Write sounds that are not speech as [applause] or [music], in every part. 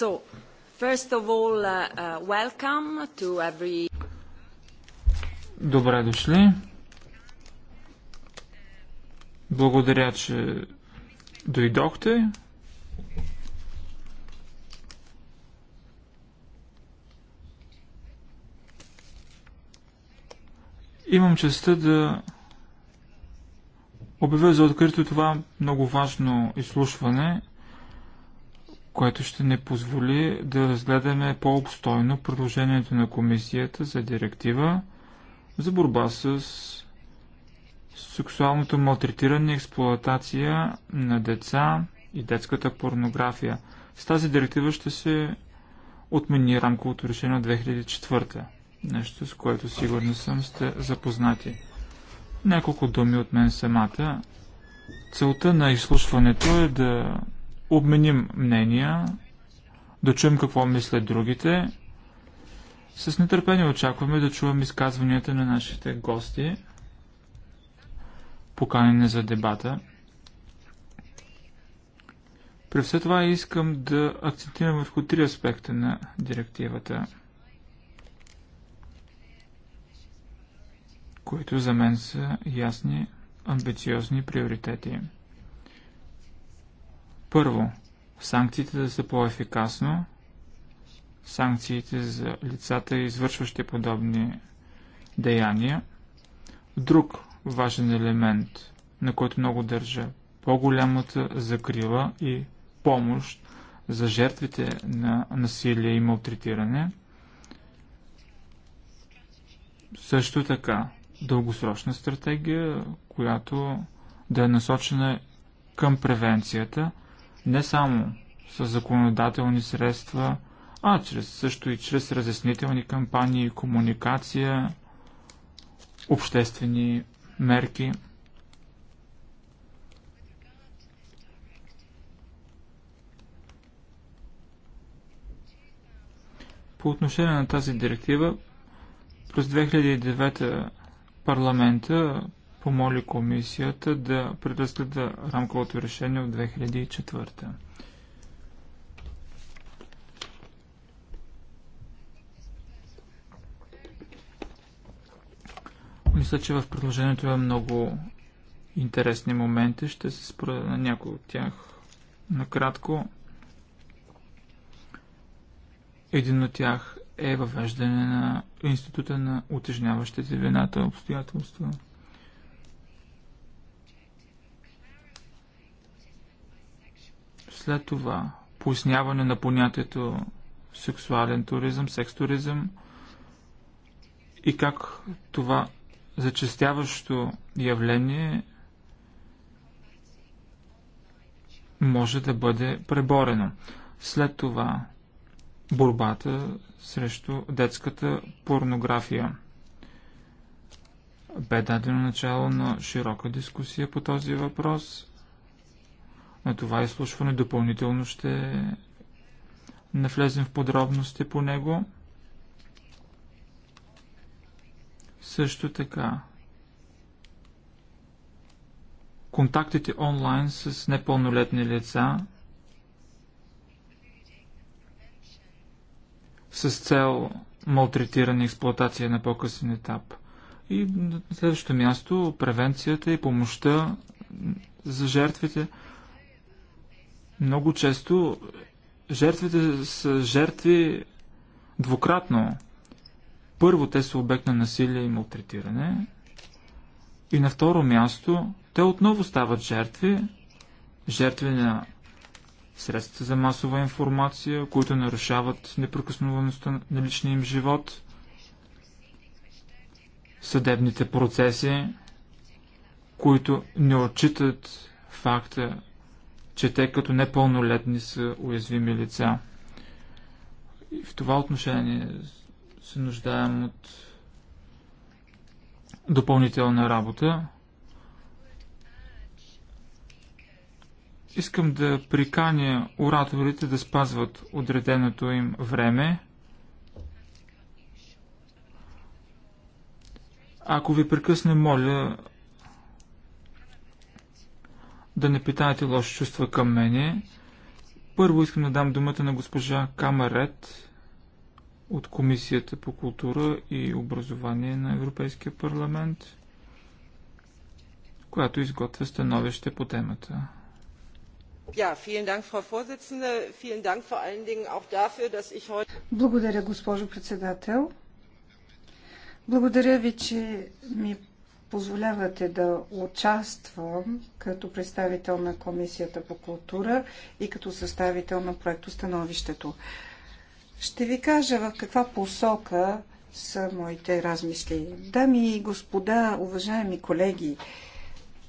So, first of all, uh, uh, welcome to every... Добре дошли. Благодаря, че дойдохте. Имам честа да обявя за открито това много важно изслушване – което ще ни позволи да разгледаме по-обстойно предложението на комисията за директива за борба с сексуалното малтретиране и експлоатация на деца и детската порнография. С тази директива ще се отмени рамковото решение от 2004. Нещо, с което сигурно съм сте запознати. Няколко думи от мен самата. Целта на изслушването е да обменим мнения, да чуем какво мислят другите. С нетърпение очакваме да чуем изказванията на нашите гости, поканени за дебата. При все това искам да акцентирам върху три аспекта на директивата, които за мен са ясни, амбициозни приоритети – първо, санкциите да са по-ефикасно, санкциите за лицата, извършващи подобни деяния. Друг важен елемент, на който много държа, по-голямата закрила и помощ за жертвите на насилие и малтретиране. Също така, дългосрочна стратегия, която да е насочена към превенцията – не само с законодателни средства, а чрез, също и чрез разяснителни кампании, комуникация, обществени мерки. По отношение на тази директива, през 2009 парламента помоли комисията да преразгледа рамковото решение от 2004. Мисля, че в предложението е много интересни моменти. Ще се спра на някои от тях накратко. Един от тях е въвеждане на института на утежняващите вината обстоятелства. След това поясняване на понятието сексуален туризъм, секс туризъм и как това зачестяващо явление може да бъде преборено. След това борбата срещу детската порнография. Бе дадено начало на широка дискусия по този въпрос на това изслушване. Допълнително ще навлезем в подробности по него. Също така, контактите онлайн с непълнолетни лица с цел малтретиране и експлуатация на по-късен етап. И на следващото място превенцията и помощта за жертвите – много често жертвите са жертви двукратно. Първо, те са обект на насилие и малтретиране. И на второ място, те отново стават жертви, жертви на средства за масова информация, които нарушават неприкосновеността на личния им живот, съдебните процеси, които не отчитат факта, че те като непълнолетни са уязвими лица. И в това отношение се нуждаем от допълнителна работа. Искам да приканя ораторите да спазват отреденото им време. Ако ви прекъсне, моля да не питаете лоши чувства към мене. Първо искам да дам думата на госпожа Камарет от Комисията по култура и образование на Европейския парламент, която изготвя становище по темата. Благодаря, госпожо председател. Благодаря ви, че ми позволявате да участвам като представител на Комисията по култура и като съставител на проекто Становището. Ще ви кажа в каква посока са моите размисли. Дами и господа, уважаеми колеги,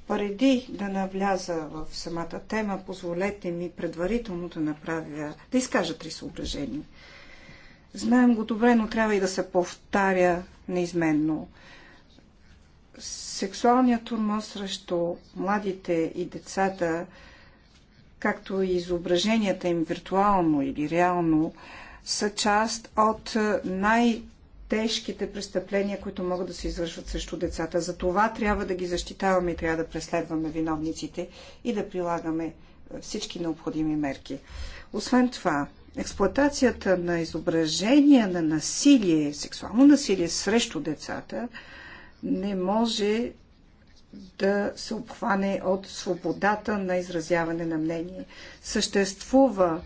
преди да навляза в самата тема, позволете ми предварително да направя, да изкажа три съображения. Знаем го добре, но трябва и да се повтаря неизменно сексуалният турмоз срещу младите и децата, както и изображенията им виртуално или реално, са част от най-тежките престъпления, които могат да се извършват срещу децата. За това трябва да ги защитаваме и трябва да преследваме виновниците и да прилагаме всички необходими мерки. Освен това, експлоатацията на изображения на насилие, сексуално насилие срещу децата – не може да се обхване от свободата на изразяване на мнение. Съществува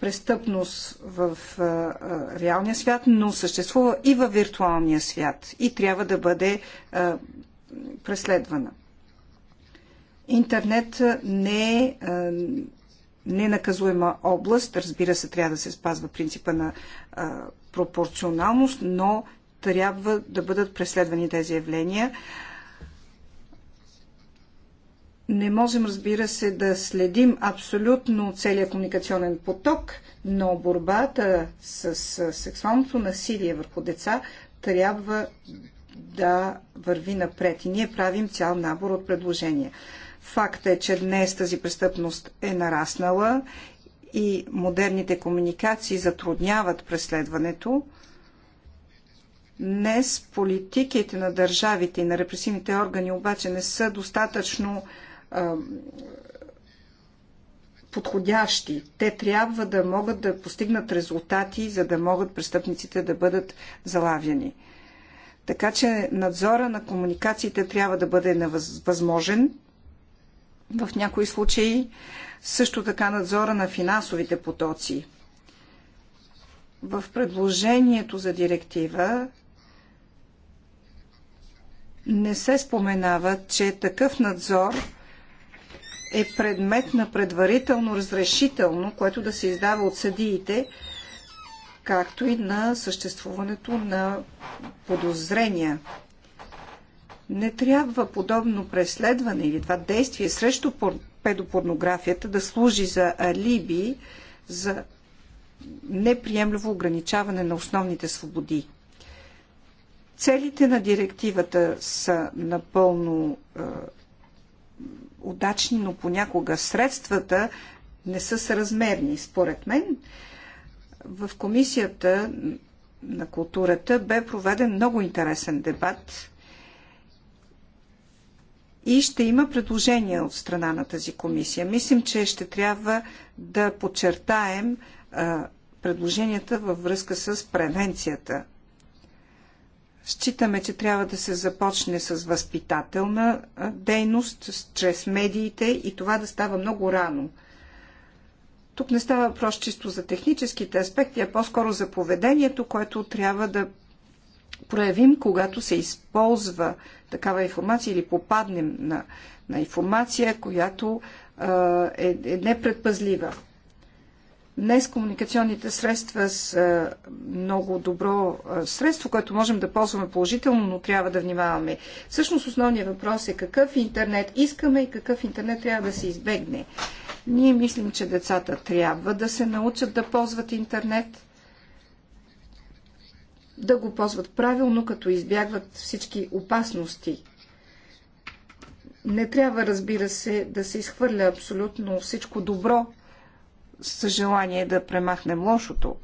престъпност в а, а, реалния свят, но съществува и в виртуалния свят и трябва да бъде а, преследвана. Интернет не е ненаказуема област. Разбира се, трябва да се спазва принципа на а, пропорционалност, но трябва да бъдат преследвани тези явления. Не можем, разбира се, да следим абсолютно целия комуникационен поток, но борбата с сексуалното насилие върху деца трябва да върви напред. И ние правим цял набор от предложения. Факт е, че днес тази престъпност е нараснала и модерните комуникации затрудняват преследването. Днес политиките на държавите и на репресивните органи обаче не са достатъчно а, подходящи. Те трябва да могат да постигнат резултати, за да могат престъпниците да бъдат залавяни. Така че надзора на комуникациите трябва да бъде възможен. В някои случаи също така надзора на финансовите потоци. В предложението за директива не се споменава, че такъв надзор е предмет на предварително разрешително, което да се издава от съдиите, както и на съществуването на подозрения. Не трябва подобно преследване или това действие срещу педопорнографията да служи за алиби за неприемливо ограничаване на основните свободи. Целите на директивата са напълно е, удачни, но понякога средствата не са съразмерни. Според мен, в Комисията на културата бе проведен много интересен дебат и ще има предложения от страна на тази комисия. Мислим, че ще трябва да подчертаем е, предложенията във връзка с превенцията Считаме, че трябва да се започне с възпитателна дейност чрез медиите и това да става много рано. Тук не става въпрос чисто за техническите аспекти, а по-скоро за поведението, което трябва да проявим, когато се използва такава информация или попаднем на, на информация, която е, е непредпазлива. Днес комуникационните средства са много добро средство, което можем да ползваме положително, но трябва да внимаваме. Всъщност основният въпрос е какъв интернет искаме и какъв интернет трябва да се избегне. Ние мислим, че децата трябва да се научат да ползват интернет, да го ползват правилно, като избягват всички опасности. Не трябва, разбира се, да се изхвърля абсолютно всичко добро с желание да премахнем лошото.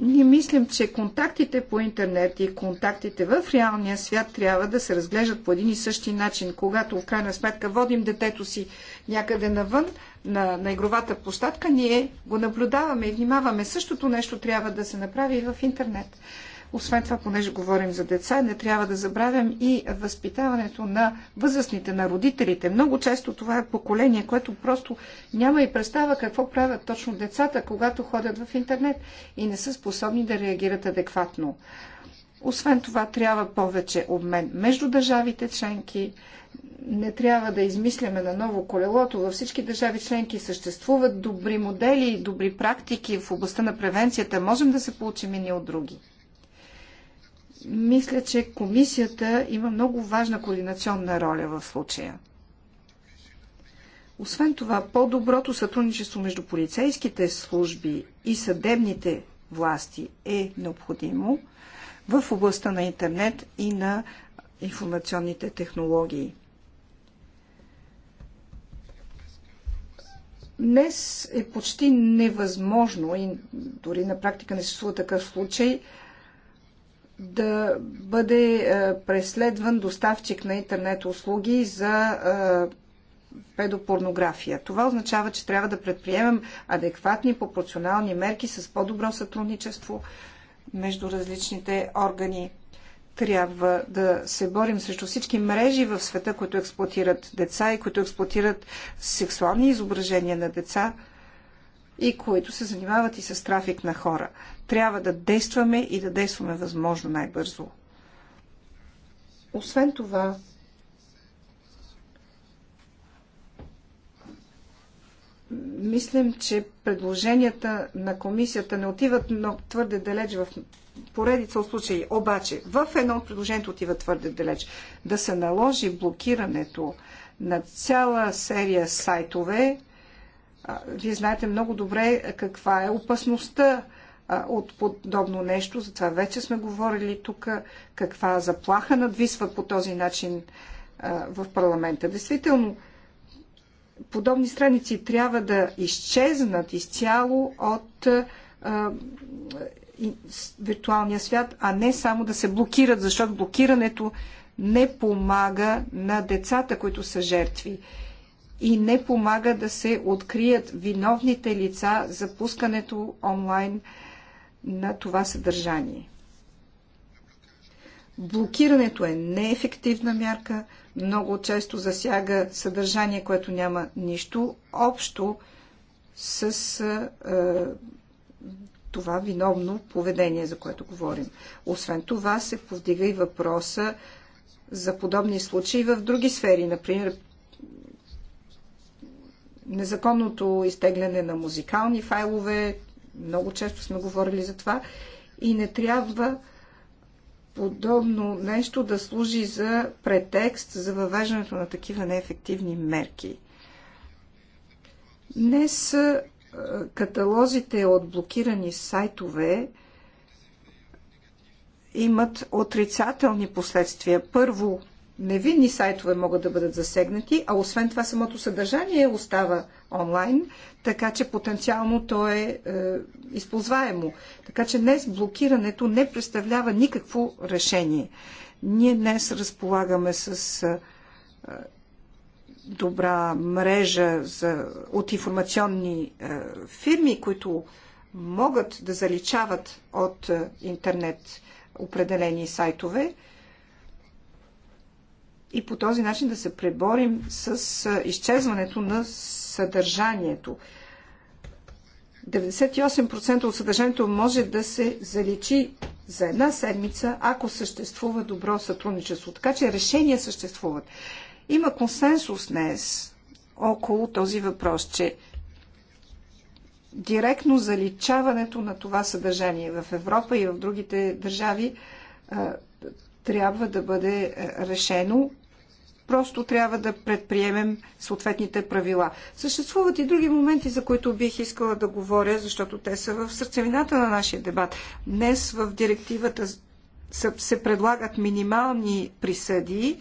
Ние мислим, че контактите по интернет и контактите в реалния свят трябва да се разглеждат по един и същи начин. Когато в крайна сметка водим детето си някъде навън, на, на игровата площадка, ние го наблюдаваме и внимаваме. Същото нещо трябва да се направи и в интернет. Освен това, понеже говорим за деца, не трябва да забравям и възпитаването на възрастните, на родителите. Много често това е поколение, което просто няма и представа какво правят точно децата, когато ходят в интернет и не са способни да реагират адекватно. Освен това, трябва повече обмен между държавите членки. Не трябва да измисляме на ново колелото. Във всички държави членки съществуват добри модели, добри практики в областта на превенцията. Можем да се получим и ние от други мисля, че комисията има много важна координационна роля в случая. Освен това, по-доброто сътрудничество между полицейските служби и съдебните власти е необходимо в областта на интернет и на информационните технологии. Днес е почти невъзможно и дори на практика не се случва такъв случай да бъде е, преследван доставчик на интернет услуги за е, педопорнография. Това означава, че трябва да предприемем адекватни пропорционални мерки с по-добро сътрудничество между различните органи. Трябва да се борим срещу всички мрежи в света, които експлуатират деца и които експлуатират сексуални изображения на деца и които се занимават и с трафик на хора трябва да действаме и да действаме възможно най-бързо. Освен това, мислим, че предложенията на комисията не отиват много твърде далеч в поредица от случаи. Обаче, в едно от предложението отива твърде далеч. Да се наложи блокирането на цяла серия сайтове, вие знаете много добре каква е опасността а, от подобно нещо. Затова вече сме говорили тук каква заплаха надвисва по този начин а, в парламента. Действително, подобни страници трябва да изчезнат изцяло от а, виртуалния свят, а не само да се блокират, защото блокирането не помага на децата, които са жертви и не помага да се открият виновните лица за пускането онлайн на това съдържание. Блокирането е неефективна мярка, много често засяга съдържание, което няма нищо общо с е, това виновно поведение, за което говорим. Освен това се повдига и въпроса за подобни случаи в други сфери, например незаконното изтегляне на музикални файлове, много често сме говорили за това и не трябва подобно нещо да служи за претекст за въвеждането на такива неефективни мерки. Днес каталозите от блокирани сайтове имат отрицателни последствия. Първо, невинни сайтове могат да бъдат засегнати, а освен това самото съдържание остава онлайн, така че потенциално то е, е използваемо. Така че днес блокирането не представлява никакво решение. Ние днес разполагаме с е, е, добра мрежа за, от информационни е, фирми, които могат да заличават от е, интернет определени сайтове и по този начин да се преборим с е, изчезването на съдържанието. 98% от съдържанието може да се заличи за една седмица, ако съществува добро сътрудничество. Така че решения съществуват. Има консенсус днес около този въпрос, че директно заличаването на това съдържание в Европа и в другите държави трябва да бъде решено Просто трябва да предприемем съответните правила. Съществуват и други моменти, за които бих искала да говоря, защото те са в сърцевината на нашия дебат. Днес в директивата се предлагат минимални присъди.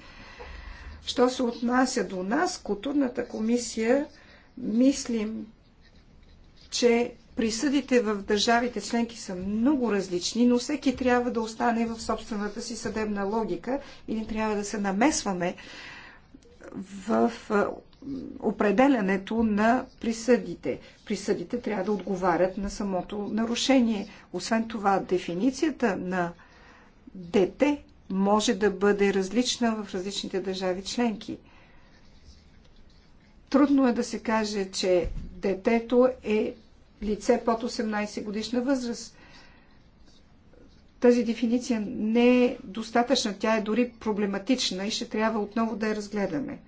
Що се отнася до нас, културната комисия, мислим, че присъдите в държавите членки са много различни, но всеки трябва да остане в собствената си съдебна логика и не трябва да се намесваме в определянето на присъдите. Присъдите трябва да отговарят на самото нарушение. Освен това, дефиницията на дете може да бъде различна в различните държави членки. Трудно е да се каже, че детето е лице под 18 годишна възраст тази дефиниция не е достатъчна, тя е дори проблематична и ще трябва отново да я разгледаме.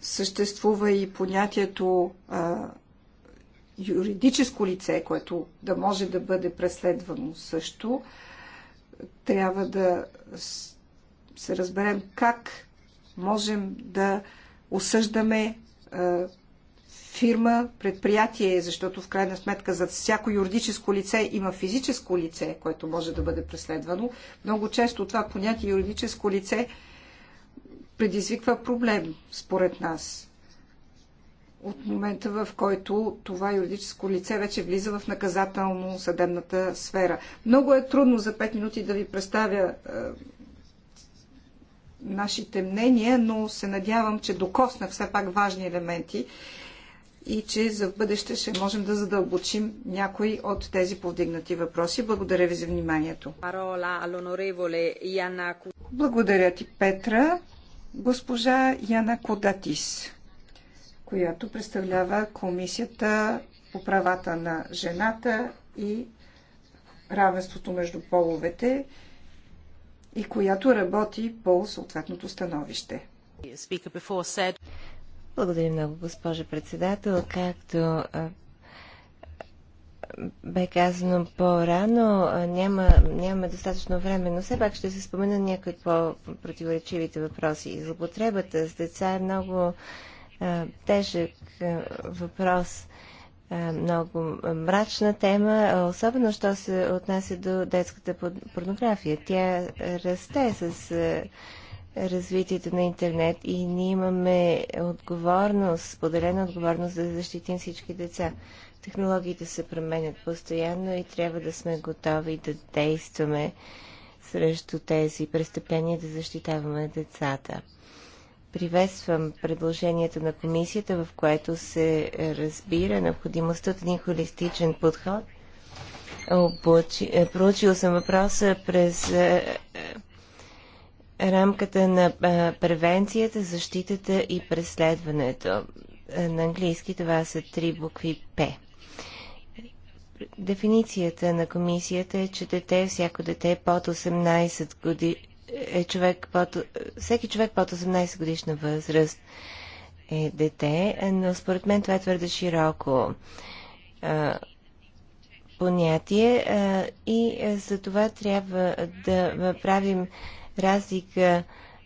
Съществува и понятието а, юридическо лице, което да може да бъде преследвано също. Трябва да се разберем как можем да осъждаме а, фирма, предприятие, защото в крайна сметка зад всяко юридическо лице има физическо лице, което може да бъде преследвано. Много често това понятие юридическо лице предизвиква проблем, според нас. От момента, в който това юридическо лице вече влиза в наказателно-съдебната сфера. Много е трудно за 5 минути да ви представя е, нашите мнения, но се надявам, че докосна все пак важни елементи и че за бъдеще ще можем да задълбочим някои от тези повдигнати въпроси. Благодаря ви за вниманието. Благодаря ти, Петра. Госпожа Яна Кодатис, която представлява Комисията по правата на жената и равенството между половете и която работи по съответното становище. Благодаря много, госпожа председател. Както а, бе казано по-рано, няма, няма достатъчно време, но все пак ще се спомена някои по-противоречивите въпроси. Злопотребата с деца е много а, тежък а, въпрос, а, много мрачна тема, особено що се отнася до детската порнография. Тя расте с. А, развитието на интернет и ние имаме отговорност, поделена отговорност да защитим всички деца. Технологиите се променят постоянно и трябва да сме готови да действаме срещу тези престъпления, да защитаваме децата. Приветствам предложението на комисията, в което се разбира необходимостта от един холистичен подход. Обучи... Е, Проучил съм въпроса през е, рамката на превенцията, защитата и преследването. На английски това са три букви П. Дефиницията на комисията е, че дете, всяко дете под 18 години, е човек под, всеки човек под 18 годишна възраст е дете, но според мен това е твърде широко понятие и за това трябва да правим разлика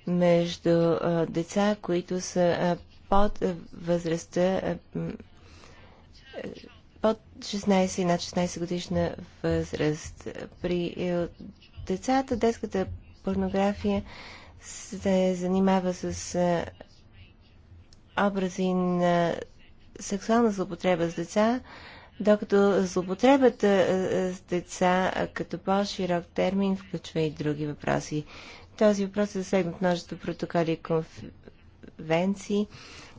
между деца, които са под възрастта под 16 и над 16 годишна възраст. При е, децата детската порнография се занимава с образи на сексуална злопотреба с деца, докато злопотребата с деца като по-широк термин включва и други въпроси. Този въпрос е засегнат множество протоколи и конвенции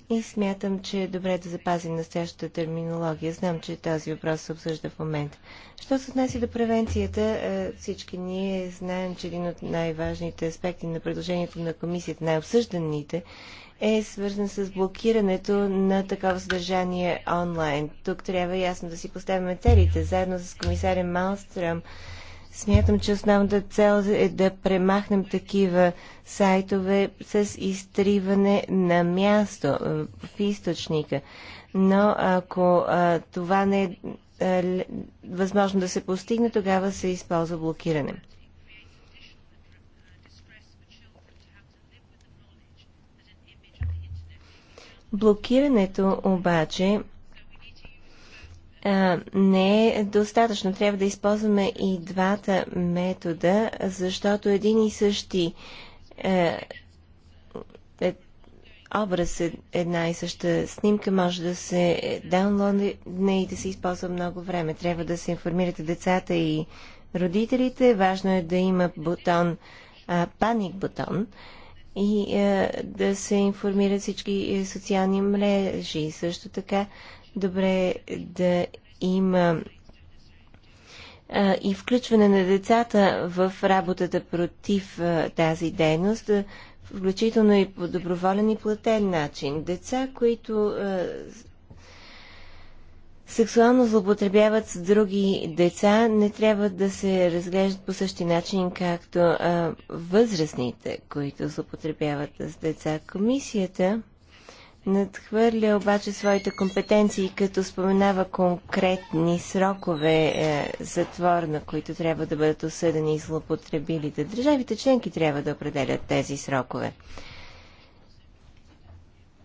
и смятам, че е добре да запазим настоящата терминология. Знам, че този въпрос се обсъжда в момента. Що се отнася до превенцията, е, всички ние знаем, че един от най-важните аспекти на предложението на комисията, най-обсъжданите, е свързан с блокирането на такова съдържание онлайн. Тук трябва ясно да си поставяме целите. Заедно с комисаря Малстрам Смятам, че основната цел е да премахнем такива сайтове с изтриване на място е, в източника. Но ако а, това не е а, възможно да се постигне, тогава се използва блокиране. Блокирането обаче а, не е достатъчно. Трябва да използваме и двата метода, защото един и същи е, е, образ, е, една и съща снимка може да се даунлодне и да се използва много време. Трябва да се информирате децата и родителите. Важно е да има бутон, а, паник бутон и а, е, да се информират всички е, социални мрежи. Също така добре да има и включване на децата в работата против тази дейност, включително и по доброволен и платен начин. Деца, които сексуално злоупотребяват с други деца, не трябва да се разглеждат по същия начин, както възрастните, които злоупотребяват с деца. Комисията Надхвърля обаче своите компетенции, като споменава конкретни срокове е, затвор, на които трябва да бъдат осъдени и злоупотребилите. Държавите членки трябва да определят тези срокове.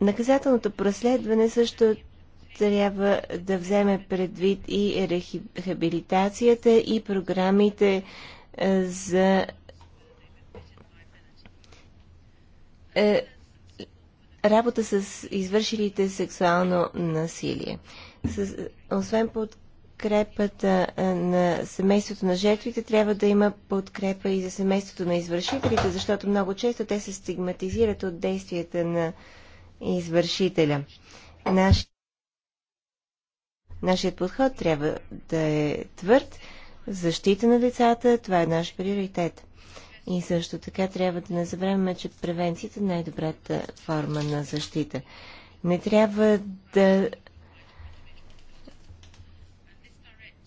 Наказателното преследване също трябва да вземе предвид и рехабилитацията и програмите е, за е, работа с извършилите сексуално насилие. С, освен подкрепата на семейството на жертвите, трябва да има подкрепа и за семейството на извършителите, защото много често те се стигматизират от действията на извършителя. Наш... Нашият подход трябва да е твърд. Защита на децата, това е наш приоритет. И също така трябва да не забравяме, че превенцията е най-добрата форма на защита. Не трябва да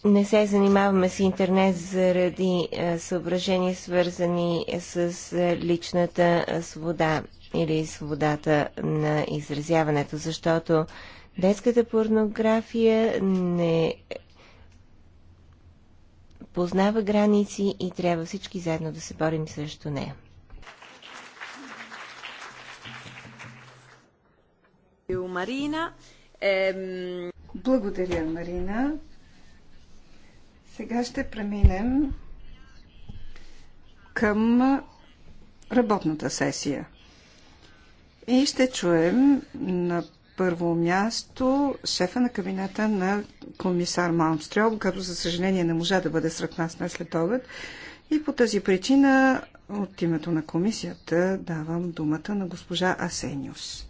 не се занимаваме с интернет заради съображения, свързани с личната свобода или свободата на изразяването, защото детската порнография не познава граници и трябва всички заедно да се борим срещу нея. Марина. Ем... Благодаря, Марина. Сега ще преминем към работната сесия. И ще чуем на първо място шефа на кабинета на комисар Малмстрел, като за съжаление не можа да бъде сред нас днес след обед. И по тази причина от името на комисията давам думата на госпожа Асениус.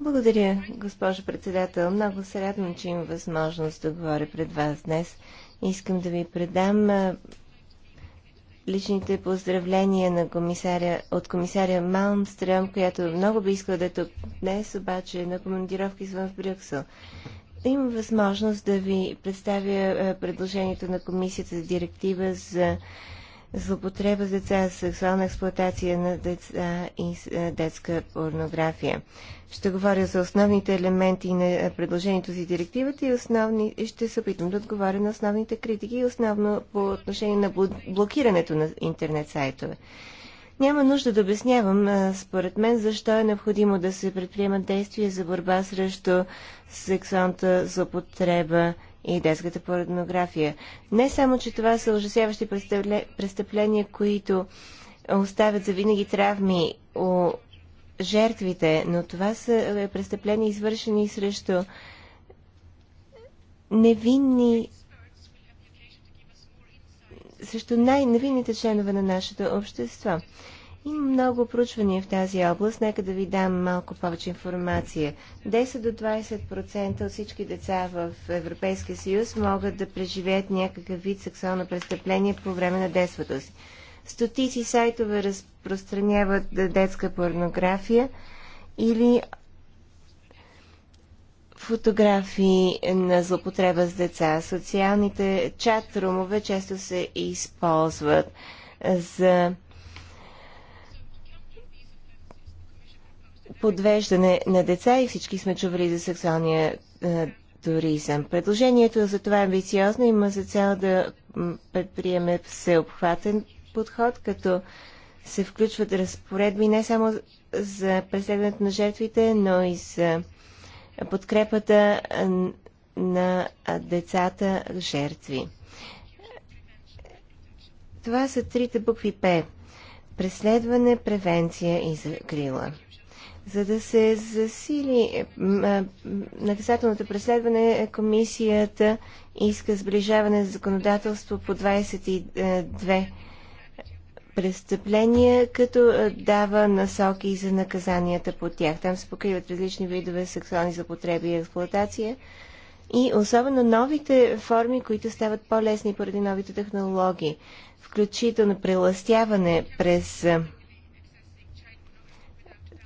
Благодаря, госпожо председател. Много се радвам, че имам възможност да говоря пред вас днес. Искам да ви предам личните поздравления на комисаря, от комисаря Малмстрем, която много би искала да е тук днес, обаче е на командировки извън в Брюксел. Имам възможност да ви представя е, предложението на комисията за директива за злопотреба с деца, сексуална експлуатация на деца и е, детска порнография. Ще говоря за основните елементи на е, предложението си директивата и основни, ще се опитам да отговоря на основните критики и основно по отношение на блокирането на интернет сайтове. Няма нужда да обяснявам, е, според мен, защо е необходимо да се предприемат действия за борба срещу сексуалната злопотреба и детската порнография. Не само, че това са ужасяващи престъпления, които оставят за винаги травми у жертвите, но това са е, престъпления, извършени срещу невинни срещу най-невинните членове на нашето общество. Има много проучвания в тази област. Нека да ви дам малко повече информация. 10 до 20% от всички деца в Европейския съюз могат да преживеят някакъв вид сексуално престъпление по време на детството си. Стотици сайтове разпространяват детска порнография или фотографии на злопотреба с деца. Социалните чат-румове често се използват за подвеждане на деца и всички сме чували за сексуалния е, туризъм. Предложението за това е амбициозно има за цел да предприеме всеобхватен подход, като се включват разпоредби не само за преследването на жертвите, но и за подкрепата е, на децата жертви. Това са трите букви П. Преследване, превенция и закрила. За да се засили е, е, наказателното преследване, комисията иска сближаване за законодателство по 22 престъпления, като е, дава насоки за наказанията по тях. Там се покриват различни видове сексуални запотреби и експлуатация. И особено новите форми, които стават по-лесни поради новите технологии, включително преластяване през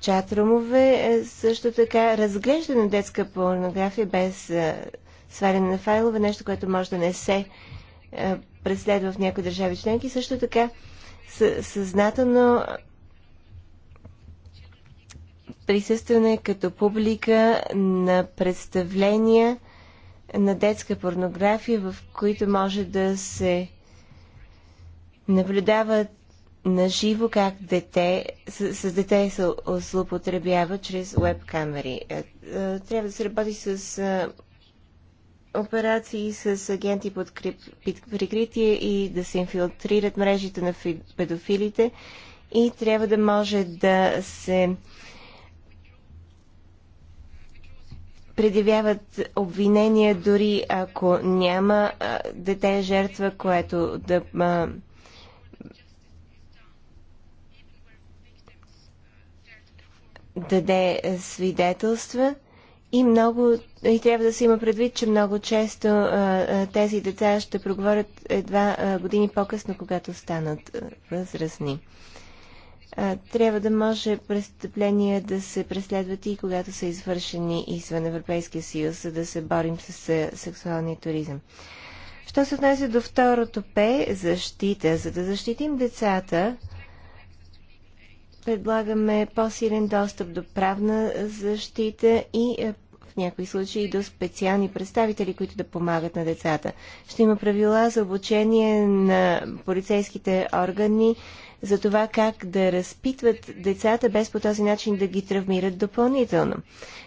чатрумове, е, също така разглеждане на детска порнография без е, сваляне на файлове, нещо, което може да не се е, преследва в някои държави членки. Също така съзнателно присъстване като публика на представления на детска порнография, в които може да се наблюдават на живо как дете, с, с дете се злоупотребява чрез веб камери. Е, е, трябва да се работи с а, е, операции с агенти под прикритие и да се инфилтрират мрежите на педофилите и трябва да може да се предявяват обвинения дори ако няма а, дете жертва, което да а, даде е, свидетелства и много и трябва да се има предвид, че много често а, е, е, тези деца ще проговорят едва а, години по-късно, когато станат а, възрастни. А, трябва да може престъпления да се преследват и когато са извършени извън Европейския съюз, за да се борим с сексуалния туризъм. Що се отнася до второто П, защита, за да защитим децата, предлагаме по-силен достъп до правна защита и е, в някои случаи до специални представители, които да помагат на децата. Ще има правила за обучение на полицейските органи за това как да разпитват децата, без по този начин да ги травмират допълнително.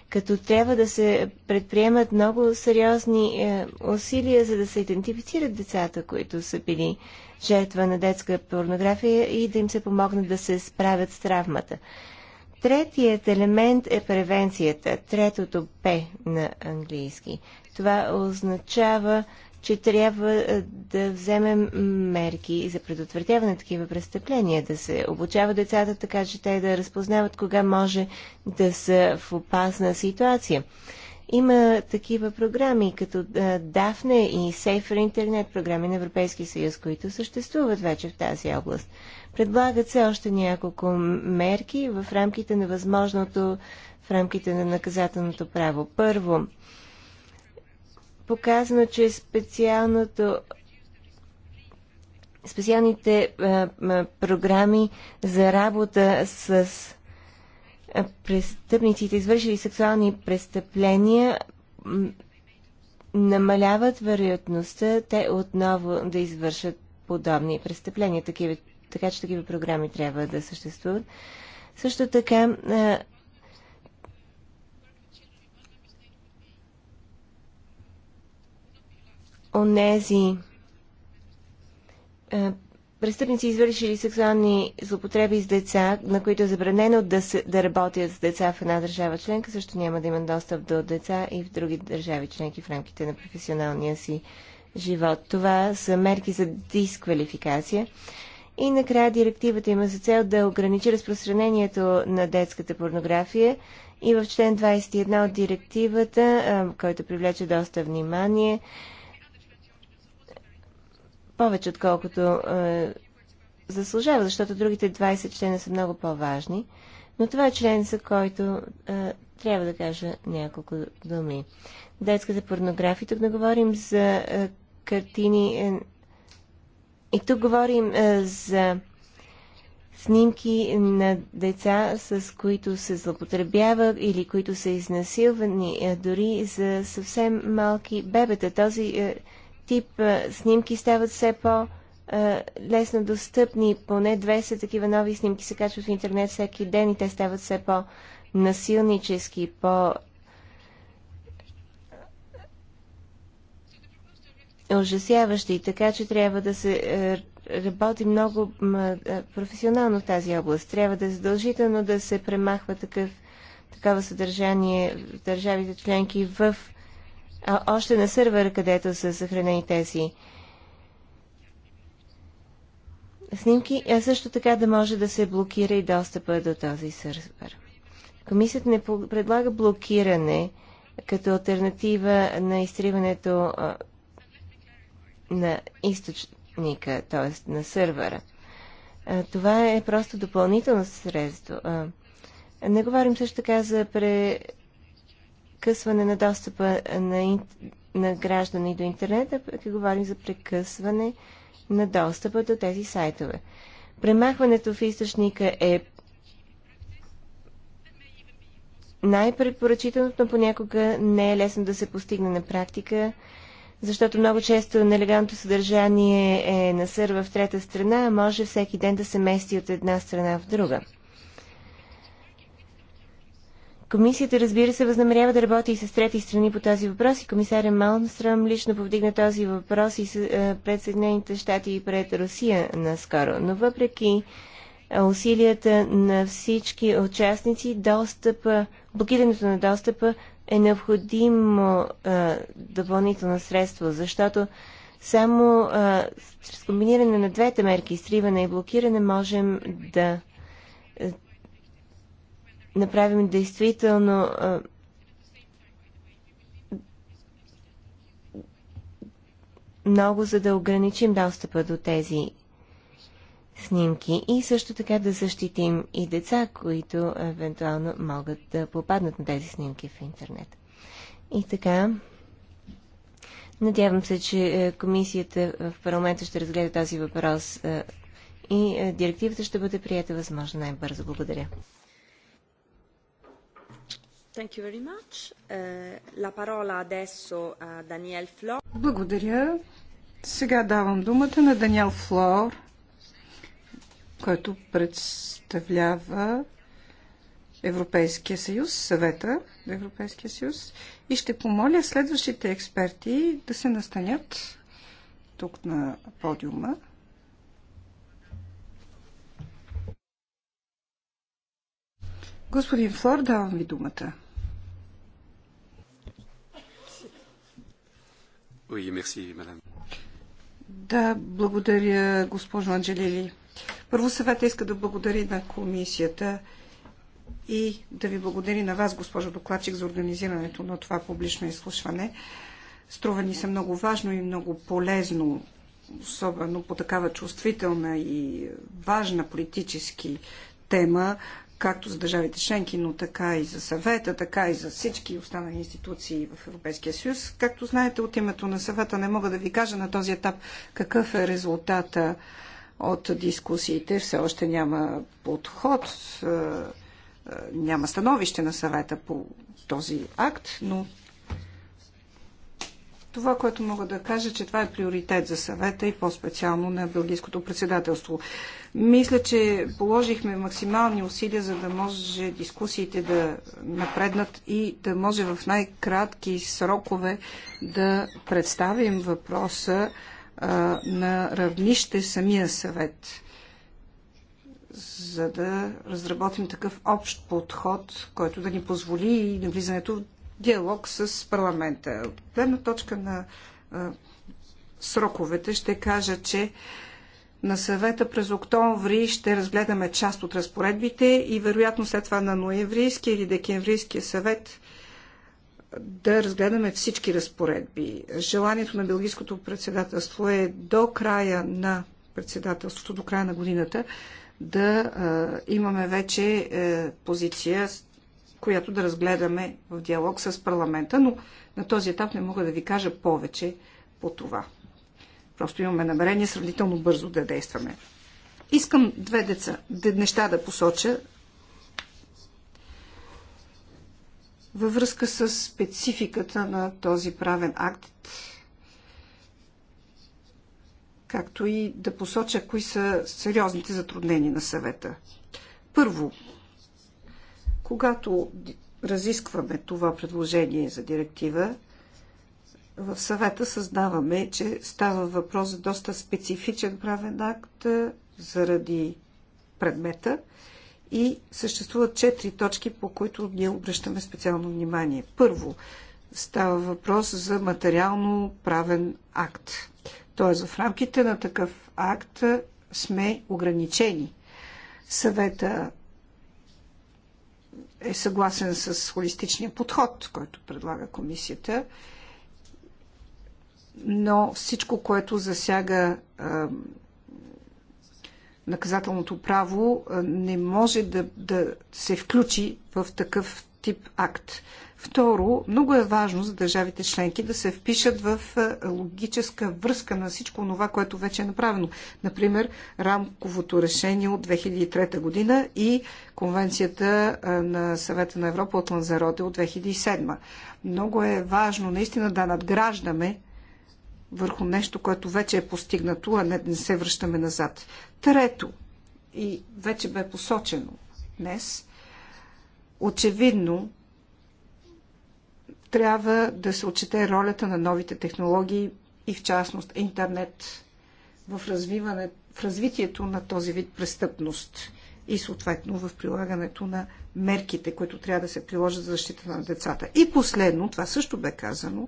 Като трябва да се предприемат много сериозни е, усилия, за да се идентифицират децата, които са били жертва на детска порнография и да им се помогнат да се справят с травмата. Третият елемент е превенцията, третото П на английски. Това означава че трябва е, да вземем мерки за предотвратяване на такива престъпления, да се обучава децата така, че те да разпознават кога може да са в опасна ситуация. Има такива програми, като е, Дафне и Safer Интернет, програми на Европейския съюз, които съществуват вече в тази област. Предлагат се още няколко мерки в рамките на възможното, в рамките на наказателното право. Първо, показано, че специалното специалните а, програми за работа с престъпниците, извършили сексуални престъпления, намаляват вероятността те отново да извършат подобни престъпления. Такива, така че такива програми трябва да съществуват. Също така а, онези е, престъпници, извършили сексуални злопотреби с деца, на които е забранено да, се, да работят с деца в една държава членка, също няма да имат достъп до деца и в други държави членки в рамките на професионалния си живот. Това са мерки за дисквалификация. И накрая директивата има за цел да ограничи разпространението на детската порнография и в член 21 от директивата, е, който привлече доста внимание, повече отколкото е, заслужава, защото другите 20 члена са много по-важни. Но това е член, за който е, трябва да кажа няколко думи. Детската порнография. Тук не говорим за е, картини. Е, и тук говорим е, за снимки на деца, с които се злопотребява или които са изнасилвани, е, дори за съвсем малки бебета. Този е, тип снимки стават все по- лесно достъпни. Поне 200 такива нови снимки се качват в интернет всеки ден и те стават все по-насилнически, по-, ужасяващи. Така че трябва да се е, работи много професионално в тази област. Трябва да е задължително да се премахва такъв, такова съдържание в държавите членки в а, още на сървъра, където са съхранени тези снимки, а също така да може да се блокира и достъпа до този сървър. Комисията не предлага блокиране като альтернатива на изтриването на източника, т.е. на сървъра. това е просто допълнително средство. не говорим също така за пре прекъсване на достъпа на, на граждани до интернет, а пък говорим за прекъсване на достъпа до тези сайтове. Премахването в източника е най-препоръчителното, но понякога не е лесно да се постигне на практика, защото много често нелегалното съдържание е на в трета страна, а може всеки ден да се мести от една страна в друга. Комисията, разбира се, възнамерява да работи и с трети страни по този въпрос и комисаря Малмстрам лично повдигна този въпрос и е, пред Съединените щати и пред Русия наскоро. Но въпреки е, усилията на всички участници, достъпа, блокирането на достъпа е необходимо а, е, допълнително средство, защото само а, с комбиниране на двете мерки, сриване и блокиране, можем да направим действително много, за да ограничим достъпа до тези снимки и също така да защитим и деца, които евентуално могат да попаднат на тези снимки в интернет. И така, надявам се, че е, комисията в парламента ще разгледа този въпрос е, и е, директивата ще бъде прията възможно най-бързо. Благодаря. Eh, Благодаря. Сега давам думата на Даниел Флор, който представлява Европейския съюз, съвета на Европейския съюз и ще помоля следващите експерти да се настанят тук на подиума. Господин Флор, давам ви думата. Oui, merci, madame. Да, благодаря, госпожо Анджелили. Първо съвета иска да благодари на комисията и да ви благодари на вас, госпожо докладчик, за организирането на това публично изслушване. Струва ни се много важно и много полезно, особено по такава чувствителна и важна политически тема, както за държавите членки, но така и за съвета, така и за всички останали институции в Европейския съюз. Както знаете, от името на съвета не мога да ви кажа на този етап какъв е резултата от дискусиите. Все още няма подход, е, е, няма становище на съвета по този акт, но това, което мога да кажа, че това е приоритет за съвета и по-специално на Белгийското председателство. Мисля, че положихме максимални усилия, за да може дискусиите да напреднат и да може в най-кратки срокове да представим въпроса а, на равнище самия съвет, за да разработим такъв общ подход, който да ни позволи и навлизането диалог с парламента. От гледна точка на а, сроковете ще кажа, че на съвета през октомври ще разгледаме част от разпоредбите и вероятно след това на ноемврийски или декемврийския съвет да разгледаме всички разпоредби. Желанието на Белгийското председателство е до края на председателството, до края на годината, да а, имаме вече а, е, позиция която да разгледаме в диалог с парламента, но на този етап не мога да ви кажа повече по това. Просто имаме намерение сравнително бързо да действаме. Искам две деца, неща да посоча във връзка с спецификата на този правен акт, както и да посоча кои са сериозните затруднения на съвета. Първо, когато разискваме това предложение за директива, в съвета съзнаваме, че става въпрос за доста специфичен правен акт заради предмета и съществуват четири точки, по които ние обръщаме специално внимание. Първо, става въпрос за материално правен акт. Тоест, в рамките на такъв акт сме ограничени. Съвета е съгласен с холистичния подход, който предлага комисията, но всичко, което засяга наказателното право, не може да, да се включи в такъв тип акт. Второ, много е важно за държавите членки да се впишат в е, логическа връзка на всичко това, което вече е направено. Например, рамковото решение от 2003 година и Конвенцията е, на съвета на Европа от Ланзароте от 2007. Много е важно наистина да надграждаме върху нещо, което вече е постигнато, а не, не се връщаме назад. Трето, и вече бе посочено днес, очевидно трябва да се отчете ролята на новите технологии и в частност интернет в, развиване, в развитието на този вид престъпност и съответно в прилагането на мерките, които трябва да се приложат за защита на децата. И последно, това също бе казано,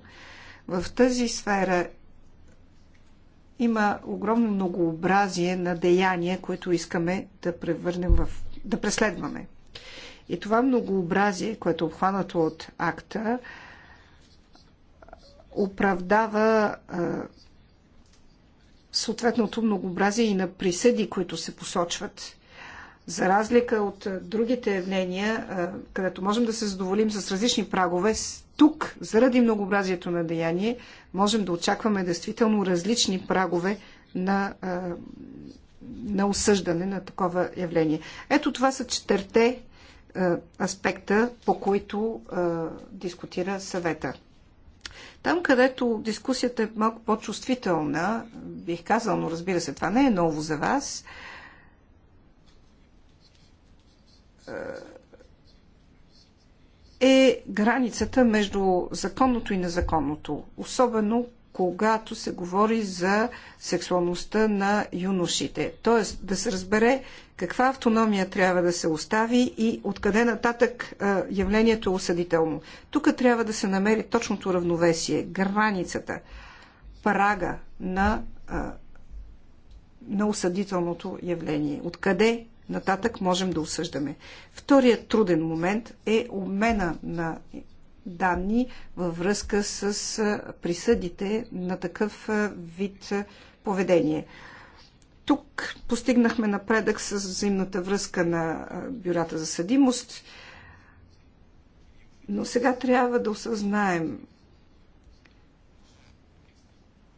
в тази сфера има огромно многообразие на деяния, които искаме да превърнем в... да преследваме. И това многообразие, което е обхванато от акта, оправдава съответното многообразие и на присъди, които се посочват. За разлика от другите явления, където можем да се задоволим с различни прагове, тук, заради многообразието на деяние, можем да очакваме действително различни прагове на, на осъждане на такова явление. Ето това са четирте аспекта, по които дискутира съвета. Там, където дискусията е малко по-чувствителна, бих казал, но разбира се, това не е ново за вас, е, е границата между законното и незаконното. Особено когато се говори за сексуалността на юношите. Тоест да се разбере каква автономия трябва да се остави и откъде нататък явлението е осъдително. Тук трябва да се намери точното равновесие, границата, прага на, на осъдителното явление. Откъде нататък можем да осъждаме. Вторият труден момент е обмена на данни във връзка с присъдите на такъв вид поведение. Тук постигнахме напредък с взаимната връзка на бюрата за съдимост, но сега трябва да осъзнаем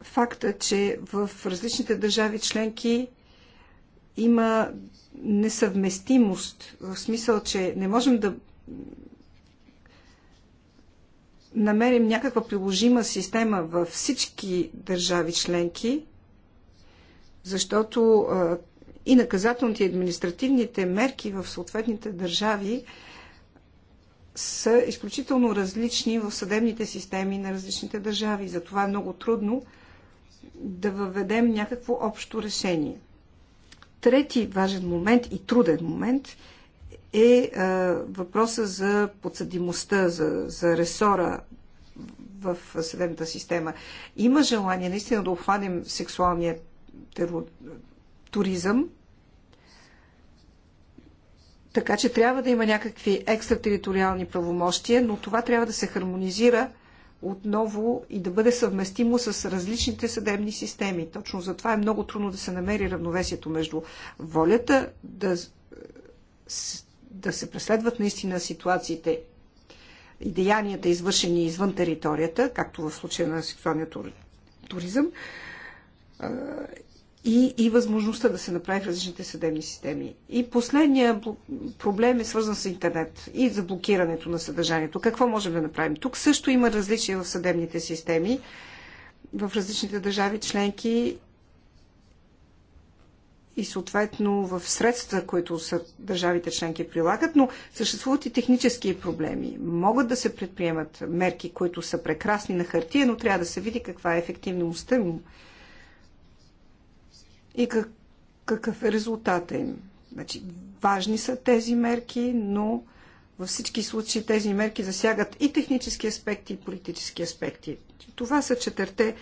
факта, че в различните държави членки има несъвместимост, в смисъл, че не можем да намерим някаква приложима система във всички държави членки – защото и наказателните и административните мерки в съответните държави са изключително различни в съдебните системи на различните държави. Затова е много трудно да въведем някакво общо решение. Трети важен момент и труден момент е а, въпроса за подсъдимостта, за, за ресора в съдебната система. Има желание наистина да обхванем сексуалният теро... туризъм. Така че трябва да има някакви екстратериториални правомощия, но това трябва да се хармонизира отново и да бъде съвместимо с различните съдебни системи. Точно затова е много трудно да се намери равновесието между волята да, да се преследват наистина ситуациите и деянията, извършени извън територията, както в случая на сексуалния туризъм, и, и възможността да се направи в различните съдебни системи. И последния проблем е свързан с интернет и за блокирането на съдържанието. Какво можем да направим? Тук също има различия в съдебните системи в различните държави членки и съответно в средства, които са държавите членки прилагат, но съществуват и технически проблеми. Могат да се предприемат мерки, които са прекрасни на хартия, но трябва да се види каква е ефективността му и как, какъв е резултата им. Значи, важни са тези мерки, но във всички случаи тези мерки засягат и технически аспекти, и политически аспекти. Това са четирте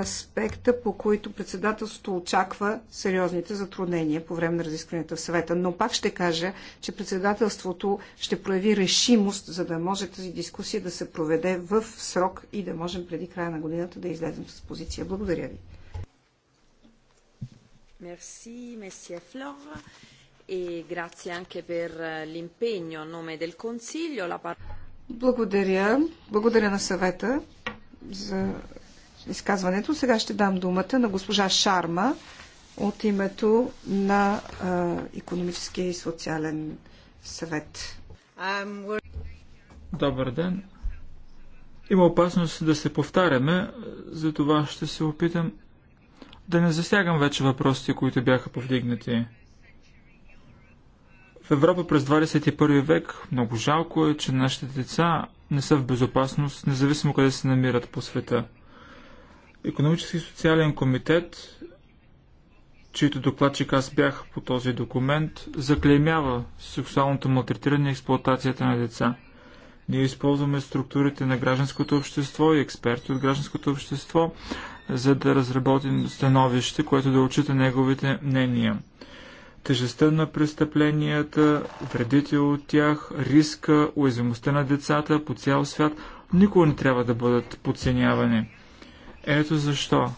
аспекта, по които председателството очаква сериозните затруднения по време на разискванията в съвета. Но пак ще кажа, че председателството ще прояви решимост, за да може тази дискусия да се проведе в срок и да можем преди края на годината да излезем с позиция. Благодаря ви. Merci, Messie Flor. E grazie anche per eh, l'impegno a nome del Consiglio. La par... Благодаря. Благодаря на съвета за изказването. Сега ще дам думата на госпожа Шарма от името на а, економическия и социален съвет. Um, Добър ден. Има опасност да се повтаряме, за това ще се опитам да не засягам вече въпросите, които бяха повдигнати. В Европа през 21 век много жалко е, че нашите деца не са в безопасност, независимо къде се намират по света. Економически и социален комитет, чийто докладчик аз бях по този документ, заклеймява сексуалното малтретиране и експлуатацията на деца. Ние използваме структурите на гражданското общество и експерти от гражданското общество за да разработи становище, което да отчита неговите мнения. Тежестта на престъпленията, вредите от тях, риска, уязвимостта на децата по цял свят никога не трябва да бъдат подценявани. Ето защо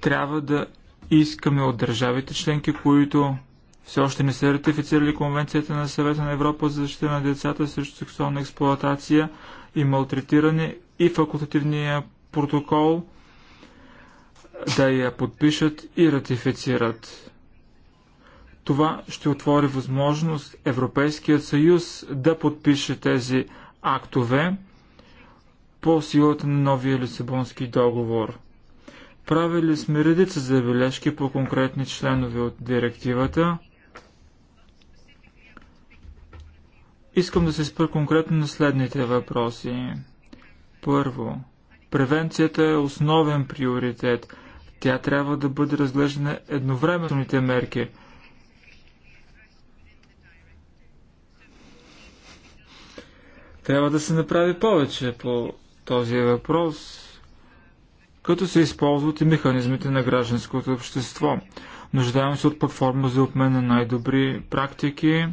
трябва да искаме от държавите членки, които все още не са ратифицирали Конвенцията на Съвета на Европа за защита на децата срещу сексуална експлоатация, и малтретиране и факултативния протокол да я подпишат и ратифицират. Това ще отвори възможност Европейският съюз да подпише тези актове по силата на новия Лисабонски договор. Правили сме редица забележки по конкретни членове от директивата, Искам да се спра конкретно на следните въпроси. Първо, превенцията е основен приоритет. Тя трябва да бъде разглеждана едновременно с мерки. Трябва да се направи повече по този въпрос, като се използват и механизмите на гражданското общество. Нуждаем се от платформа за обмен на най-добри практики,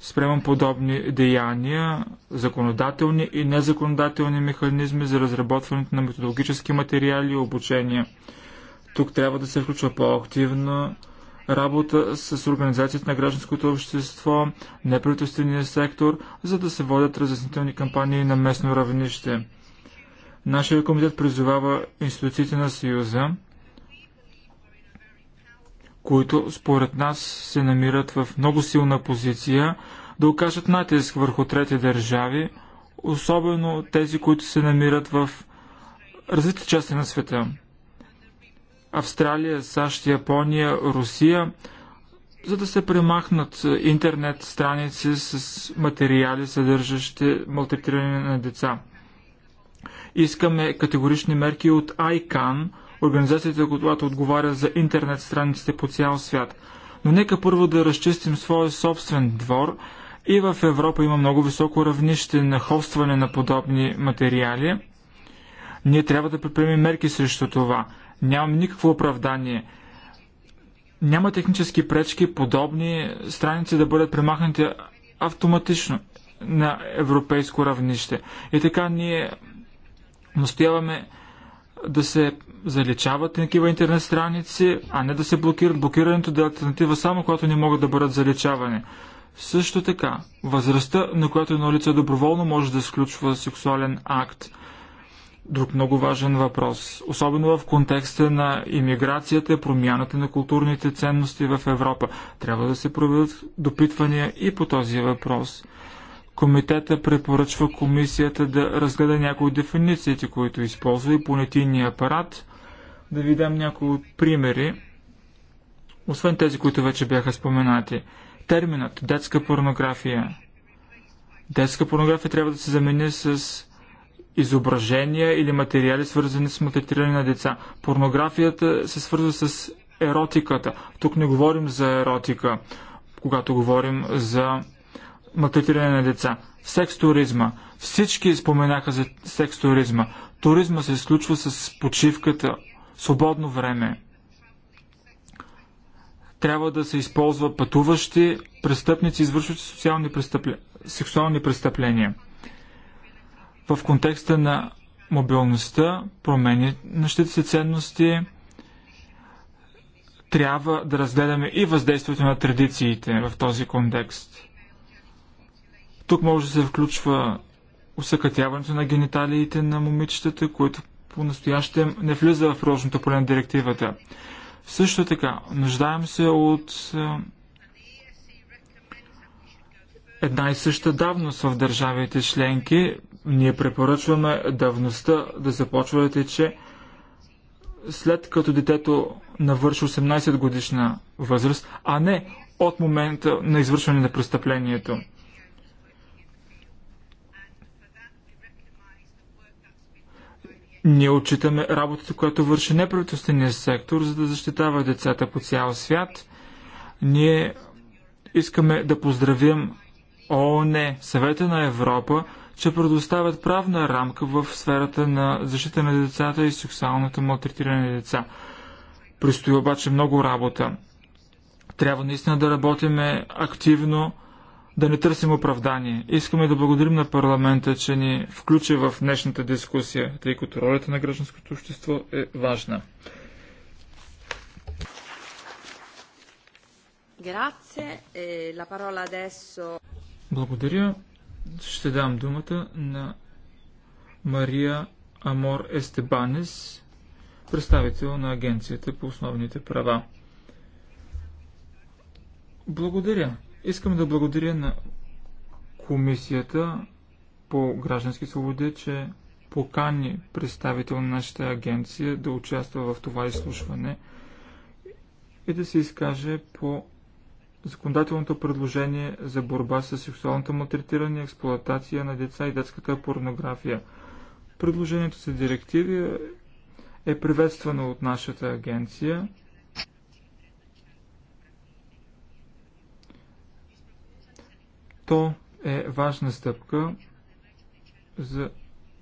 спрямо подобни деяния, законодателни и незаконодателни механизми за разработването на методологически материали и обучение. Тук трябва да се включва по-активна работа с организацията на гражданското общество, неправителствения сектор, за да се водят разяснителни кампании на местно равнище. Нашия комитет призовава институциите на Съюза – които според нас се намират в много силна позиция да окажат натиск върху трети държави, особено тези, които се намират в развити части на света. Австралия, САЩ, Япония, Русия, за да се премахнат интернет страници с материали, съдържащи малтретиране на деца. Искаме категорични мерки от ICANN – организацията, която отговаря за интернет страниците по цял свят. Но нека първо да разчистим своя собствен двор. И в Европа има много високо равнище на холстване на подобни материали. Ние трябва да предприемем мерки срещу това. Нямам никакво оправдание. Няма технически пречки подобни страници да бъдат премахнати автоматично на европейско равнище. И така ние настояваме да се заличават такива интернет страници, а не да се блокират. Блокирането да е альтернатива само, когато не могат да бъдат заличавани. Също така, възрастта, на която едно лице доброволно може да изключва сексуален акт. Друг много важен въпрос, особено в контекста на иммиграцията, промяната на културните ценности в Европа. Трябва да се проведат допитвания и по този въпрос. Комитета препоръчва комисията да разгледа някои от дефинициите, които използва и понятийния апарат. Да ви дам някои примери, освен тези, които вече бяха споменати. Терминът детска порнография. Детска порнография трябва да се замени с изображения или материали, свързани с малтретиране на деца. Порнографията се свързва с еротиката. Тук не говорим за еротика, когато говорим за малтретиране на деца, секс туризма. Всички споменаха за секс туризма. Туризма се изключва с почивката, свободно време. Трябва да се използва пътуващи престъпници, извършващи социални престъпле... сексуални престъпления. В контекста на мобилността, променящите се ценности, трябва да разгледаме и въздействието на традициите в този контекст. Тук може да се включва усъкътяването на гениталиите на момичетата, което по-настояще не влиза в прожното поле на директивата. Също така, нуждаем се от една и съща давност в държавите членки. Ние препоръчваме давността да започва че след като детето навърши 18 годишна възраст, а не от момента на извършване на престъплението. Ние отчитаме работата, която върши неправителствения сектор, за да защитава децата по цял свят. Ние искаме да поздравим ООН, Съвета на Европа, че предоставят правна рамка в сферата на защита на децата и сексуалното малтретиране на деца. Престои обаче много работа. Трябва наистина да работиме активно, да не търсим оправдание. Искаме да благодарим на парламента, че ни включи в днешната дискусия, тъй като ролята на гражданското общество е важна. Е, Благодаря. Ще дам думата на Мария Амор Естебанес, представител на Агенцията по основните права. Благодаря. Искам да благодаря на Комисията по граждански свободи, че покани представител на нашата агенция да участва в това изслушване и да се изкаже по законодателното предложение за борба с сексуалното малтретиране, експлоатация на деца и детската порнография. Предложението за директиви е приветствано от нашата агенция. То е важна стъпка за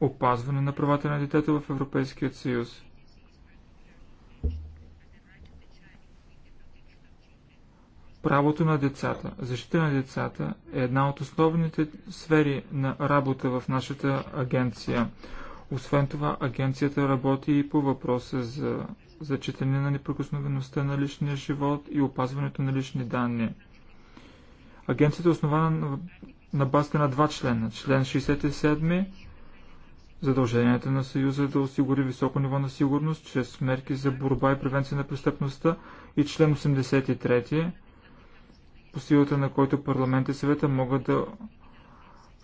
опазване на правата на детето в Европейският съюз. Правото на децата, защита на децата е една от основните сфери на работа в нашата агенция. Освен това, агенцията работи и по въпроса за зачитане на неприкосновеността на личния живот и опазването на лични данни. Агенцията е основана на базата на два члена. Член 67 задълженията на Съюза е да осигури високо ниво на сигурност чрез мерки за борба и превенция на престъпността и член 83 по силата на който парламент и съвета могат да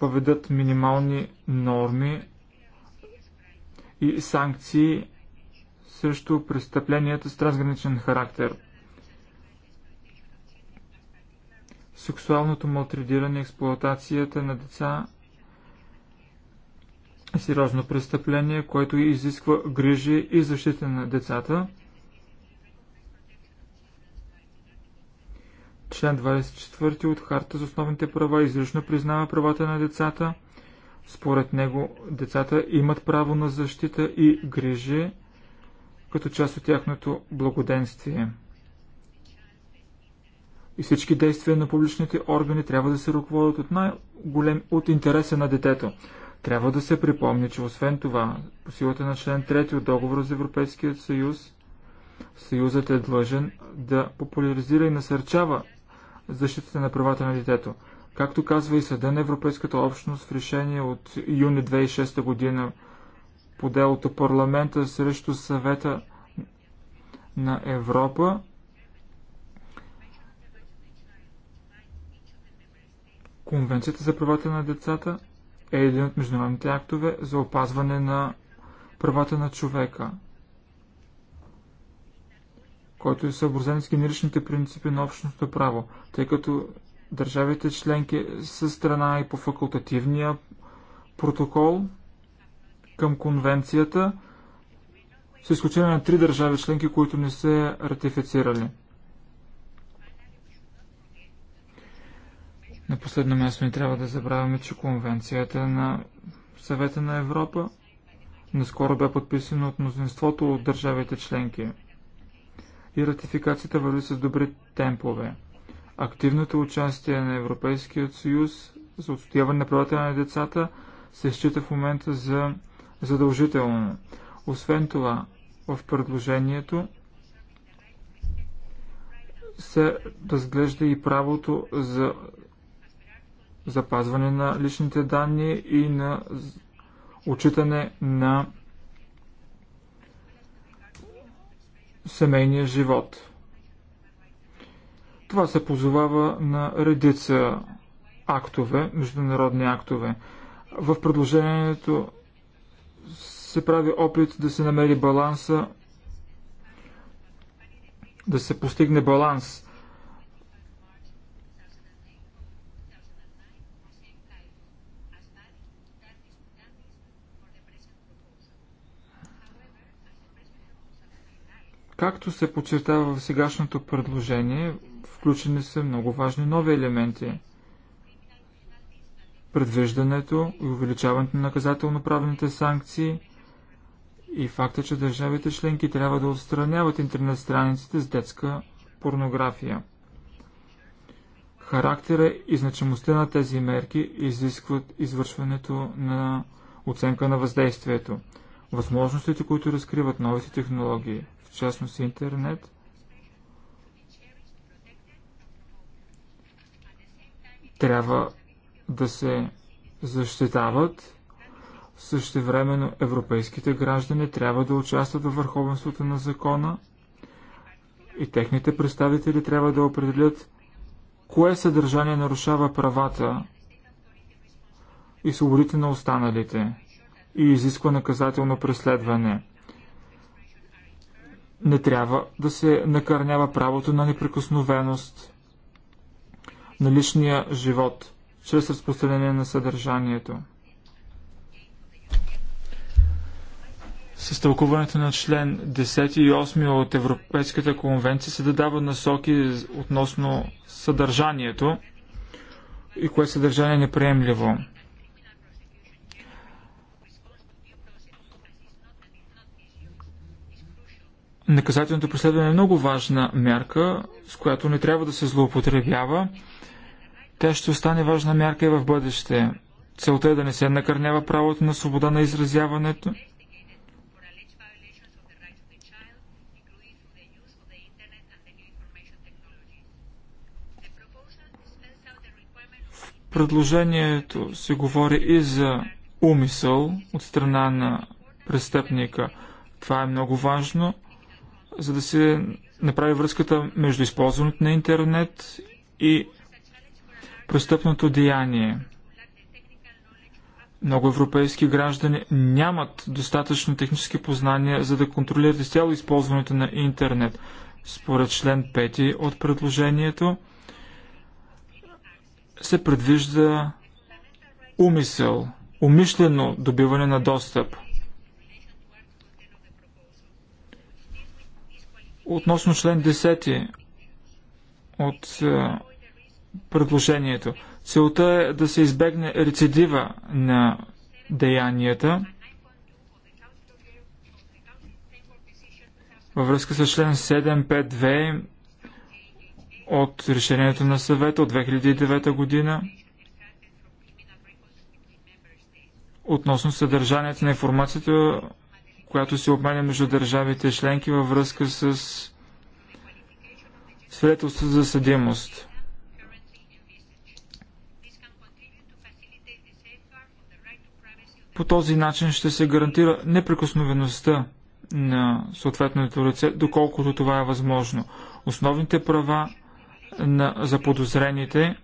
въведат минимални норми и санкции срещу престъпленията с трансграничен характер – сексуалното малтредиране, експлоатацията на деца е сериозно престъпление, което изисква грижи и защита на децата. Член 24 от Харта за основните права изрично признава правата на децата. Според него децата имат право на защита и грижи като част от тяхното благоденствие и всички действия на публичните органи трябва да се ръководят от най-голем от интереса на детето. Трябва да се припомни, че освен това, по силата на член 3 от договора за Европейския съюз, Съюзът е длъжен да популяризира и насърчава защитата на правата на детето. Както казва и Съда на Европейската общност в решение от юни 2006 година по делото парламента срещу съвета на Европа Конвенцията за правата на децата е един от международните актове за опазване на правата на човека, който е съобразен с генеричните принципи на общностното право, тъй като държавите членки са страна и по факултативния протокол към конвенцията, с изключение на три държави членки, които не са ратифицирали – На последно място не трябва да забравяме, че конвенцията на съвета на Европа наскоро бе подписана от мнозинството от държавите членки и ратификацията върви с добри темпове. Активното участие на Европейският съюз за отстояване на правата на децата се счита в момента за задължително. Освен това, в предложението се разглежда и правото за запазване на личните данни и на отчитане на семейния живот. Това се позовава на редица актове, международни актове. В предложението се прави опит да се намери баланса, да се постигне баланс Както се подчертава в сегашното предложение, включени са много важни нови елементи. Предвиждането и увеличаването на наказателно-правните санкции и факта, че държавите членки трябва да отстраняват интернет страниците с детска порнография. Характера и значимостта на тези мерки изискват извършването на оценка на въздействието, възможностите, които разкриват новите технологии, частност интернет. Трябва да се защитават. Същевременно европейските граждани трябва да участват в върховенството на закона и техните представители трябва да определят кое съдържание нарушава правата и свободите на останалите и изисква наказателно преследване. Не трябва да се накърнява правото на неприкосновеност на личния живот чрез разпространение на съдържанието. С тълкуването на член 10 и 8 от Европейската конвенция се дадава насоки относно съдържанието и кое съдържание е неприемливо. Наказателното преследване е много важна мярка, с която не трябва да се злоупотребява. Тя ще остане важна мярка и в бъдеще. Целта е да не се накърнява правото на свобода на изразяването. предложението се говори и за умисъл от страна на престъпника. Това е много важно за да се направи връзката между използването на интернет и престъпното деяние. Много европейски граждани нямат достатъчно технически познания, за да контролират изцяло използването на интернет. Според член 5 от предложението се предвижда умисъл, умишлено добиване на достъп – относно член 10 от е, предложението. Целта е да се избегне рецидива на деянията във връзка с член 752 от решението на съвета от 2009 година относно съдържанието на информацията която се обменя между държавите членки във връзка с свидетелство за съдимост. По този начин ще се гарантира неприкосновеността на съответното лице, доколкото това е възможно. Основните права на, за подозрените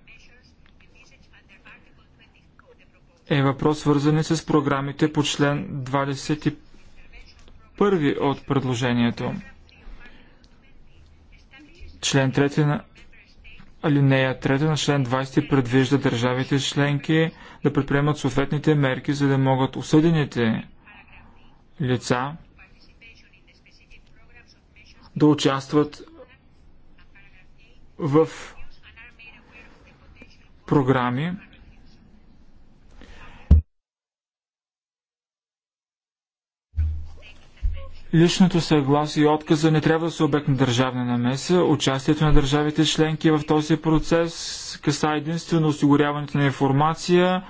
е въпрос свързан с програмите по член 25 първи от предложението. Член 3 на Алинея 3 на член 20 предвижда държавите членки да предприемат съответните мерки, за да могат осъдените лица да участват в програми, Личното съгласие и отказа не трябва да са обект на държавна намеса. Участието на държавите членки в този процес каса единствено осигуряването на информация,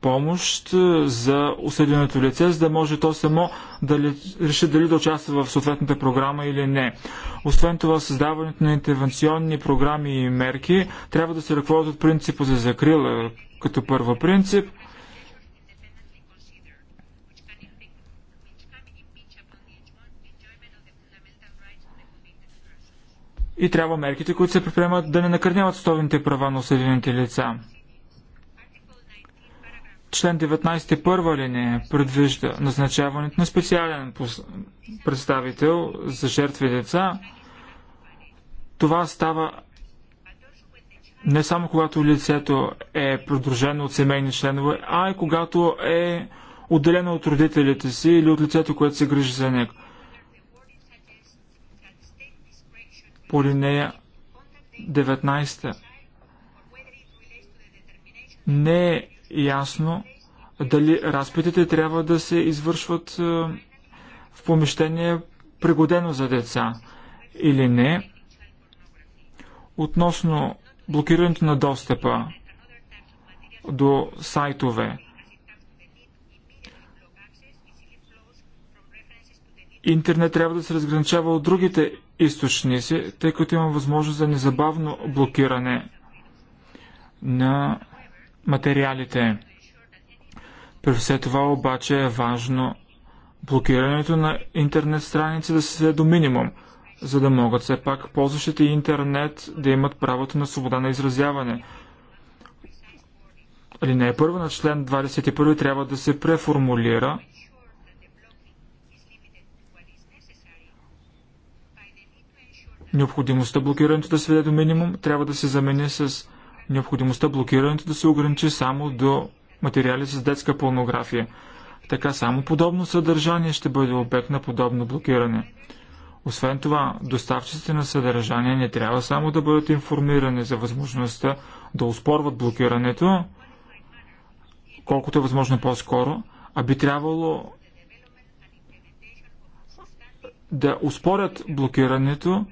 помощ е, за осъденото лице, за да може то само да реши дали да участва в съответната програма или не. Освен това, създаването на интервенционни програми и мерки трябва да се ръководят от принципа за закрила като първа принцип – и трябва мерките, които се предприемат да не накърняват стовните права на осъдените лица. Член 19 първа линия предвижда назначаването на специален представител за жертви деца. Това става не само когато лицето е придружено от семейни членове, а и когато е отделено от родителите си или от лицето, което се грижи за него. по линия 19. Не е ясно дали разпитите трябва да се извършват е, в помещение пригодено за деца или не. Относно блокирането на достъпа до сайтове, интернет трябва да се разграничава от другите източници, тъй като има възможност за незабавно блокиране на материалите. При все това обаче е важно блокирането на интернет страници да се сведе до минимум, за да могат все пак ползващите интернет да имат правото на свобода на изразяване. Алинея първа на член 21 трябва да се преформулира – необходимостта блокирането да сведе до минимум трябва да се замени с необходимостта блокирането да се ограничи само до материали с детска порнография. Така само подобно съдържание ще бъде обект на подобно блокиране. Освен това, доставчиците на съдържание не трябва само да бъдат информирани за възможността да успорват блокирането, колкото е възможно по-скоро, а би трябвало да успорят блокирането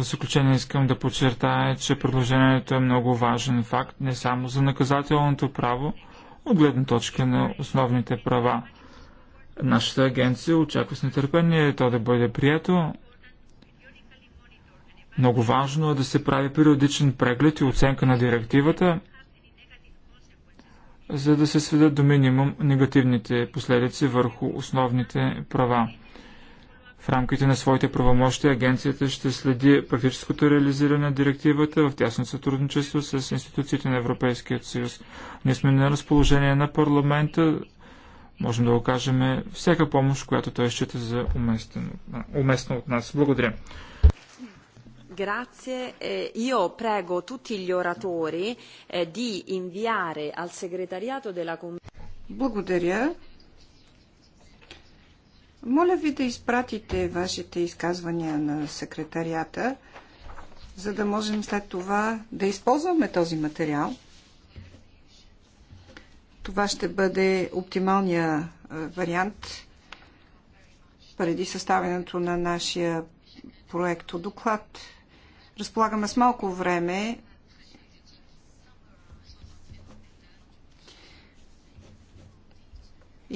В заключение искам да подчертая, че предложението е много важен факт не само за наказателното право, от гледна точка на основните права. Нашата агенция очаква с нетърпение то да бъде прието. Много важно е да се прави периодичен преглед и оценка на директивата, за да се сведат до минимум негативните последици върху основните права. В рамките на своите правомощи агенцията ще следи практическото реализиране на директивата в тясно сътрудничество с институциите на Европейския съюз. Ние сме на разположение на парламента, можем да окажем всяка помощ, която той счита за уместно от нас. Благодаря. Grazie. Eh, io prego tutti gli oratori eh, di inviare al segretariato della Commissione. Благодаря. Моля ви да изпратите вашите изказвания на секретарията, за да можем след това да използваме този материал. Това ще бъде оптималния вариант преди съставянето на нашия проекто доклад. Разполагаме с малко време,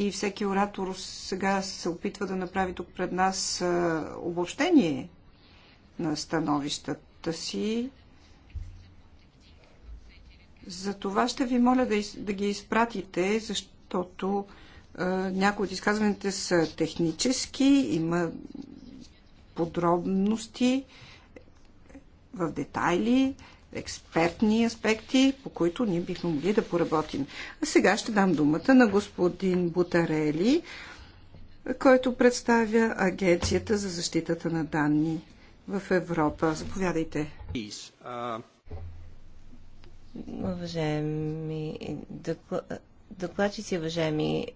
и всеки оратор сега се опитва да направи тук пред нас обобщение на становищата си. За това ще ви моля да, из, да ги изпратите, защото е, някои от изказваните са технически, има подробности в детайли експертни аспекти, по които ние бихме могли да поработим. А сега ще дам думата на господин Бутарели, който представя Агенцията за защитата на данни в Европа. Заповядайте. Уважаеми докладчици, уважаеми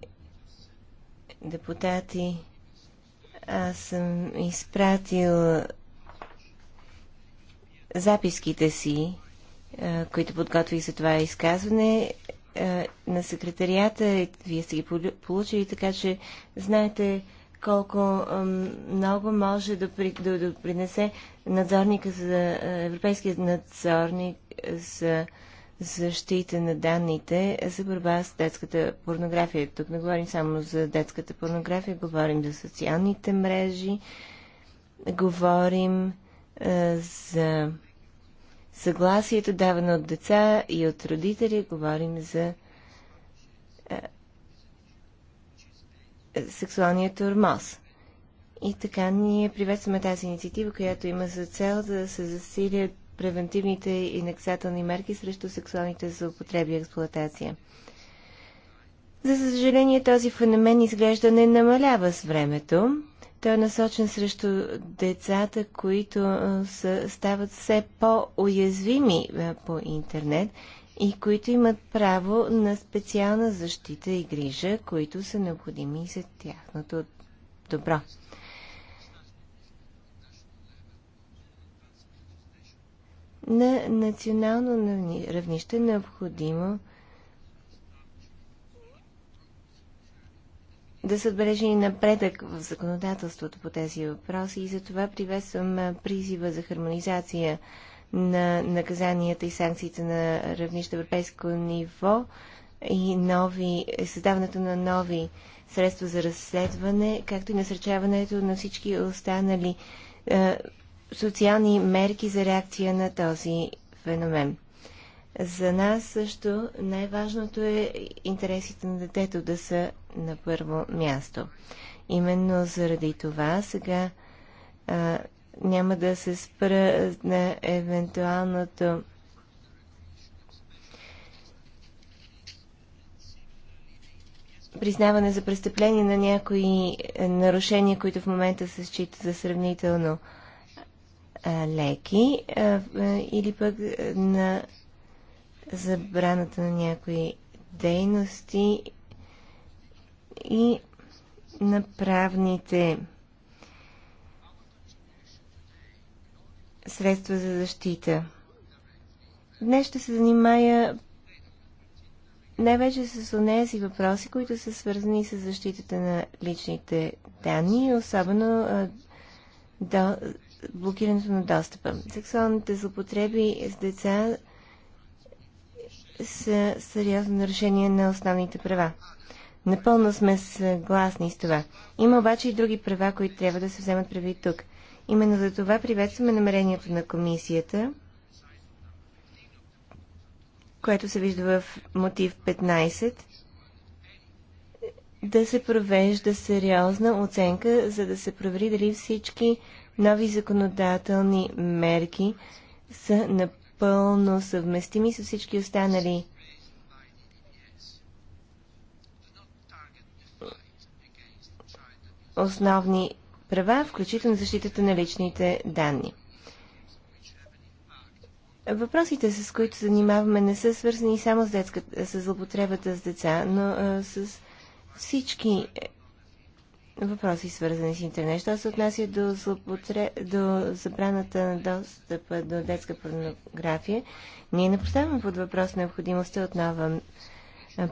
депутати, аз съм изпратил записките си, които подготвих за това изказване, на секретарията. Е, вие сте ги получили, така че знаете колко много може да, при, да, да принесе надзорника за европейския надзорник за защита на данните за борба с детската порнография. Тук не говорим само за детската порнография, говорим за социалните мрежи, говорим е, за съгласието давано от деца и от родители. Говорим за е, сексуалния тормоз. И така ние приветстваме тази инициатива, която има за цел да се засилят превентивните и наказателни мерки срещу сексуалните злоупотреби и експлуатация. За съжаление, този феномен изглежда не намалява с времето. Той е насочен срещу децата, които са, стават все по-уязвими по интернет и които имат право на специална защита и грижа, които са необходими за тяхното добро. На национално равнище е необходимо да се отбележи и напредък в законодателството по тези въпроси и затова приветствам призива за хармонизация на наказанията и санкциите на равнище европейско ниво и нови, създаването на нови средства за разследване, както и насърчаването на всички останали е, социални мерки за реакция на този феномен. За нас също най-важното е интересите на детето да са на първо място. Именно заради това сега а, няма да се спра на евентуалното признаване за престъпление на някои нарушения, които в момента се считат за сравнително а, леки а, или пък на забраната на някои дейности и на правните средства за защита. Днес ще се занимая най-вече с онези въпроси, които са свързани с защитата на личните данни, особено до, блокирането на достъпа. Сексуалните злопотреби с деца са сериозно нарушение на основните права. Напълно сме съгласни с това. Има обаче и други права, които трябва да се вземат прави тук. Именно за това приветстваме намерението на комисията, което се вижда в мотив 15, да се провежда сериозна оценка, за да се провери дали всички нови законодателни мерки са напълно напълно съвместими с всички останали основни права, включително защитата на личните данни. Въпросите, с които занимаваме, не са свързани само с, детската, с злопотребата с деца, но а, с всички въпроси, свързани с интернет. Що се отнася до, злопотре... до забраната на достъпа до детска порнография, ние не поставяме под въпрос необходимостта от нова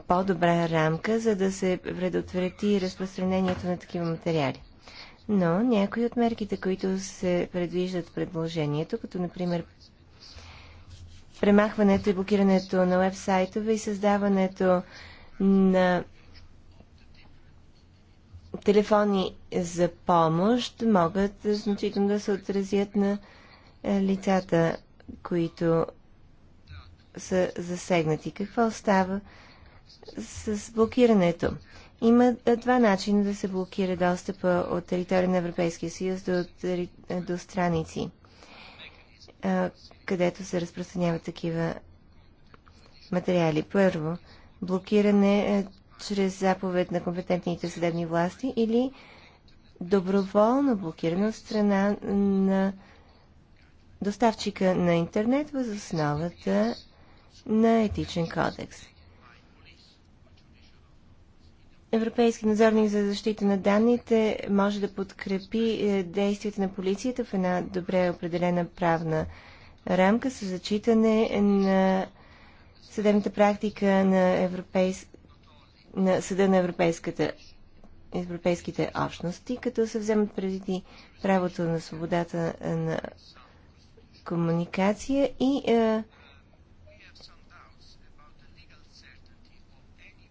по-добра рамка, за да се предотврати разпространението на такива материали. Но някои от мерките, които се предвиждат в предложението, като например премахването и блокирането на веб-сайтове и създаването на телефони за помощ могат значително да се отразят на е, лицата, които са засегнати. Какво става с блокирането? Има е, два начина да се блокира достъпа от територия на Европейския съюз до, е, до страници, където се разпространяват такива материали. Първо, блокиране чрез заповед на компетентните съдебни власти или доброволно блокиране от страна на доставчика на интернет въз основата на етичен кодекс. Европейски надзорник за защита на данните може да подкрепи е, действията на полицията в една добре определена правна рамка с зачитане на съдебната практика на, европейс на Съда на Европейската, Европейските общности, като се вземат преди правото на свободата на комуникация и е,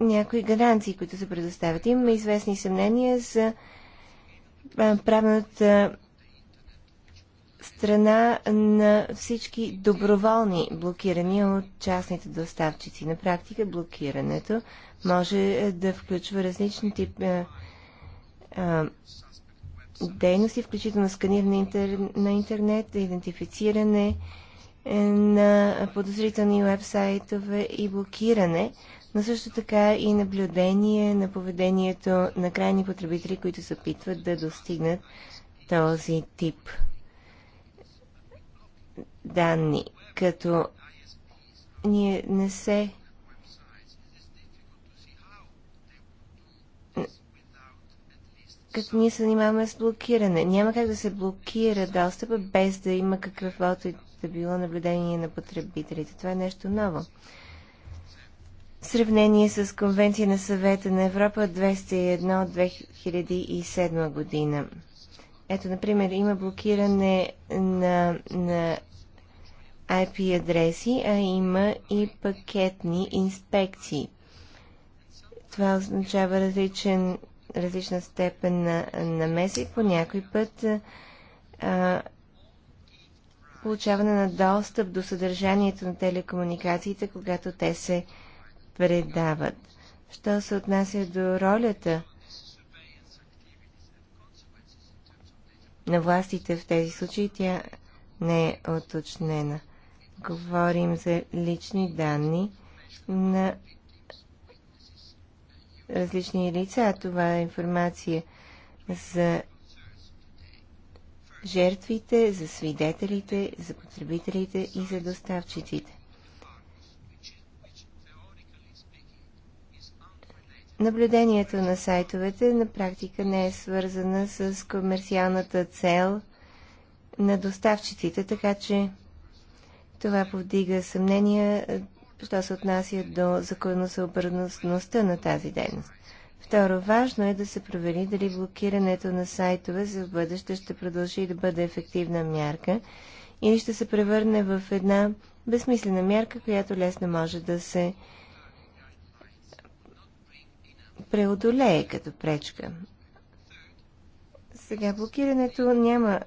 някои гаранции, които се предоставят. Имаме известни съмнения за е, правната страна на всички доброволни блокирани от частните доставчици. На практика блокирането може е, да включва различни тип а, е, а, е, дейности, включително сканиране на, на интернет, идентифициране на подозрителни вебсайтове и блокиране, но също така и наблюдение на поведението на крайни потребители, които се опитват да достигнат този тип данни, като ние не се като ние се занимаваме с блокиране. Няма как да се блокира достъпа без да има каквото и да било наблюдение на потребителите. Това е нещо ново. В сравнение с Конвенция на съвета на Европа 201 от 2007 година. Ето, например, има блокиране на, на IP адреси, а има и пакетни инспекции. Това означава различен, различна степен на намеси. по някой път а, получаване на достъп до съдържанието на телекомуникациите, когато те се предават. Що се отнася до ролята на властите в тези случаи, тя не е оточнена говорим за лични данни на различни лица. А това е информация за жертвите, за свидетелите, за потребителите и за доставчиците. Наблюдението на сайтовете на практика не е свързана с комерциалната цел на доставчиците, така че това повдига съмнения, що се отнася до законосъобразността на тази дейност. Второ, важно е да се провери дали блокирането на сайтове за бъдеще ще продължи да бъде ефективна мярка или ще се превърне в една безсмислена мярка, която лесно може да се преодолее като пречка. Сега блокирането няма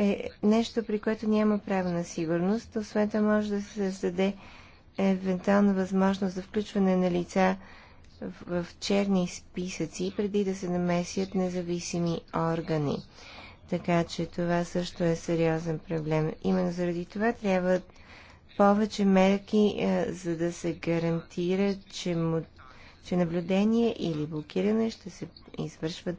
е нещо, при което няма право на сигурност. Освен това може да се създаде евентуална възможност за включване на лица в, в черни списъци, преди да се намесят независими органи. Така че това също е сериозен проблем. Именно заради това трябва повече мерки, е, за да се гарантира, че, му, че наблюдение или блокиране ще се извършват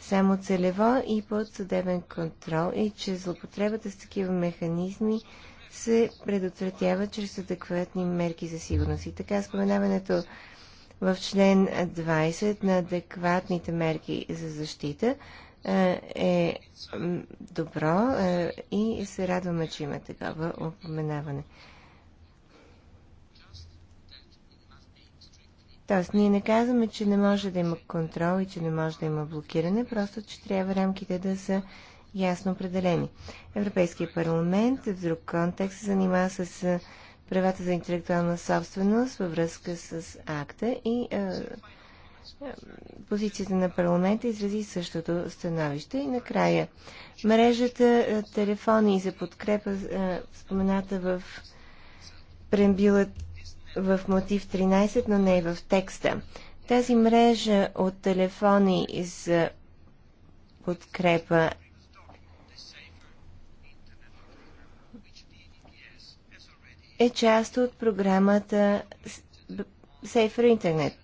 само целево и под съдебен контрол и че злопотребата с такива механизми се предотвратява чрез адекватни мерки за сигурност. И така споменаването в член 20 на адекватните мерки за защита е добро и се радваме, че има такова упоменаване. Тоест, ние не казваме, че не може да има контрол и че не може да има блокиране, просто, че трябва рамките да са ясно определени. Европейския парламент в друг контекст се занимава с правата за интелектуална собственост във връзка с акта и е, е, позицията на парламента изрази същото становище. И накрая, мрежата телефони за подкрепа, спомената в прембилът в мотив 13, но не и в текста. Тази мрежа от телефони за подкрепа е част от програмата Safer Internet,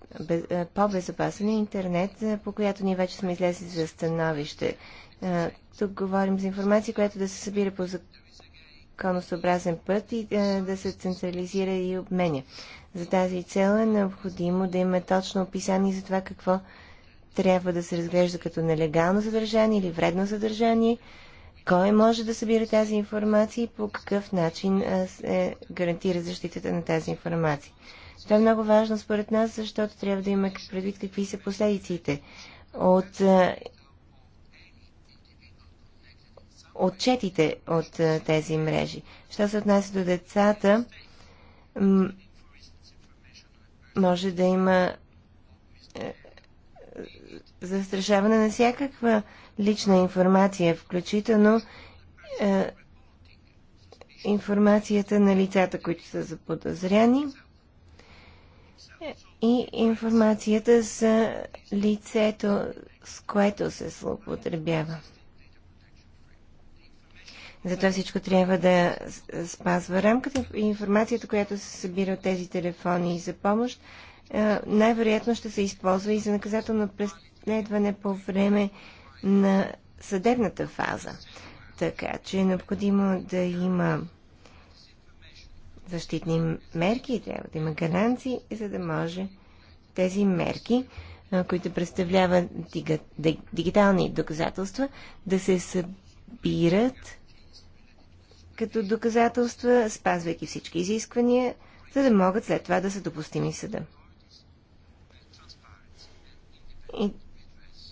е, по-безопасен интернет, е, по която ние вече сме излезли за становище. Е, тук говорим за информация, която да се събира по конусообразен път и да, е, да се централизира и обменя. За тази цел е необходимо да има точно описание за това какво трябва да се разглежда като нелегално съдържание или вредно съдържание, кой може да събира тази информация и по какъв начин е, се гарантира защитата на тази информация. Това е много важно според нас, защото трябва да има предвид какви са последиците от е, отчетите от тези мрежи. Що се отнася до децата, може да има е, застрашаване на всякаква лична информация, включително е, информацията на лицата, които са заподозряни и информацията за лицето, с което се злоупотребява. Затова всичко трябва да спазва рамката и информацията, която се събира от тези телефони за помощ, е, най-вероятно ще се използва и за наказателно преследване по време на съдебната фаза. Така че е необходимо да има защитни мерки трябва да има гаранции, за да може тези мерки, е, които представляват дигитални доказателства, да се събират като доказателства, спазвайки всички изисквания, за да могат след това да са допустими съда. И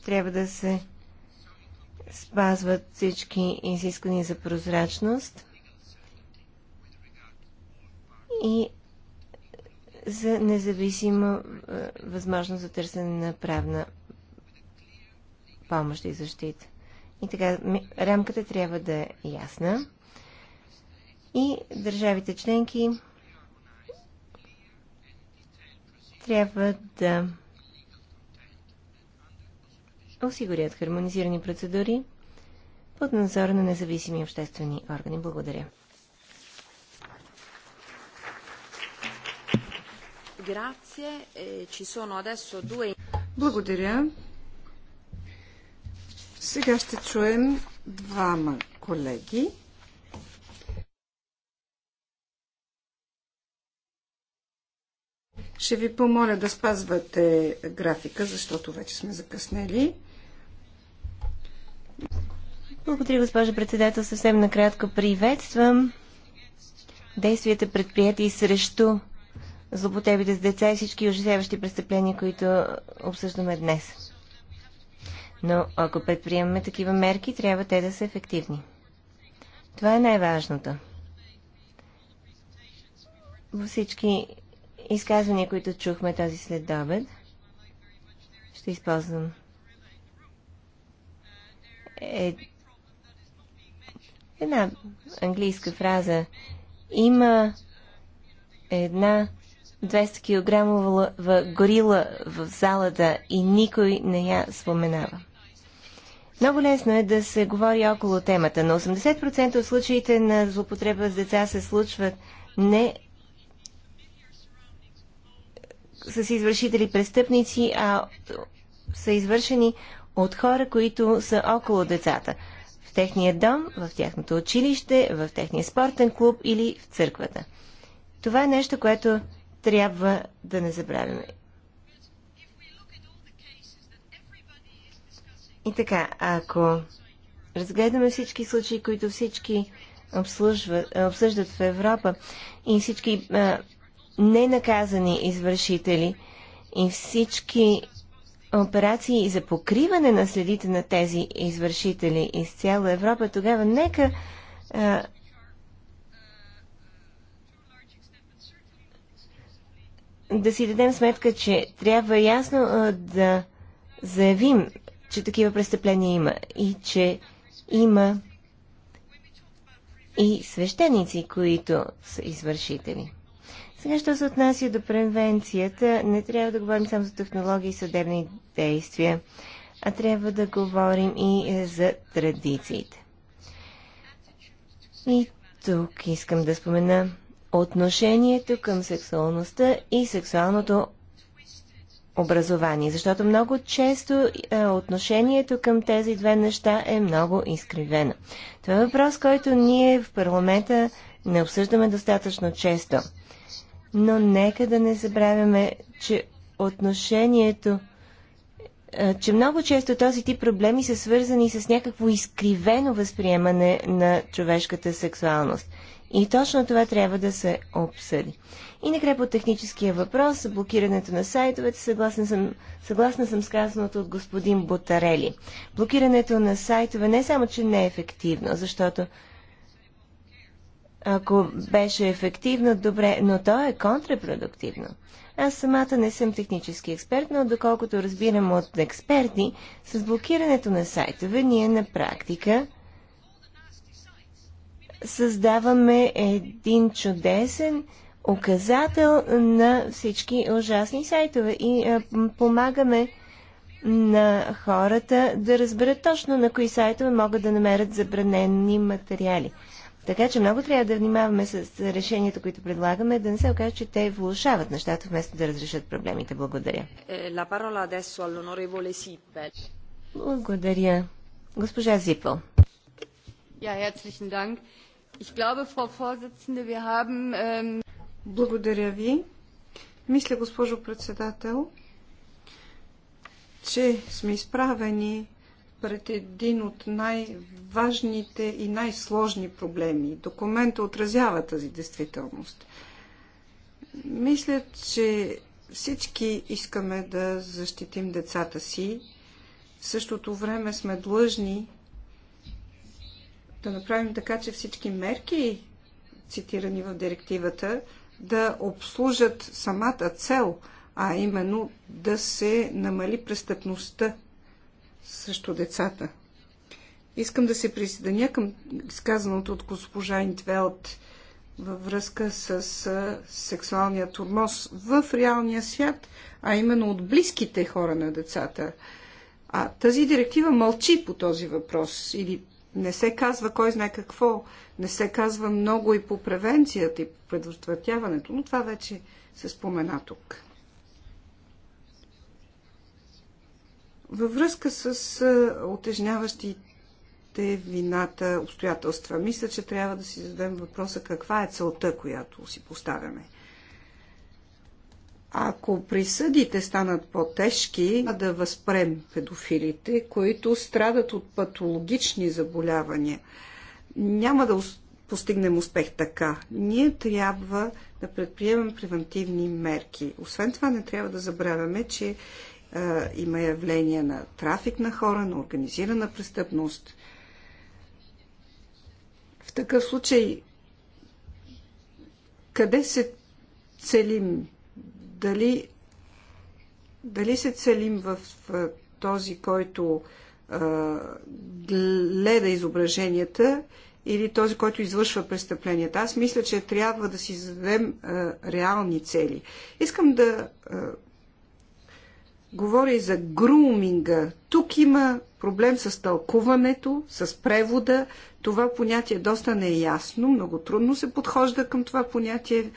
трябва да се спазват всички изисквания за прозрачност и за независима е, възможност за търсене на правна помощ и защита. И така, рамката трябва да е ясна, и държавите членки трябва да осигурят хармонизирани процедури под надзор на независими обществени органи. Благодаря. Е, Благодаря. Сега ще чуем двама колеги. Ще ви помоля да спазвате графика, защото вече сме закъснели. Благодаря, госпожа председател. Съвсем накратко приветствам действията предприяти срещу злопотебите с деца и всички ужасяващи престъпления, които обсъждаме днес. Но ако предприемаме такива мерки, трябва те да са ефективни. Това е най-важното. Във всички изказвания, които чухме след следобед, ще използвам е... една английска фраза. Има една 200 кг горила в залата и никой не я споменава. Много лесно е да се говори около темата, но 80% от случаите на злопотреба с деца се случват не са извършители престъпници, а са извършени от хора, които са около децата. В техния дом, в тяхното училище, в техния спортен клуб или в църквата. Това е нещо, което трябва да не забравяме. И така, ако разгледаме всички случаи, които всички обслужват, обсъждат в Европа и всички а, ненаказани извършители и всички операции за покриване на следите на тези извършители из цяла Европа, тогава нека а, да си дадем сметка, че трябва ясно а, да заявим, че такива престъпления има и че има и свещеници, които са извършители. Сега, що се отнася до превенцията, не трябва да говорим само за технологии и съдебни действия, а трябва да говорим и за традициите. И тук искам да спомена отношението към сексуалността и сексуалното образование, защото много често е, отношението към тези две неща е много изкривено. Това е въпрос, който ние в парламента не обсъждаме достатъчно често – но нека да не забравяме, че отношението, е, че много често този тип проблеми са свързани с някакво изкривено възприемане на човешката сексуалност. И точно това трябва да се обсъди. И накрая по техническия въпрос, блокирането на сайтовете, съгласна съм, съгласна съм с казаното от господин Ботарели. Блокирането на сайтове не само, че не е ефективно, защото ако беше ефективно, добре, но то е контрапродуктивно. Аз самата не съм технически експерт, но доколкото разбирам от експерти, с блокирането на сайтове ние на практика създаваме един чудесен указател на всички ужасни сайтове и а, помагаме на хората да разберат точно на кои сайтове могат да намерят забранени материали. Така че много трябва да внимаваме с решенията, които предлагаме, да не се окаже, че те влушават нещата, вместо да разрешат проблемите. Благодаря. Благодаря. Госпожа Зипъл. Благодаря ви. Мисля, госпожо председател, че сме изправени пред един от най-важните и най-сложни проблеми. Документа отразява тази действителност. Мисля, че всички искаме да защитим децата си. В същото време сме длъжни да направим така, че всички мерки, цитирани в директивата, да обслужат самата цел, а именно да се намали престъпността срещу децата. Искам да се присъединя към изказаното от госпожа Интвелт във връзка с сексуалния турмоз в реалния свят, а именно от близките хора на децата. А тази директива мълчи по този въпрос или не се казва кой знае какво, не се казва много и по превенцията и по предотвратяването, но това вече се спомена тук. Във връзка с отежняващите вината обстоятелства, мисля, че трябва да си зададем въпроса каква е целта, която си поставяме. Ако присъдите станат по-тежки, да възпрем педофилите, които страдат от патологични заболявания. Няма да постигнем успех така. Ние трябва да предприемем превентивни мерки. Освен това, не трябва да забравяме, че има явление на трафик на хора, на организирана престъпност. В такъв случай, къде се целим? Дали, дали се целим в, в този, който а, гледа изображенията или този, който извършва престъпленията. Аз мисля, че трябва да си зададем а, реални цели. Искам да а, говори за груминга. Тук има проблем с тълкуването, с превода. Това понятие доста не е ясно, много трудно се подхожда към това понятие.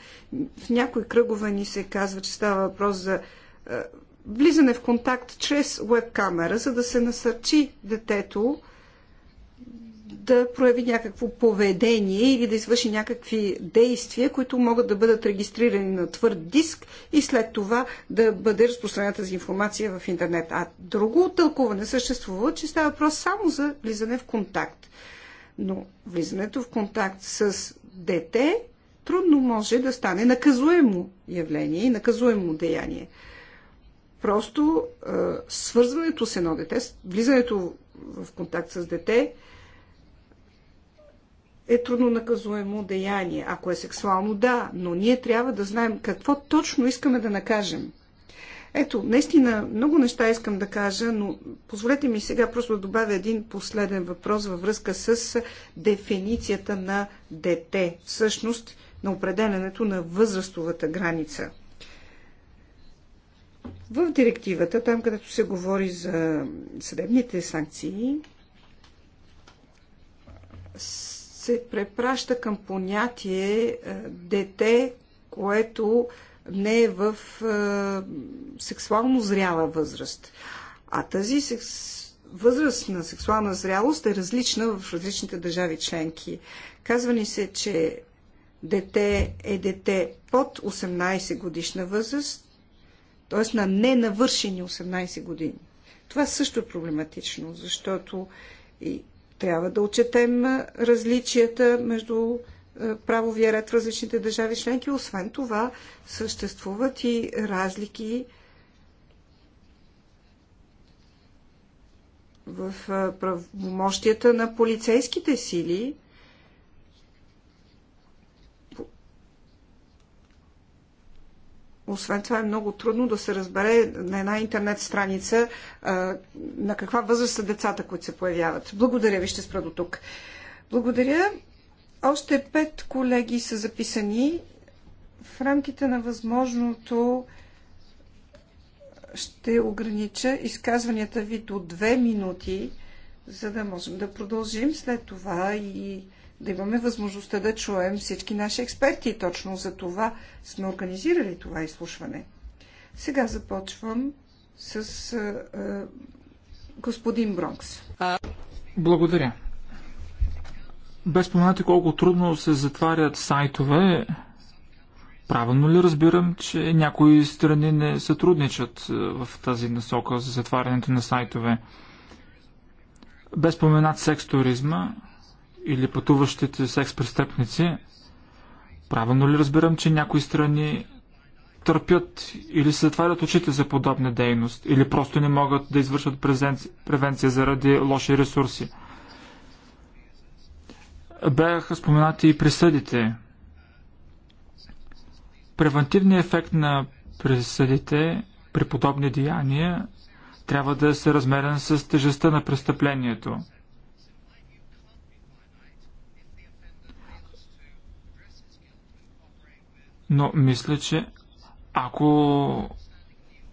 В някои кръгове ни се казва, че става въпрос за е, влизане в контакт чрез веб-камера, за да се насърчи детето да прояви някакво поведение или да извърши някакви действия, които могат да бъдат регистрирани на твърд диск и след това да бъде разпространена тази информация в интернет. А друго тълкуване съществува, че става въпрос само за влизане в контакт. Но влизането в контакт с дете трудно може да стане наказуемо явление и наказуемо деяние. Просто е, свързването с едно дете, влизането в контакт с дете, е трудно наказуемо деяние. Ако е сексуално, да, но ние трябва да знаем какво точно искаме да накажем. Ето, наистина много неща искам да кажа, но позволете ми сега просто да добавя един последен въпрос във връзка с дефиницията на дете, всъщност на определенето на възрастовата граница. В директивата, там където се говори за съдебните санкции, се препраща към понятие е, дете, което не е в е, сексуално зряла възраст. А тази секс... възраст на сексуална зрялост е различна в различните държави членки. Казва ни се, че дете е дете под 18 годишна възраст, т.е. на ненавършени 18 години. Това също е проблематично, защото и трябва да отчетем различията между правовия ред в различните държави членки. Освен това, съществуват и разлики в правомощията на полицейските сили – Освен това е много трудно да се разбере на една интернет страница на каква възраст са децата, които се появяват. Благодаря ви, ще спра до тук. Благодаря. Още пет колеги са записани. В рамките на възможното ще огранича изказванията ви до две минути, за да можем да продължим след това и да имаме възможността да чуем всички наши експерти. Точно за това сме организирали това изслушване. Сега започвам с а, а, господин Бронкс. Благодаря. Без споменате колко трудно се затварят сайтове, правилно ли разбирам, че някои страни не сътрудничат в тази насока за затварянето на сайтове? Без споменат секс туризма, или пътуващите секс престъпници, правилно ли разбирам, че някои страни търпят или се затварят очите за подобна дейност, или просто не могат да извършват превенция заради лоши ресурси? Бяха споменати и присъдите. Превентивният ефект на присъдите при подобни деяния трябва да е съразмерен с тежестта на престъплението – Но мисля, че ако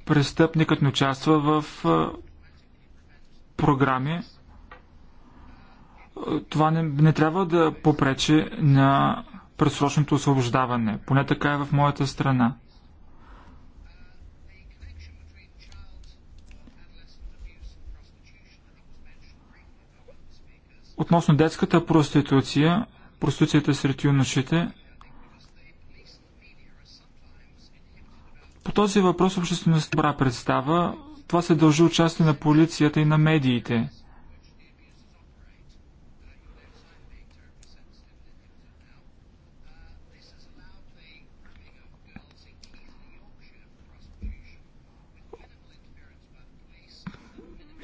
престъпникът не участва в програми, това не, не трябва да попречи на предсрочното освобождаване. Поне така е в моята страна. Относно детската проституция, проституцията сред юношите – По този въпрос обществеността добра представа. Това се дължи участие на полицията и на медиите.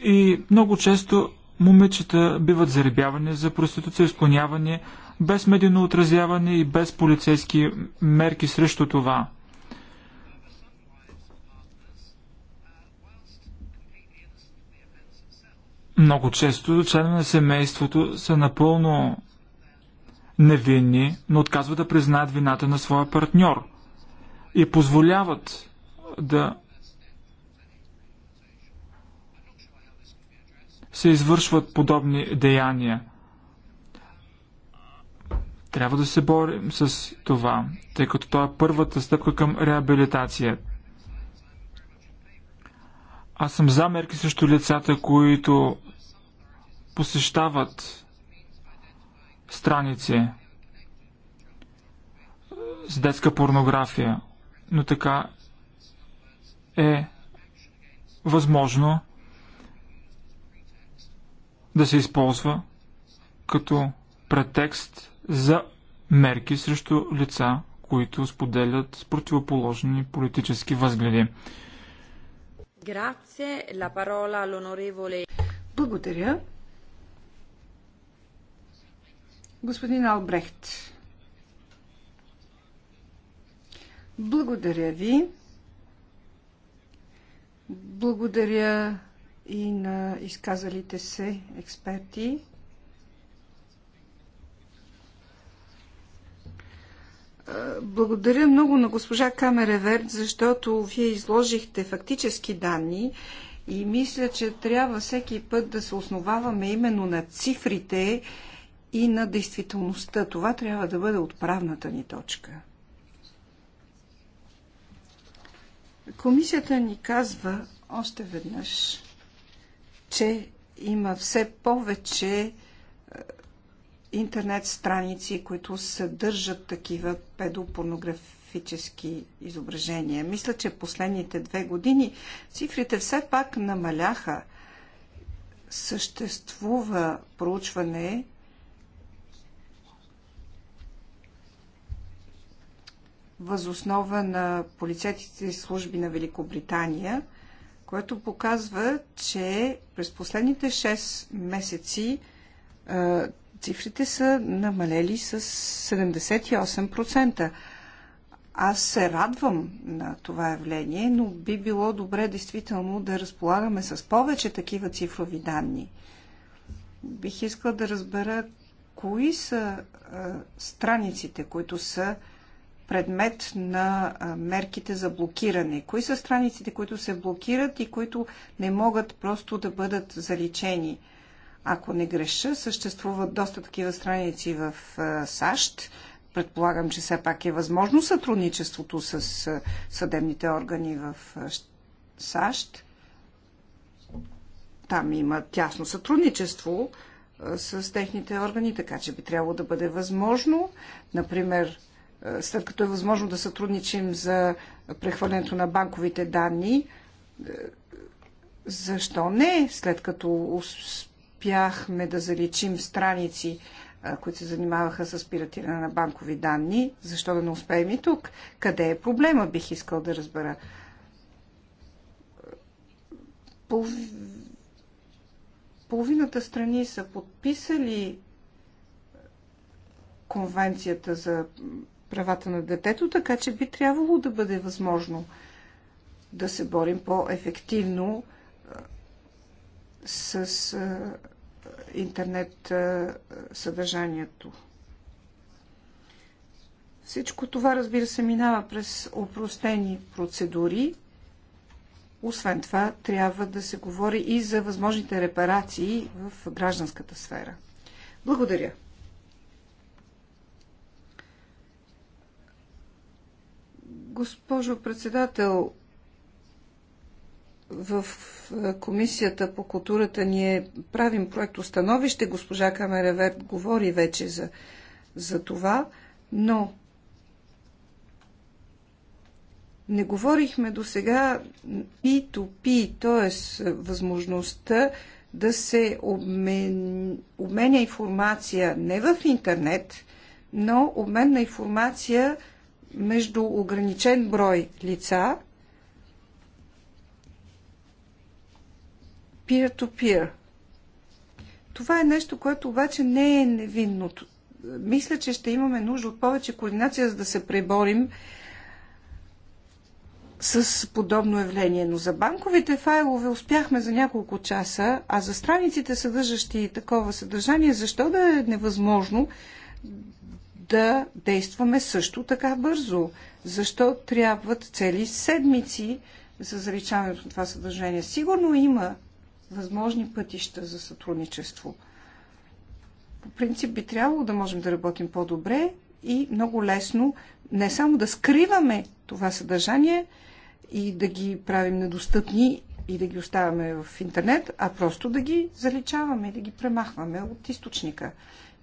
И много често момичета биват заребявани за проституция, изклоняване, без медийно отразяване и без полицейски мерки срещу това. Много често членове на семейството са напълно невинни, но отказват да признаят вината на своя партньор и позволяват да се извършват подобни деяния. Трябва да се борим с това, тъй като това е първата стъпка към реабилитация. Аз съм за мерки срещу лицата, които посещават страници с детска порнография, но така е възможно да се използва като претекст за мерки срещу лица, които споделят противоположни политически възгледи. Благодаря. Господин Албрехт, благодаря ви. Благодаря и на изказалите се експерти. Благодаря много на госпожа Камереверт, защото вие изложихте фактически данни и мисля, че трябва всеки път да се основаваме именно на цифрите, и на действителността. Това трябва да бъде отправната ни точка. Комисията ни казва още веднъж, че има все повече е, интернет страници, които съдържат такива педопорнографически изображения. Мисля, че последните две години цифрите все пак намаляха. Съществува проучване, възоснова на полицейските служби на Великобритания, което показва, че през последните 6 месеци е, цифрите са намалели с 78%. Аз се радвам на това явление, но би било добре действително да разполагаме с повече такива цифрови данни. Бих искала да разбера кои са е, страниците, които са предмет на мерките за блокиране? Кои са страниците, които се блокират и които не могат просто да бъдат заличени? Ако не греша, съществуват доста такива страници в САЩ. Предполагам, че все пак е възможно сътрудничеството с съдебните органи в САЩ. Там има тясно сътрудничество с техните органи, така че би трябвало да бъде възможно, например, след като е възможно да сътрудничим за прехвърлянето на банковите данни, защо не, след като успяхме да заличим страници, които се занимаваха с пиратиране на банкови данни, защо да не успеем и тук? Къде е проблема, бих искал да разбера. Половината страни са подписали конвенцията за правата на детето, така че би трябвало да бъде възможно да се борим по-ефективно с интернет съдържанието. Всичко това, разбира се, минава през опростени процедури. Освен това, трябва да се говори и за възможните репарации в гражданската сфера. Благодаря. Госпожо председател, в е, Комисията по културата ние правим проект установище. Госпожа Верт говори вече за, за това, но не говорихме до сега P2P, т.е. възможността да се обменя информация не в интернет, но обмен на информация – между ограничен брой лица peer-to-peer. -peer. Това е нещо, което обаче не е невинно. Мисля, че ще имаме нужда от повече координация, за да се преборим с подобно явление. Но за банковите файлове успяхме за няколко часа, а за страниците, съдържащи такова съдържание, защо да е невъзможно да действаме също така бързо? Защо трябват цели седмици за заличаването на това съдържание? Сигурно има възможни пътища за сътрудничество. По принцип би трябвало да можем да работим по-добре и много лесно не само да скриваме това съдържание и да ги правим недостъпни и да ги оставяме в интернет, а просто да ги заличаваме и да ги премахваме от източника.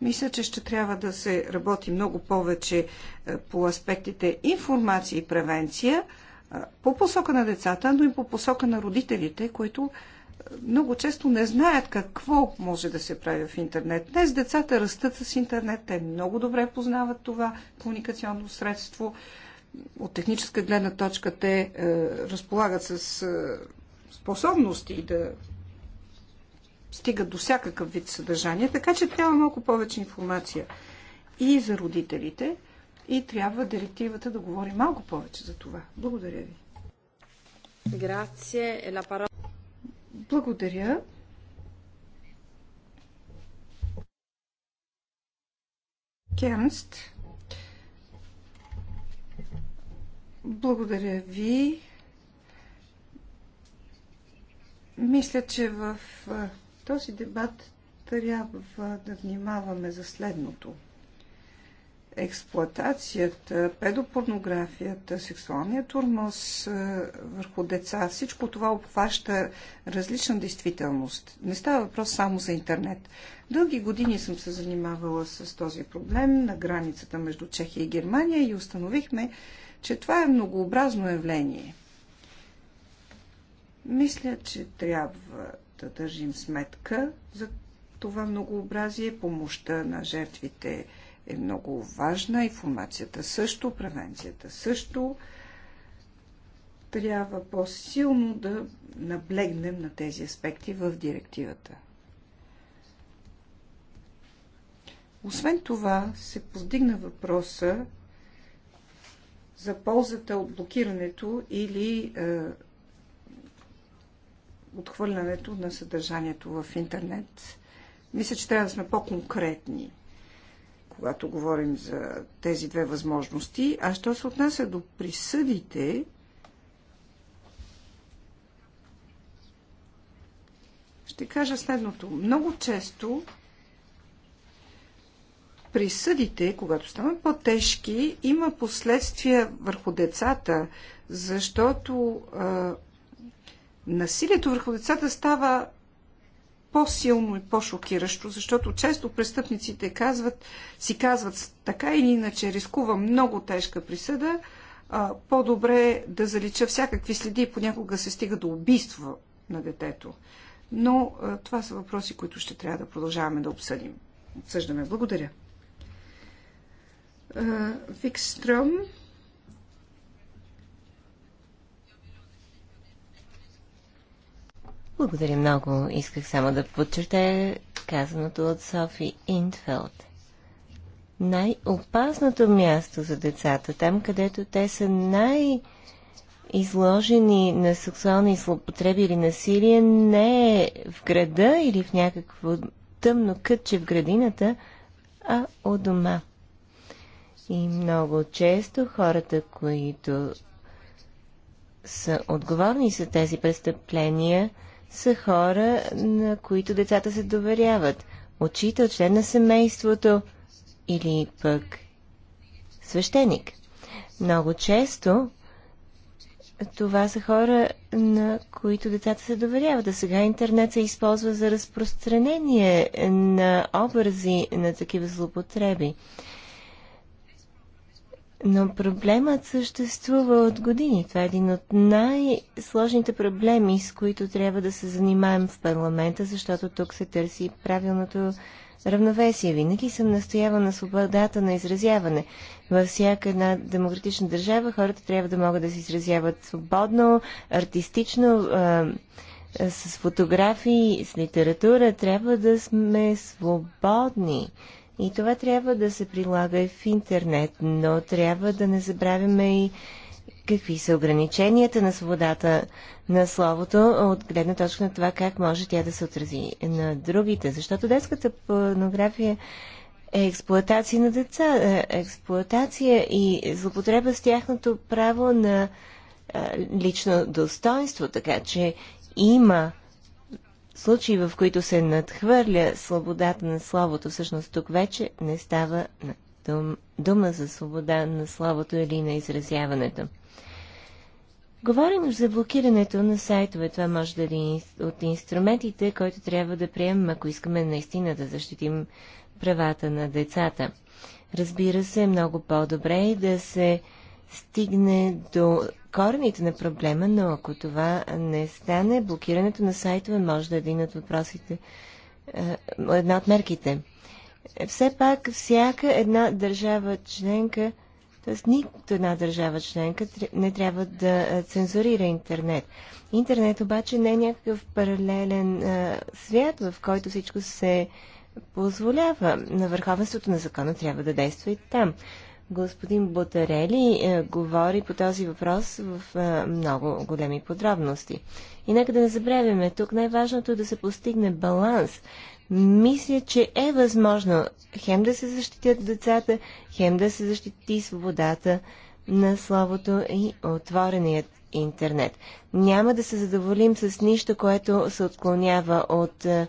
Мисля, че ще трябва да се работи много повече е, по аспектите информация и превенция е, по посока на децата, но и по посока на родителите, които е, много често не знаят какво може да се прави в интернет. Днес децата растат с интернет, те много добре познават това комуникационно средство. От техническа гледна точка те е, разполагат с е, способности да стигат до всякакъв вид съдържание, така че трябва малко повече информация и за родителите, и трябва директивата да говори малко повече за това. Благодаря ви. Е Благодаря. Кернст. Благодаря ви. Мисля, че в този дебат трябва да внимаваме за следното. Експлоатацията, педопорнографията, сексуалният турмоз върху деца, всичко това обхваща различна действителност. Не става въпрос само за интернет. Дълги години съм се занимавала с този проблем на границата между Чехия и Германия и установихме, че това е многообразно явление – мисля, че трябва да държим сметка за това многообразие. Помощта на жертвите е много важна, информацията също, превенцията също. Трябва по-силно да наблегнем на тези аспекти в директивата. Освен това, се повдигна въпроса за ползата от блокирането или е, отхвърлянето на съдържанието в интернет. Мисля, че трябва да сме по-конкретни, когато говорим за тези две възможности. А що се отнася до присъдите, ще кажа следното. Много често присъдите, когато станат по-тежки, има последствия върху децата, защото а, насилието върху децата става по-силно и по-шокиращо, защото често престъпниците казват, си казват така или иначе рискува много тежка присъда, по-добре да залича всякакви следи и понякога се стига до убийство на детето. Но а, това са въпроси, които ще трябва да продължаваме да обсъдим. Обсъждаме. Благодаря. Викстрем. Благодаря много. Исках само да подчертая казаното от Софи Индфелд. Най-опасното място за децата, там където те са най- изложени на сексуални злопотреби или насилие, не е в града или в някакво тъмно кътче в градината, а у дома. И много често хората, които са отговорни за тези престъпления, са хора, на които децата се доверяват. Учител, член на семейството или пък свещеник. Много често това са хора, на които децата се доверяват. А сега интернет се използва за разпространение на образи на такива злопотреби. Но проблемът съществува от години. Това е един от най-сложните проблеми, с които трябва да се занимаем в парламента, защото тук се търси правилното равновесие. Винаги съм настоявал на свободата на изразяване. Във всяка една демократична държава хората трябва да могат да се изразяват свободно, артистично, с фотографии, с литература. Трябва да сме свободни и това трябва да се прилага и в интернет, но трябва да не забравяме и какви са ограниченията на свободата на словото от гледна точка на това как може тя да се отрази на другите. Защото детската порнография е експлоатация на деца, е експлоатация и злопотреба с тяхното право на е, лично достоинство, така че има случаи, в които се надхвърля свободата на словото, всъщност тук вече не става дум, дума за свобода на словото или на изразяването. Говорим за блокирането на сайтове. Това може да е от инструментите, които трябва да приемем, ако искаме наистина да защитим правата на децата. Разбира се, много по-добре е да се стигне до корените на проблема, но ако това не стане, блокирането на сайтове може да е един от въпросите, е, една от мерките. Все пак всяка една държава членка, т.е. нито една държава членка не трябва да е, цензурира интернет. Интернет обаче не е някакъв паралелен а, е, свят, в който всичко се позволява. На върховенството на закона трябва да действа и там. Господин Ботарели е, говори по този въпрос в е, много големи подробности. И нека да не забравяме, тук най-важното е да се постигне баланс. Мисля, че е възможно хем да се защитят децата, хем да се защити свободата на словото и отвореният интернет. Няма да се задоволим с нищо, което се отклонява от е,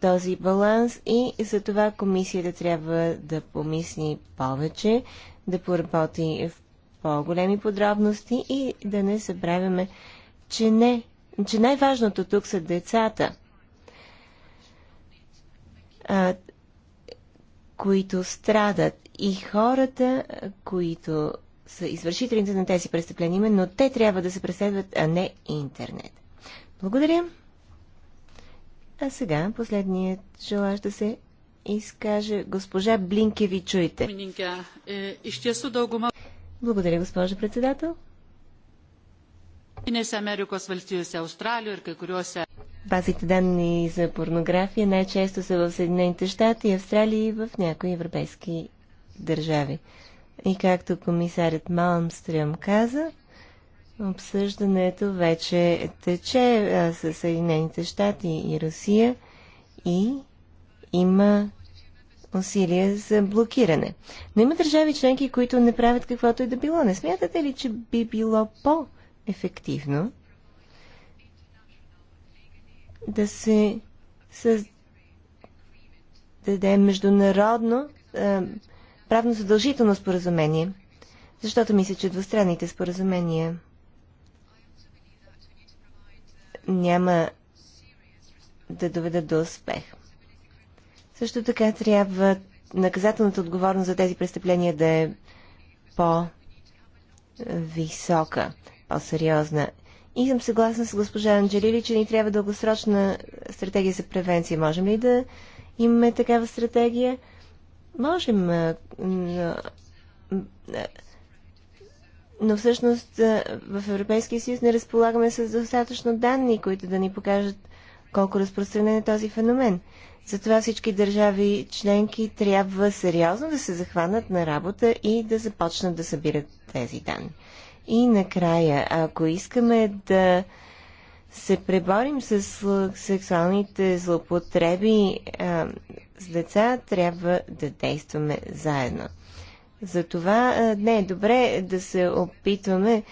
този баланс и за това комисията трябва да помисли повече, да поработи в по-големи подробности и да не забравяме, че, не, че най-важното тук са децата, а, които страдат и хората, които са извършителите на тези престъпления, но те трябва да се преследват, а не интернет. Благодаря. А сега последният желаш да се изкаже госпожа Блинкеви, чуйте. Е, Благодаря, госпожа председател. Базите данни за порнография най-често са в Съединените щати, и Австралия и в някои европейски държави. И както комисарят Малмстрем каза, Обсъждането вече тече с Съединените щати и Русия и има усилия за блокиране. Но има държави членки, които не правят каквото и да било. Не смятате ли, че би било по-ефективно да се създаде международно правно задължително споразумение? Защото мисля, че двустранните споразумения няма да доведат до успех. Също така трябва наказателната отговорност за тези престъпления да е по-висока, по-сериозна. И съм съгласна с госпожа Анджелили, че ни трябва дългосрочна стратегия за превенция. Можем ли да имаме такава стратегия? Можем. Но но всъщност в Европейския съюз не разполагаме с достатъчно данни, които да ни покажат колко разпространен е този феномен. Затова всички държави членки трябва сериозно да се захванат на работа и да започнат да събират тези данни. И накрая, ако искаме да се преборим с сексуалните злопотреби а, с деца, трябва да действаме заедно. Затова не е добре да се опитваме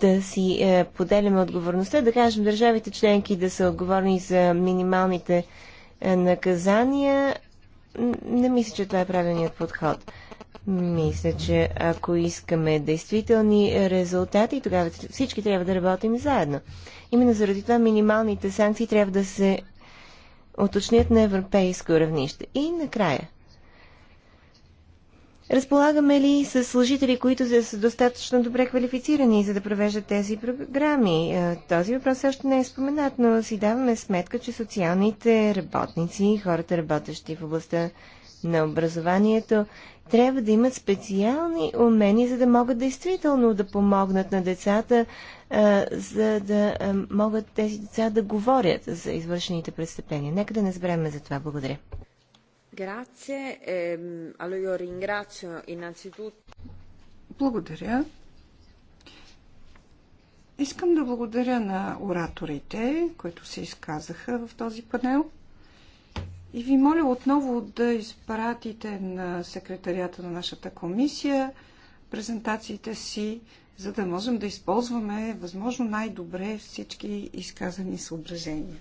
да си поделяме отговорността, да кажем държавите членки да са отговорни за минималните наказания. Не мисля, че това е правилният подход. Мисля, че ако искаме действителни резултати, тогава всички трябва да работим заедно. Именно заради това минималните санкции трябва да се уточнят на европейско равнище. И накрая – Разполагаме ли с служители, които са достатъчно добре квалифицирани, за да провеждат тези програми? Е, този въпрос още не е споменат, но си даваме сметка, че социалните работници, хората работещи в областта на образованието, трябва да имат специални умения, за да могат действително да помогнат на децата, е, за да е, могат тези деца да говорят за извършените престъпления. Нека да не забравяме за това. Благодаря. Ehm, благодаря. Искам да благодаря на ораторите, които се изказаха в този панел. И ви моля отново да изпратите на секретарията на нашата комисия презентациите си, за да можем да използваме възможно най-добре всички изказани съображения.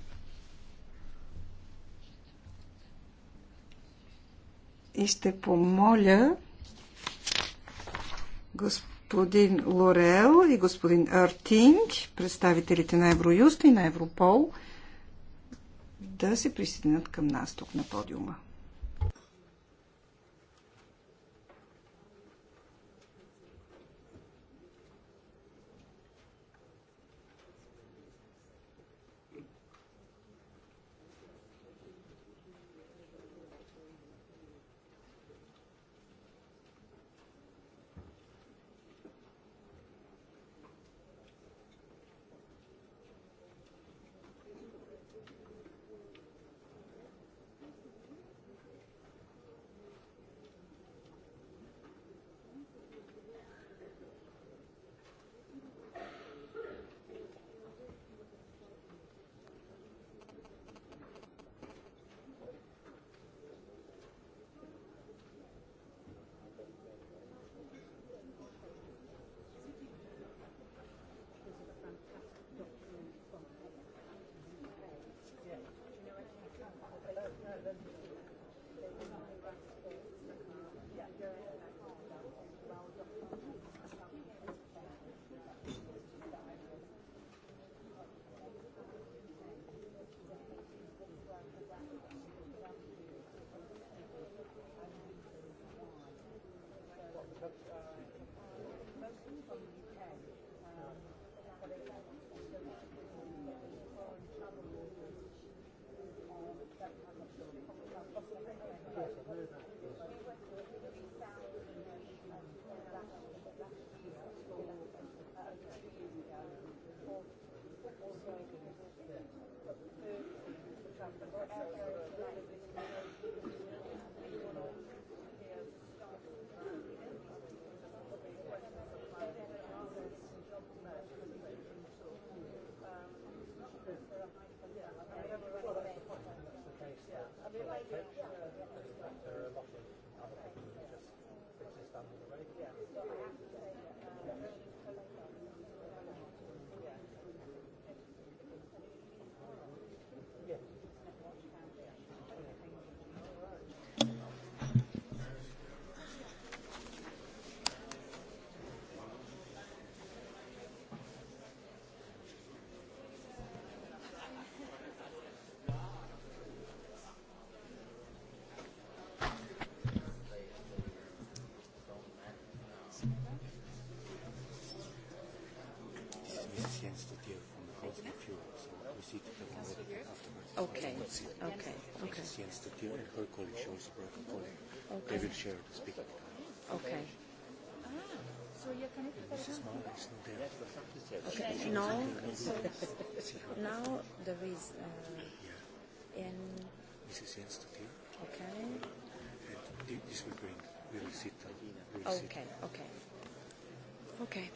И ще помоля господин Лорел и господин Артинг, представителите на Евроюст и на Европол, да се присъединят към нас тук на подиума. Okay. Okay. Okay. Jens Duttier and her colleague, she also a colleague. Okay. They will share the speaker. Okay. Okay. Now, so now there is uh, in. Mrs. Jens Duttier. Okay. And this will bring. We will sit. We will okay. Sit. Okay. Okay.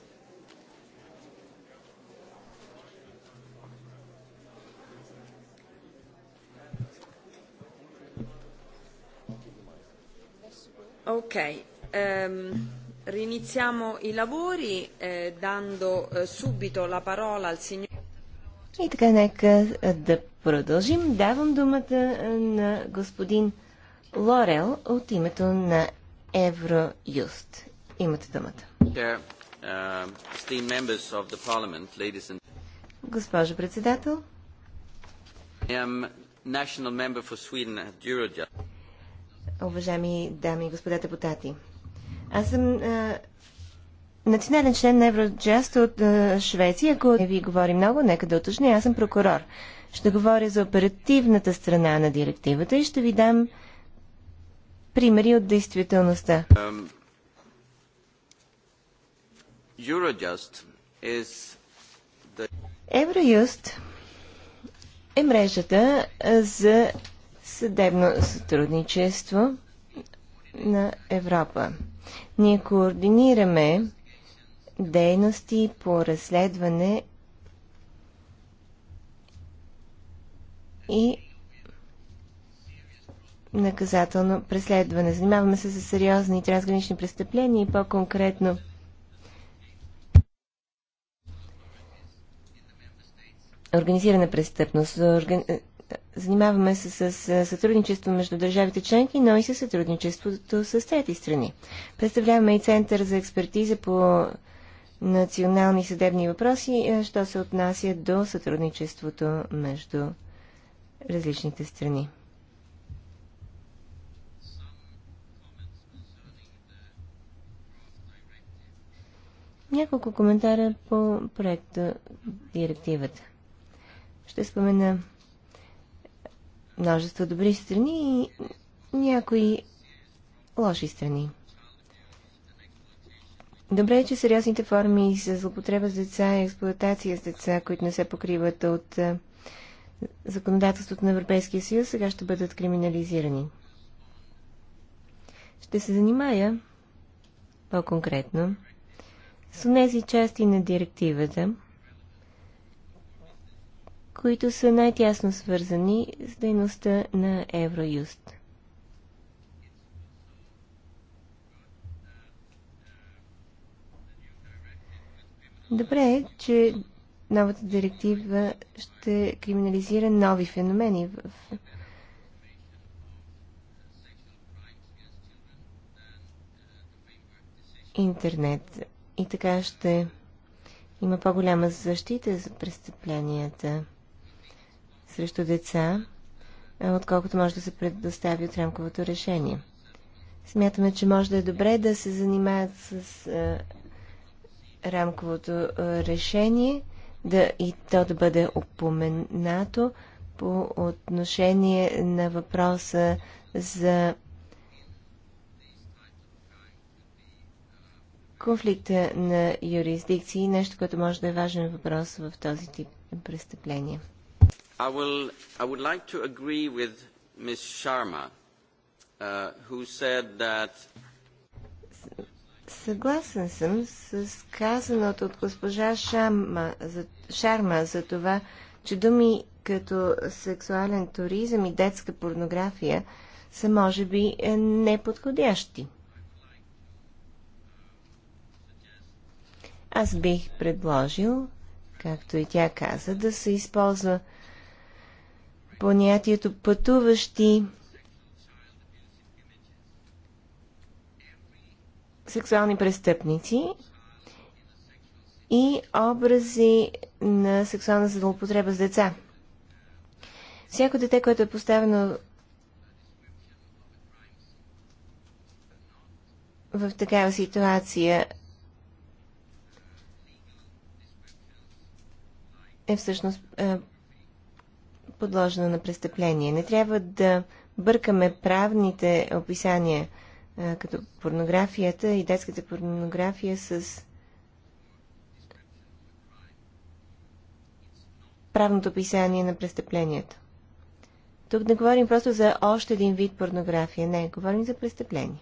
Ok, ehm, riniziamo i lavori eh, dando eh, subito la parola al signor... И така, нека е, да продължим. Давам думата е, на господин Лорел от името на Евроюст. Имате думата. Uh, Госпожо председател, уважаеми дами и господа депутати. Аз съм а, национален член на Евроджаст от а, Швеция. Ако не ви говори много, нека да уточня. Аз съм прокурор. Ще говоря за оперативната страна на директивата и ще ви дам примери от действителността. Um, the... Евроюст е мрежата за съдебно сътрудничество на Европа. Ние координираме дейности по разследване и наказателно преследване. Занимаваме се с сериозни трансгранични престъпления и по-конкретно организирана престъпност, орган занимаваме се с сътрудничество между държавите членки, но и с сътрудничеството с трети страни. Представляваме и Център за експертиза по национални съдебни въпроси, е, що се отнася до сътрудничеството между различните страни. Няколко коментара по проекта директивата. Ще спомена множество добри страни и някои лоши страни. Добре е, че сериозните форми за злопотреба с деца и експлуатация с деца, които не се покриват от е, законодателството на Европейския съюз, сега ще бъдат криминализирани. Ще се занимая по-конкретно с тези части на директивата, които са най-тясно свързани с дейността на Евроюст. Добре е, че новата директива ще криминализира нови феномени в интернет. И така ще има по-голяма защита за престъпленията срещу деца, отколкото може да се предостави от рамковото решение. Смятаме, че може да е добре да се занимаят с а, рамковото а, решение да, и то да бъде опоменато по отношение на въпроса за конфликта на юрисдикции, нещо, което може да е важен въпрос в този тип престъпления. I, will, I would like to agree with Ms. Sharma, uh, who said that Съгласен съм с казаното от госпожа за, Шарма за това, че думи като сексуален туризъм и детска порнография са може би е, неподходящи. Аз бих предложил, както и тя каза, да се използва понятието пътуващи сексуални престъпници и образи на сексуална злоупотреба с деца. Всяко дете, което е поставено в такава ситуация, е всъщност е, подложено на престъпление. Не трябва да бъркаме правните описания като порнографията и детската порнография с правното описание на престъплението. Тук не говорим просто за още един вид порнография. Не, говорим за престъпление.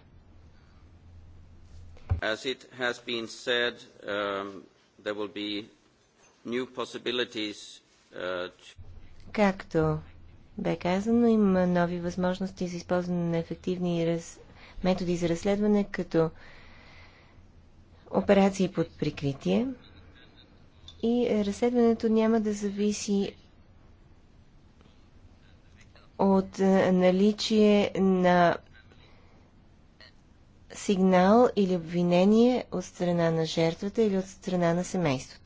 As it has been said, um, there will be new possibilities uh, to Както бе казано, има нови възможности за използване на ефективни раз... методи за разследване, като операции под прикритие и разследването няма да зависи от е, наличие на сигнал или обвинение от страна на жертвата или от страна на семейството.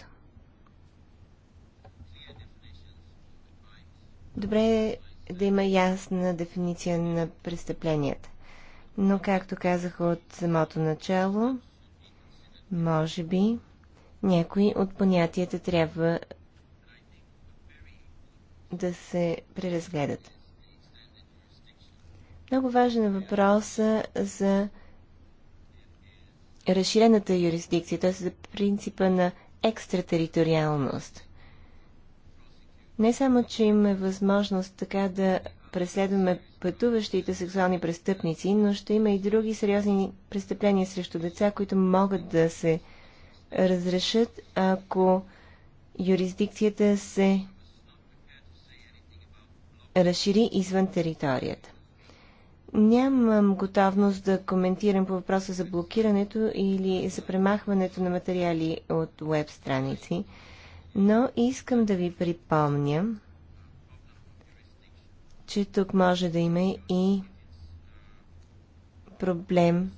добре е да има ясна дефиниция на престъпленията. Но, както казах от самото начало, може би някои от понятията трябва да се преразгледат. Много важен е въпроса за разширената юрисдикция, т.е. за принципа на екстратериториалност. Не само, че имаме възможност така да преследваме пътуващите сексуални престъпници, но ще има и други сериозни престъпления срещу деца, които могат да се разрешат, ако юрисдикцията се разшири извън територията. Нямам готовност да коментирам по въпроса за блокирането или за премахването на материали от веб страници. Но искам да ви припомня, че тук може да има и проблем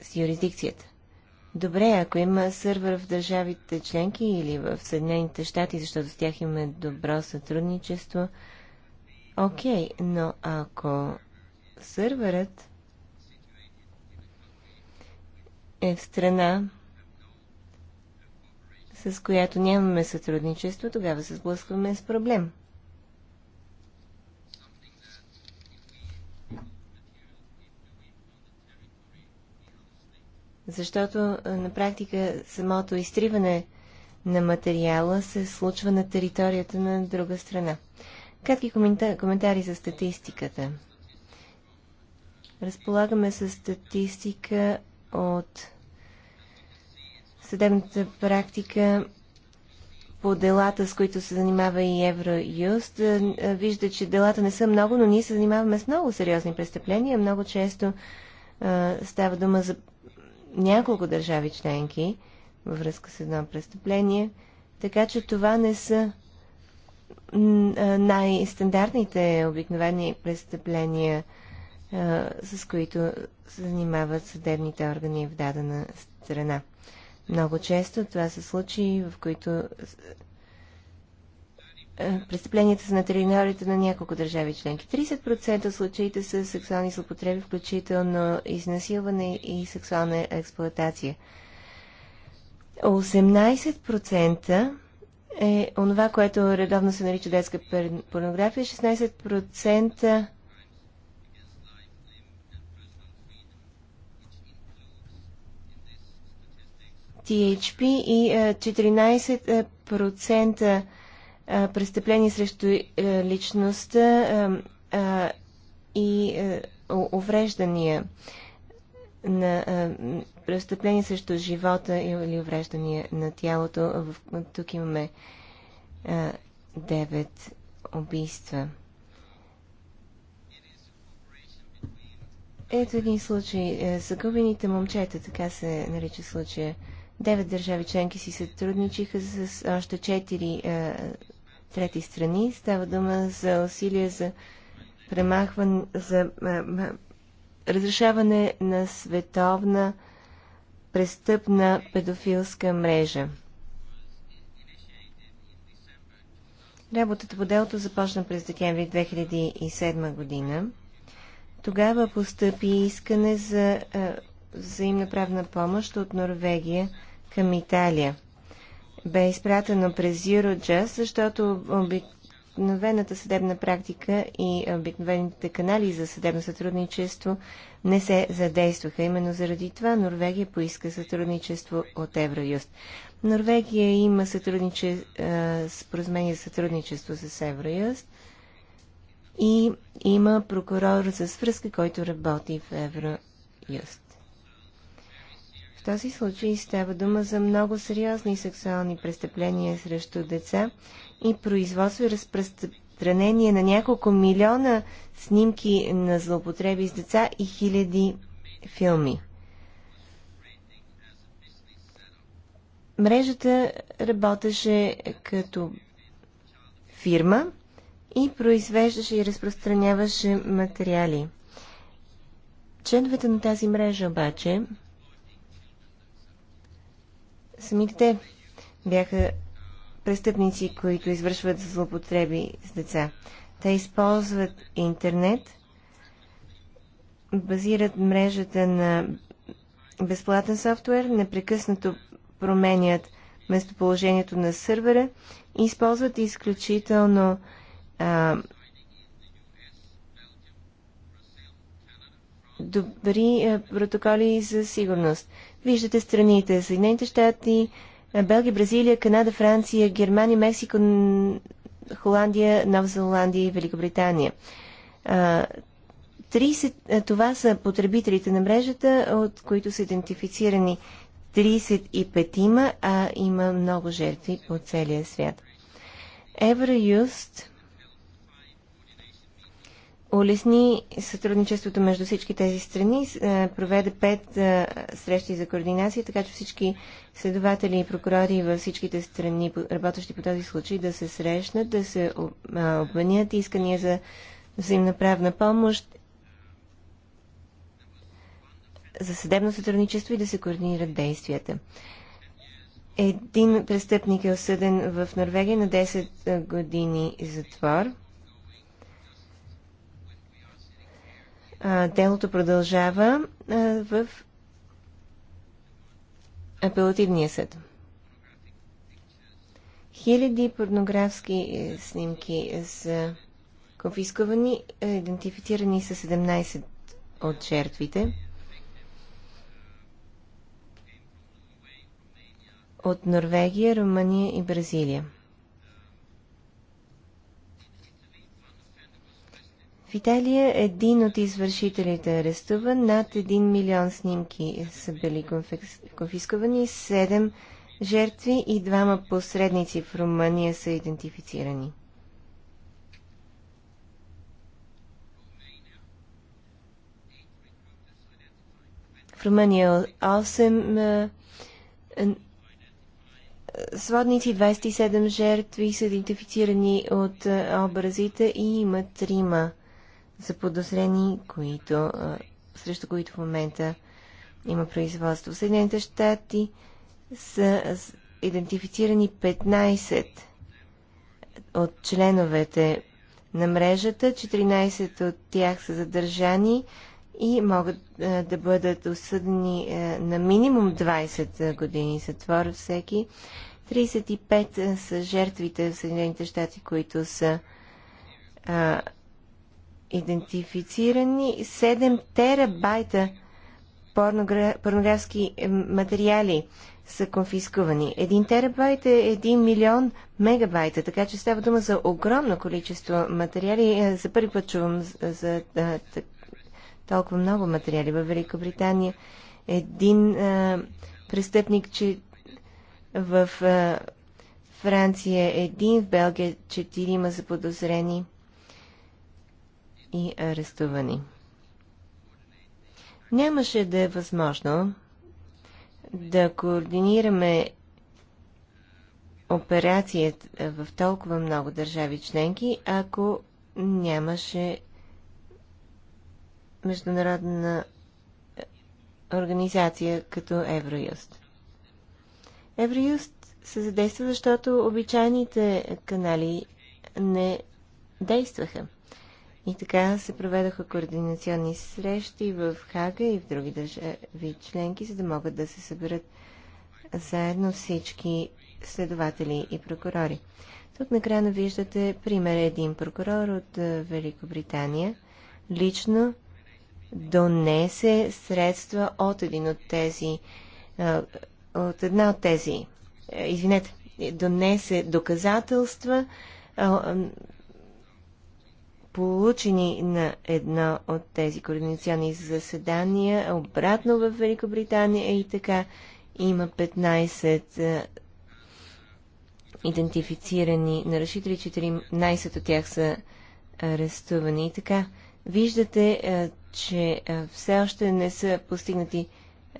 с юрисдикцията. Добре, ако има сървър в държавите членки или в Съединените щати, защото с тях имаме добро сътрудничество, окей, okay, но ако сървърът е в страна, с която нямаме сътрудничество, тогава се сблъскваме с проблем. Защото на практика самото изтриване на материала се случва на територията на друга страна. Кратки коментари за статистиката. Разполагаме с статистика от съдебната практика по делата, с които се занимава и Евроюст, е, е, вижда, че делата не са много, но ние се занимаваме с много сериозни престъпления. Много често а, е, става дума за няколко държави членки във връзка с едно престъпление. Така че това не са най-стандартните обикновени престъпления, а, с които се занимават съдебните органи в дадена страна. Много често това са случаи, в които е, престъпленията са на територията на няколко държави членки. 30% от случаите са сексуални злопотреби, включително изнасилване и сексуална експлоатация. 18% е онова, което редовно се нарича детска порнография, 16% THP и 14% е, е, е, престъпления срещу личността и увреждания на престъпления срещу живота или увреждания на тялото. Тук имаме 9 убийства. Ето един случай. Загубените момчета, така се нарича случая Девет държави членки си сътрудничиха с още четири е, трети страни. Става дума за усилия за премахване, за е, е, разрешаване на световна престъпна педофилска мрежа. Работата по делото започна през декември 2007 година. Тогава постъпи искане за е, взаимна правна помощ от Норвегия към Италия. Бе изпратено през Eurojust, защото обикновената съдебна практика и обикновените канали за съдебно сътрудничество не се задействаха. Именно заради това Норвегия поиска сътрудничество от Евроюст. Норвегия има сътрудниче... споразумение за сътрудничество с Евроюст и има прокурор за свръзка, който работи в Евроюст този случай става дума за много сериозни сексуални престъпления срещу деца и производство и разпространение на няколко милиона снимки на злоупотреби с деца и хиляди филми. Мрежата работеше като фирма и произвеждаше и разпространяваше материали. Членовете на тази мрежа обаче Самите те бяха престъпници, които извършват злоупотреби с деца. Те използват интернет, базират мрежата на безплатен софтуер, непрекъснато променят местоположението на сървъра и използват изключително а, добри а, протоколи за сигурност. Виждате страните Съединените щати, е, Белгия, Бразилия, Канада, Франция, Германия, Мексико, Холандия, Нова Зеландия и Великобритания. 30, е, това са потребителите на мрежата, от които са идентифицирани 35-ма, а има много жертви по целия свят. Евроюст улесни сътрудничеството между всички тези страни, е, проведе пет е, срещи за координация, така че всички следователи и прокурори във всичките страни, работещи по този случай, да се срещнат, да се е, обменят искания за взаимна правна помощ, за съдебно сътрудничество и да се координират действията. Един престъпник е осъден в Норвегия на 10 години затвор – делото продължава в апелативния съд. Хиляди порнографски е, снимки са конфискувани, е, идентифицирани са 17 от жертвите. От Норвегия, Румъния и Бразилия. В Италия един от извършителите е арестуван. над 1 милион снимки са били конфискувани, 7 жертви и двама посредници в Румъния са идентифицирани. В Румъния 8 сводници, 27 жертви са идентифицирани от образите и има трима 3 за подозрени, които, срещу които в момента има производство. В Съединените щати са идентифицирани 15 от членовете на мрежата, 14 от тях са задържани и могат да бъдат осъдени на минимум 20 години затвор всеки. 35 са жертвите в Съединените щати, които са а, идентифицирани 7 терабайта порнографски материали са конфискувани. Един терабайт е 1 милион мегабайта, така че става дума за огромно количество материали. Е, за първи път чувам за толкова много материали в Великобритания. Един а, престъпник, че в а, Франция един, в Белгия четирима заподозрени и арестувани. Нямаше да е възможно да координираме операцията в толкова много държави членки, ако нямаше международна организация като Евроюст. Евроюст се задейства, защото обичайните канали не действаха. И така се проведоха координационни срещи в Хага и в други държави членки, за да могат да се съберат заедно всички следователи и прокурори. Тук на крана виждате пример един прокурор от Великобритания. Лично донесе средства от един от тези от една от тези извинете, донесе доказателства получени на едно от тези координационни заседания, обратно в Великобритания и така има 15 е, идентифицирани нарушители, 14 от тях са арестувани. И така, виждате, е, че е, все още не са постигнати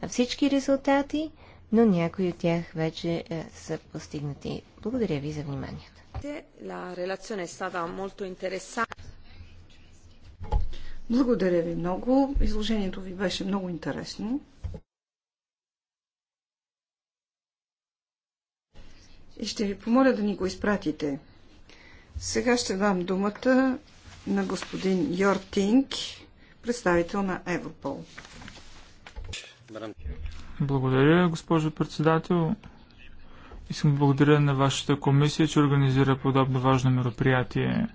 всички резултати, но някои от тях вече са постигнати. Благодаря ви за вниманието. Благодаря ви много. Изложението ви беше много интересно. И ще ви помоля да ни го изпратите. Сега ще дам думата на господин Йортинг, представител на Европол. Благодаря, госпожо председател. Искам да благодаря на вашата комисия, че организира подобно важно мероприятие.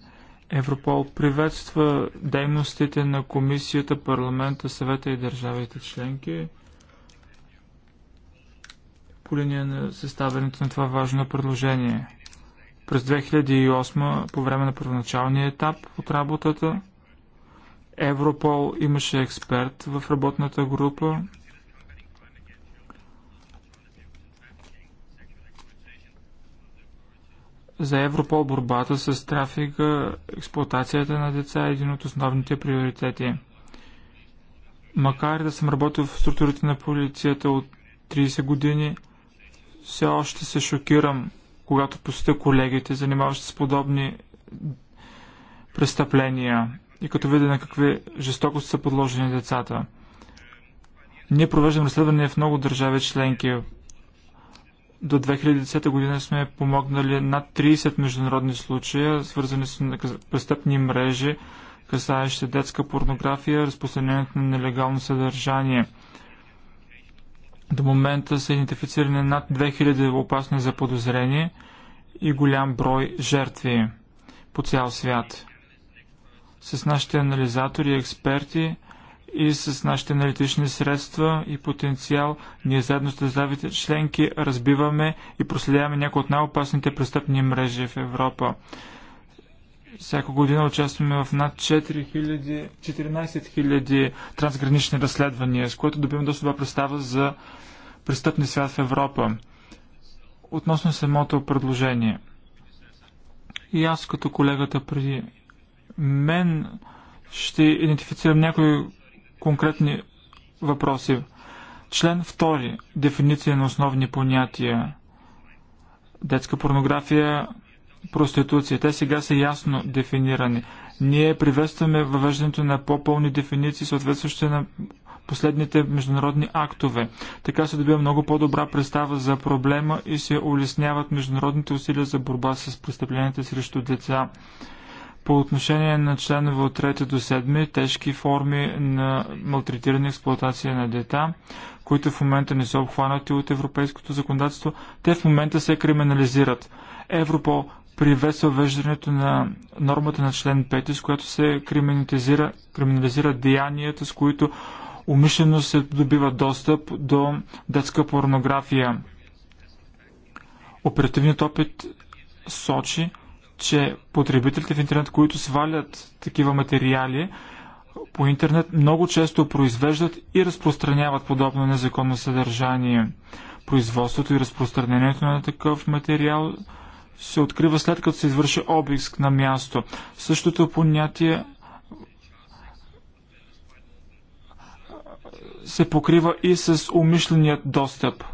Европол приветства дейностите на комисията, парламента, съвета и държавите членки по линия на съставянето на това важно предложение. През 2008, по време на първоначалния етап от работата, Европол имаше експерт в работната група, За Европол борбата с трафика, експлуатацията на деца е един от основните приоритети. Макар да съм работил в структурите на полицията от 30 години, все още се шокирам, когато посетя колегите, занимаващи с подобни престъпления и като видя на какви жестокости са подложени децата. Ние провеждаме разследвания в много държави членки до 2010 година сме помогнали над 30 международни случая, свързани с престъпни мрежи, касаещи детска порнография, разпространението на нелегално съдържание. До момента са идентифицирани над 2000 опасни за подозрение и голям брой жертви по цял свят. С нашите анализатори и експерти – и с нашите аналитични средства и потенциал ние заедно с държавите членки разбиваме и проследяваме някои от най-опасните престъпни мрежи в Европа. Всяка година участваме в над 4000, 14 000 трансгранични разследвания, с което добиваме доста добра представа за престъпни свят в Европа. Относно самото предложение. И аз като колегата преди мен ще идентифицирам някои конкретни въпроси. Член 2. Дефиниция на основни понятия. Детска порнография, проституция. Те сега са ясно дефинирани. Ние приветстваме въвеждането на по-пълни дефиниции, съответстващи на последните международни актове. Така се добива много по-добра представа за проблема и се улесняват международните усилия за борба с престъпленията срещу деца. По отношение на членове от 3 до 7, тежки форми на малтретиране и експлуатация на дета, които в момента не са обхванати от европейското законодателство, те в момента се криминализират. Европо приветства въвеждането на нормата на член 5, с която се криминализира, криминализира деянията, с които умишлено се добива достъп до детска порнография. Оперативният опит сочи, че потребителите в интернет, които свалят такива материали по интернет, много често произвеждат и разпространяват подобно незаконно съдържание. Производството и разпространението на такъв материал се открива след като се извърши обиск на място. Същото понятие се покрива и с умишленият достъп –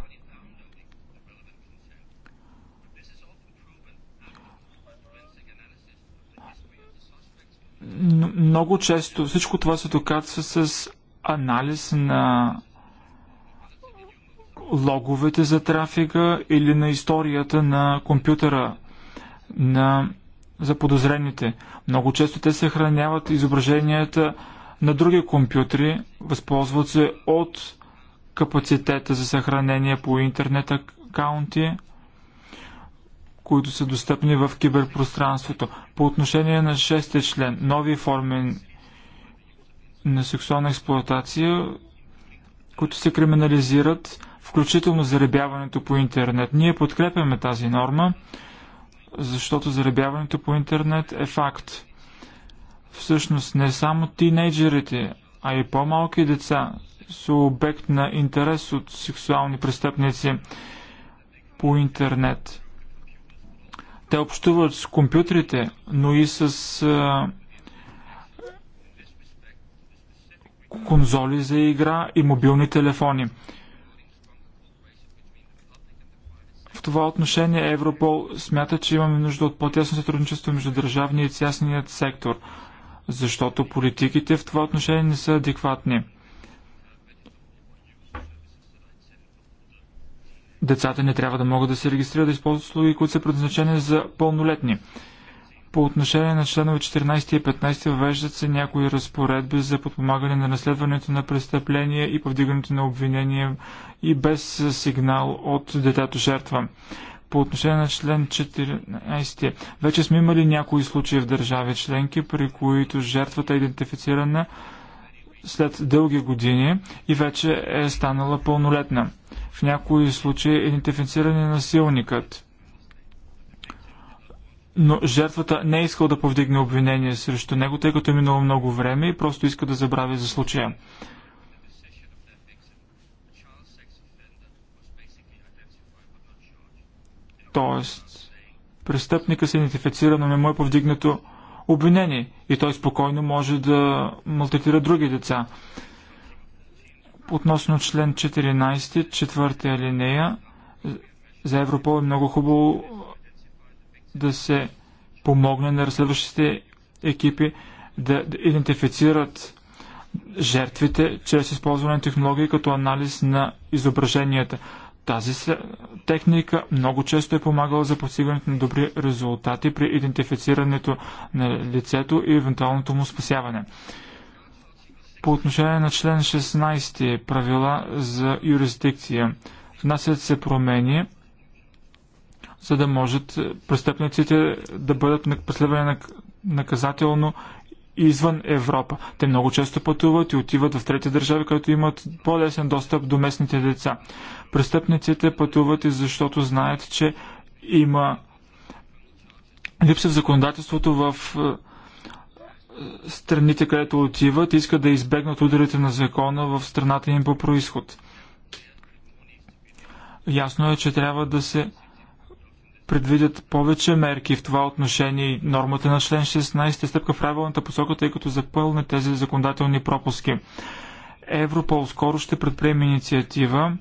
много често всичко това се доказва с анализ на логовете за трафика или на историята на компютъра на заподозрените. Много често те съхраняват изображенията на други компютри, възползват се от капацитета за съхранение по интернет акаунти – които са достъпни в киберпространството. По отношение на шестия член, нови форми на сексуална експлуатация, които се криминализират, включително заребяването по интернет. Ние подкрепяме тази норма, защото заребяването по интернет е факт. Всъщност не само тинейджерите, а и по-малки деца са обект на интерес от сексуални престъпници по интернет. Те общуват с компютрите, но и с а, конзоли за игра и мобилни телефони. В това отношение Европол смята, че имаме нужда от по-тесно сътрудничество между държавния и частният сектор, защото политиките в това отношение не са адекватни. Децата не трябва да могат да се регистрират да използват услуги, които са предназначени за пълнолетни. По отношение на членове 14 и 15 въвеждат се някои разпоредби за подпомагане на разследването на престъпления и повдигането на обвинения и без сигнал от детето жертва. По отношение на член 14, вече сме имали някои случаи в държави членки, при които жертвата е идентифицирана след дълги години и вече е станала пълнолетна. В някои случаи е идентифициран е насилникът. Но жертвата не е искал да повдигне обвинение срещу него, тъй като е минало много време и просто иска да забрави за случая. Тоест, престъпника се идентифицира, но не му е повдигнато обвинение и той спокойно може да малтретира други деца. Относно член 14, четвърта алинея, за Европол е много хубаво да се помогне на разследващите екипи да идентифицират жертвите чрез използване на технологии като анализ на изображенията. Тази техника много често е помагала за постигането на добри резултати при идентифицирането на лицето и евентуалното му спасяване. По отношение на член 16 правила за юрисдикция, внасят се промени, за да могат престъпниците да бъдат преследвани наказателно извън Европа. Те много често пътуват и отиват в трети държави, където имат по-лесен достъп до местните деца. Престъпниците пътуват и защото знаят, че има липса в законодателството в е, страните, където отиват, искат да избегнат ударите на закона в страната им по происход. Ясно е, че трябва да се предвидят повече мерки в това отношение и нормата на член 16 е стъпка в правилната посока, тъй като запълне тези законодателни пропуски. Европол скоро ще предприеме инициатива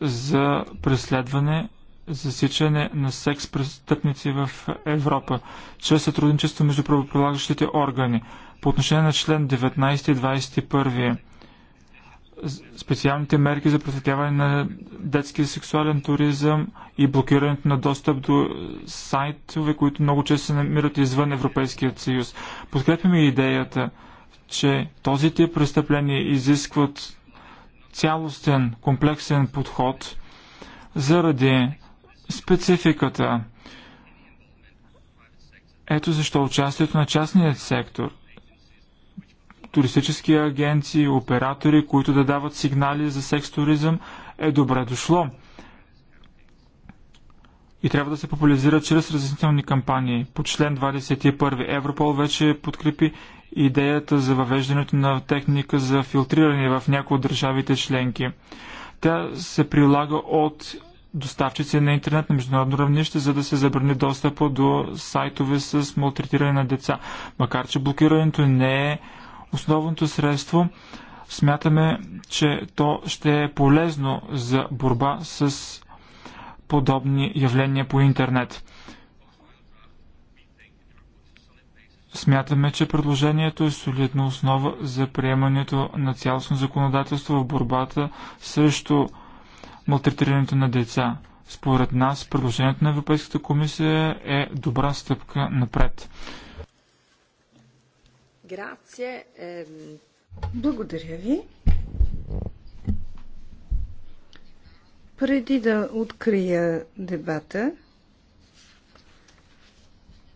за преследване, засичане на секс престъпници в Европа, чрез сътрудничество между правоприлагащите органи. По отношение на член 19 и 21 специалните мерки за пресветяване на детския сексуален туризъм и блокирането на достъп до сайтове, които много често се намират извън Европейския съюз. Подкрепяме идеята, че този тип престъпления изискват цялостен, комплексен подход заради спецификата. Ето защо участието на частният сектор туристически агенции, оператори, които да дават сигнали за секс туризъм, е добре дошло. И трябва да се популяризира чрез разяснителни кампании. По член 21 Европол вече подкрепи идеята за въвеждането на техника за филтриране в някои от държавите членки. Тя се прилага от доставчици на интернет на международно равнище, за да се забрани достъпа до сайтове с малтретиране на деца. Макар, че блокирането не е основното средство, смятаме, че то ще е полезно за борба с подобни явления по интернет. Смятаме, че предложението е солидна основа за приемането на цялостно законодателство в борбата срещу малтретирането на деца. Според нас, предложението на Европейската комисия е добра стъпка напред. Ehm. Благодаря ви. Преди да открия дебата,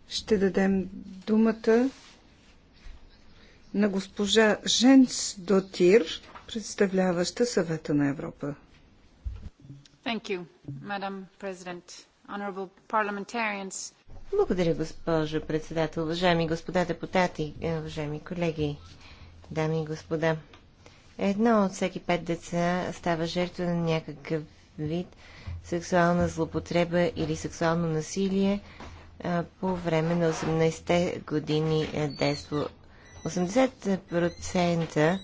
ще дадем думата на госпожа Женс Дотир, представляваща съвета на Европа. Thank you, Madam President, honorable parliamentarians. Благодаря, госпожо председател. Уважаеми господа депутати, е, уважаеми колеги, дами и господа. Едно от всеки пет деца става жертва на някакъв вид сексуална злопотреба или сексуално насилие а, е, по време на 18-те години е, детство. 80%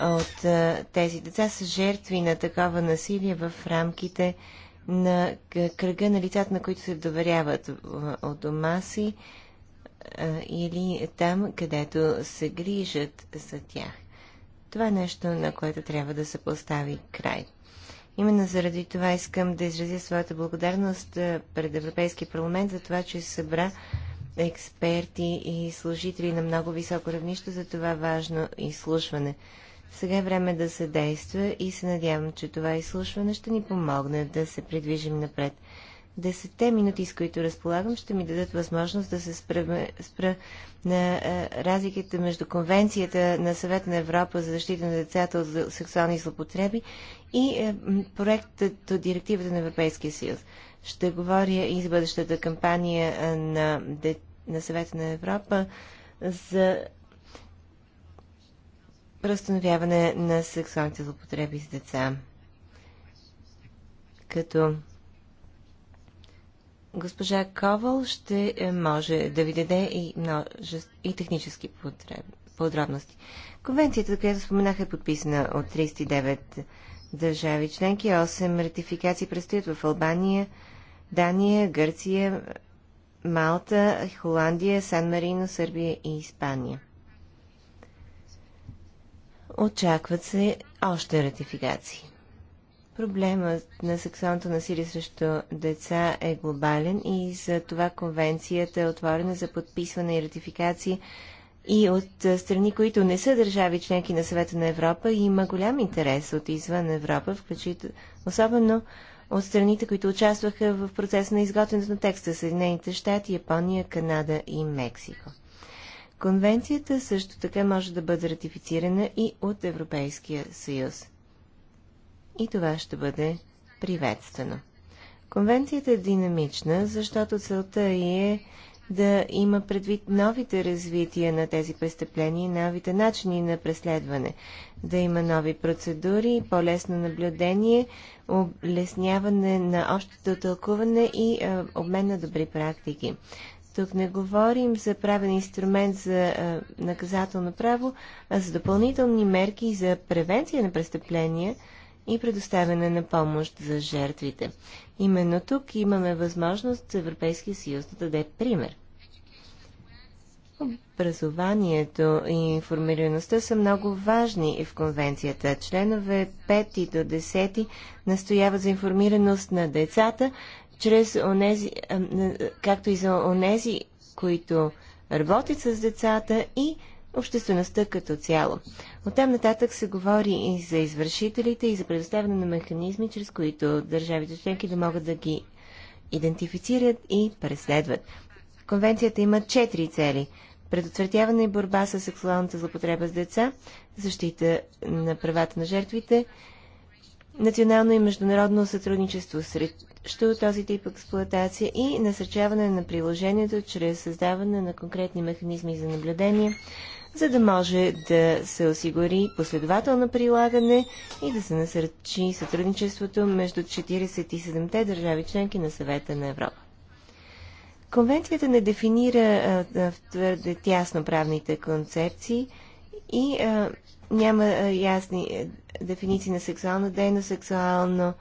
от а, тези деца са жертви на такова насилие в рамките на на кръга на лицата, на които се доверяват от дома си или там, където се грижат за тях. Това е нещо, на което трябва да се постави край. Именно заради това искам да изразя своята благодарност пред Европейския парламент за това, че събра експерти и служители на много високо равнище за това важно изслушване. Сега е време да се действа и се надявам, че това изслушване ще ни помогне да се придвижим напред. Десетте минути, с които разполагам, ще ми дадат възможност да се спра, спра на а, разликите между Конвенцията на Съвета на Европа за защита на децата от сексуални злопотреби и а, проектът от Директивата на Европейския съюз. Ще говоря и за бъдещата кампания на, на Съвета на Европа за преустановяване на сексуалните злопотреби с деца. Като госпожа Ковал ще е, може да ви даде и, и технически подробности. Конвенцията, която споменах, е подписана от 39 държави членки. 8 ратификации предстоят в Албания, Дания, Гърция, Малта, Холандия, Сан Марино, Сърбия и Испания. Очакват се още ратификации. Проблемът на сексуалното насилие срещу деца е глобален и за това конвенцията е отворена за подписване и ратификации и от страни, които не са държави членки на съвета на Европа, има голям интерес от извън Европа, включително особено от страните, които участваха в процеса на изготвянето на текста Съединените щати, Япония, Канада и Мексико. Конвенцията също така може да бъде ратифицирана и от Европейския съюз. И това ще бъде приветствено. Конвенцията е динамична, защото целта е да има предвид новите развития на тези престъпления и новите начини на преследване, да има нови процедури, по-лесно наблюдение, облесняване на общото тълкуване и обмен на добри практики. Тук не говорим за правен инструмент за а, е, наказателно право, а за допълнителни мерки за превенция на престъпления и предоставяне на помощ за жертвите. Именно тук имаме възможност Европейския съюз да даде пример. Образованието и информираността са много важни в конвенцията. Членове 5 до 10 настояват за информираност на децата чрез онези, както и за онези, които работят с децата и обществеността като цяло. Оттам нататък се говори и за извършителите, и за предоставяне на механизми, чрез които държавите членки да могат да ги идентифицират и преследват. Конвенцията има четири цели. Предотвратяване и борба с сексуалната злопотреба с деца, защита на правата на жертвите, национално и международно сътрудничество срещу този тип експлуатация и насърчаване на приложението чрез създаване на конкретни механизми за наблюдение, за да може да се осигури последователно прилагане и да се насърчи сътрудничеството между 47-те държави членки на съвета на Европа. Конвенцията не дефинира а, твърде тясно правните концепции и а, няма ясни е, дефиниции на сексуална дейност, сексуално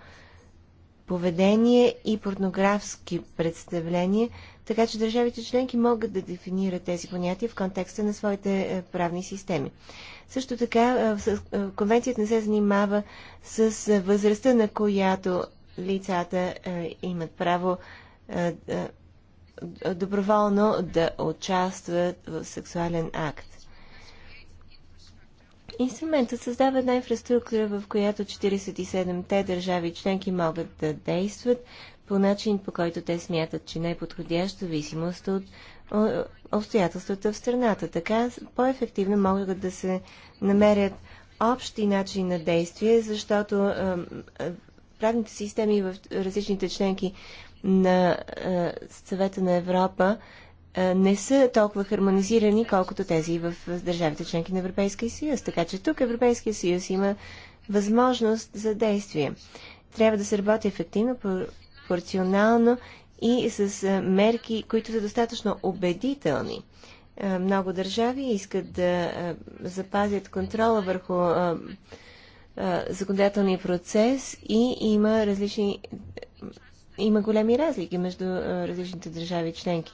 поведение и порнографски представления, така че държавите членки могат да дефинират тези понятия в контекста на своите е, правни системи. Също така, е, конвенцията не се занимава с възрастта, на която лицата имат право доброволно да участват в сексуален акт. Инструментът създава една инфраструктура, в която 47-те държави членки могат да действат по начин, по който те смятат, че не е подходящ, зависимост от обстоятелствата в страната. Така по-ефективно могат да се намерят общи начини на действие, защото е, правните системи в различните членки на е, Съвета на Европа е, не са толкова хармонизирани, колкото тези в държавите членки на Европейския съюз. Така че тук Европейския съюз има възможност за действие. Трябва да се работи ефективно, пропорционално и с е, мерки, които са достатъчно убедителни. Е, много държави искат да запазят контрола върху законодателния процес и има различни има големи разлики между различните държави членки.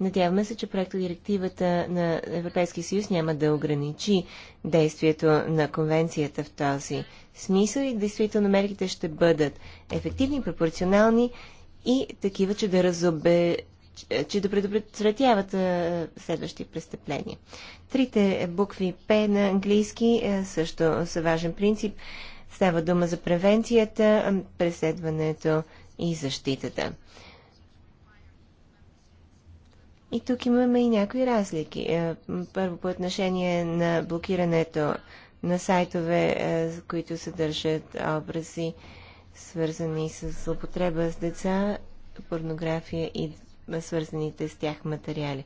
Надяваме се, че проекта директивата на Европейския съюз няма да ограничи действието на конвенцията в този смисъл и действително мерките ще бъдат ефективни, пропорционални и такива, че да разобе че да предотвратяват следващи престъпления. Трите букви П на английски също са важен принцип. Става дума за превенцията, преследването и защитата. И тук имаме и някои разлики. Е, първо по отношение на блокирането на сайтове, е, които съдържат образи, свързани с злопотреба с деца, порнография и свързаните с тях материали.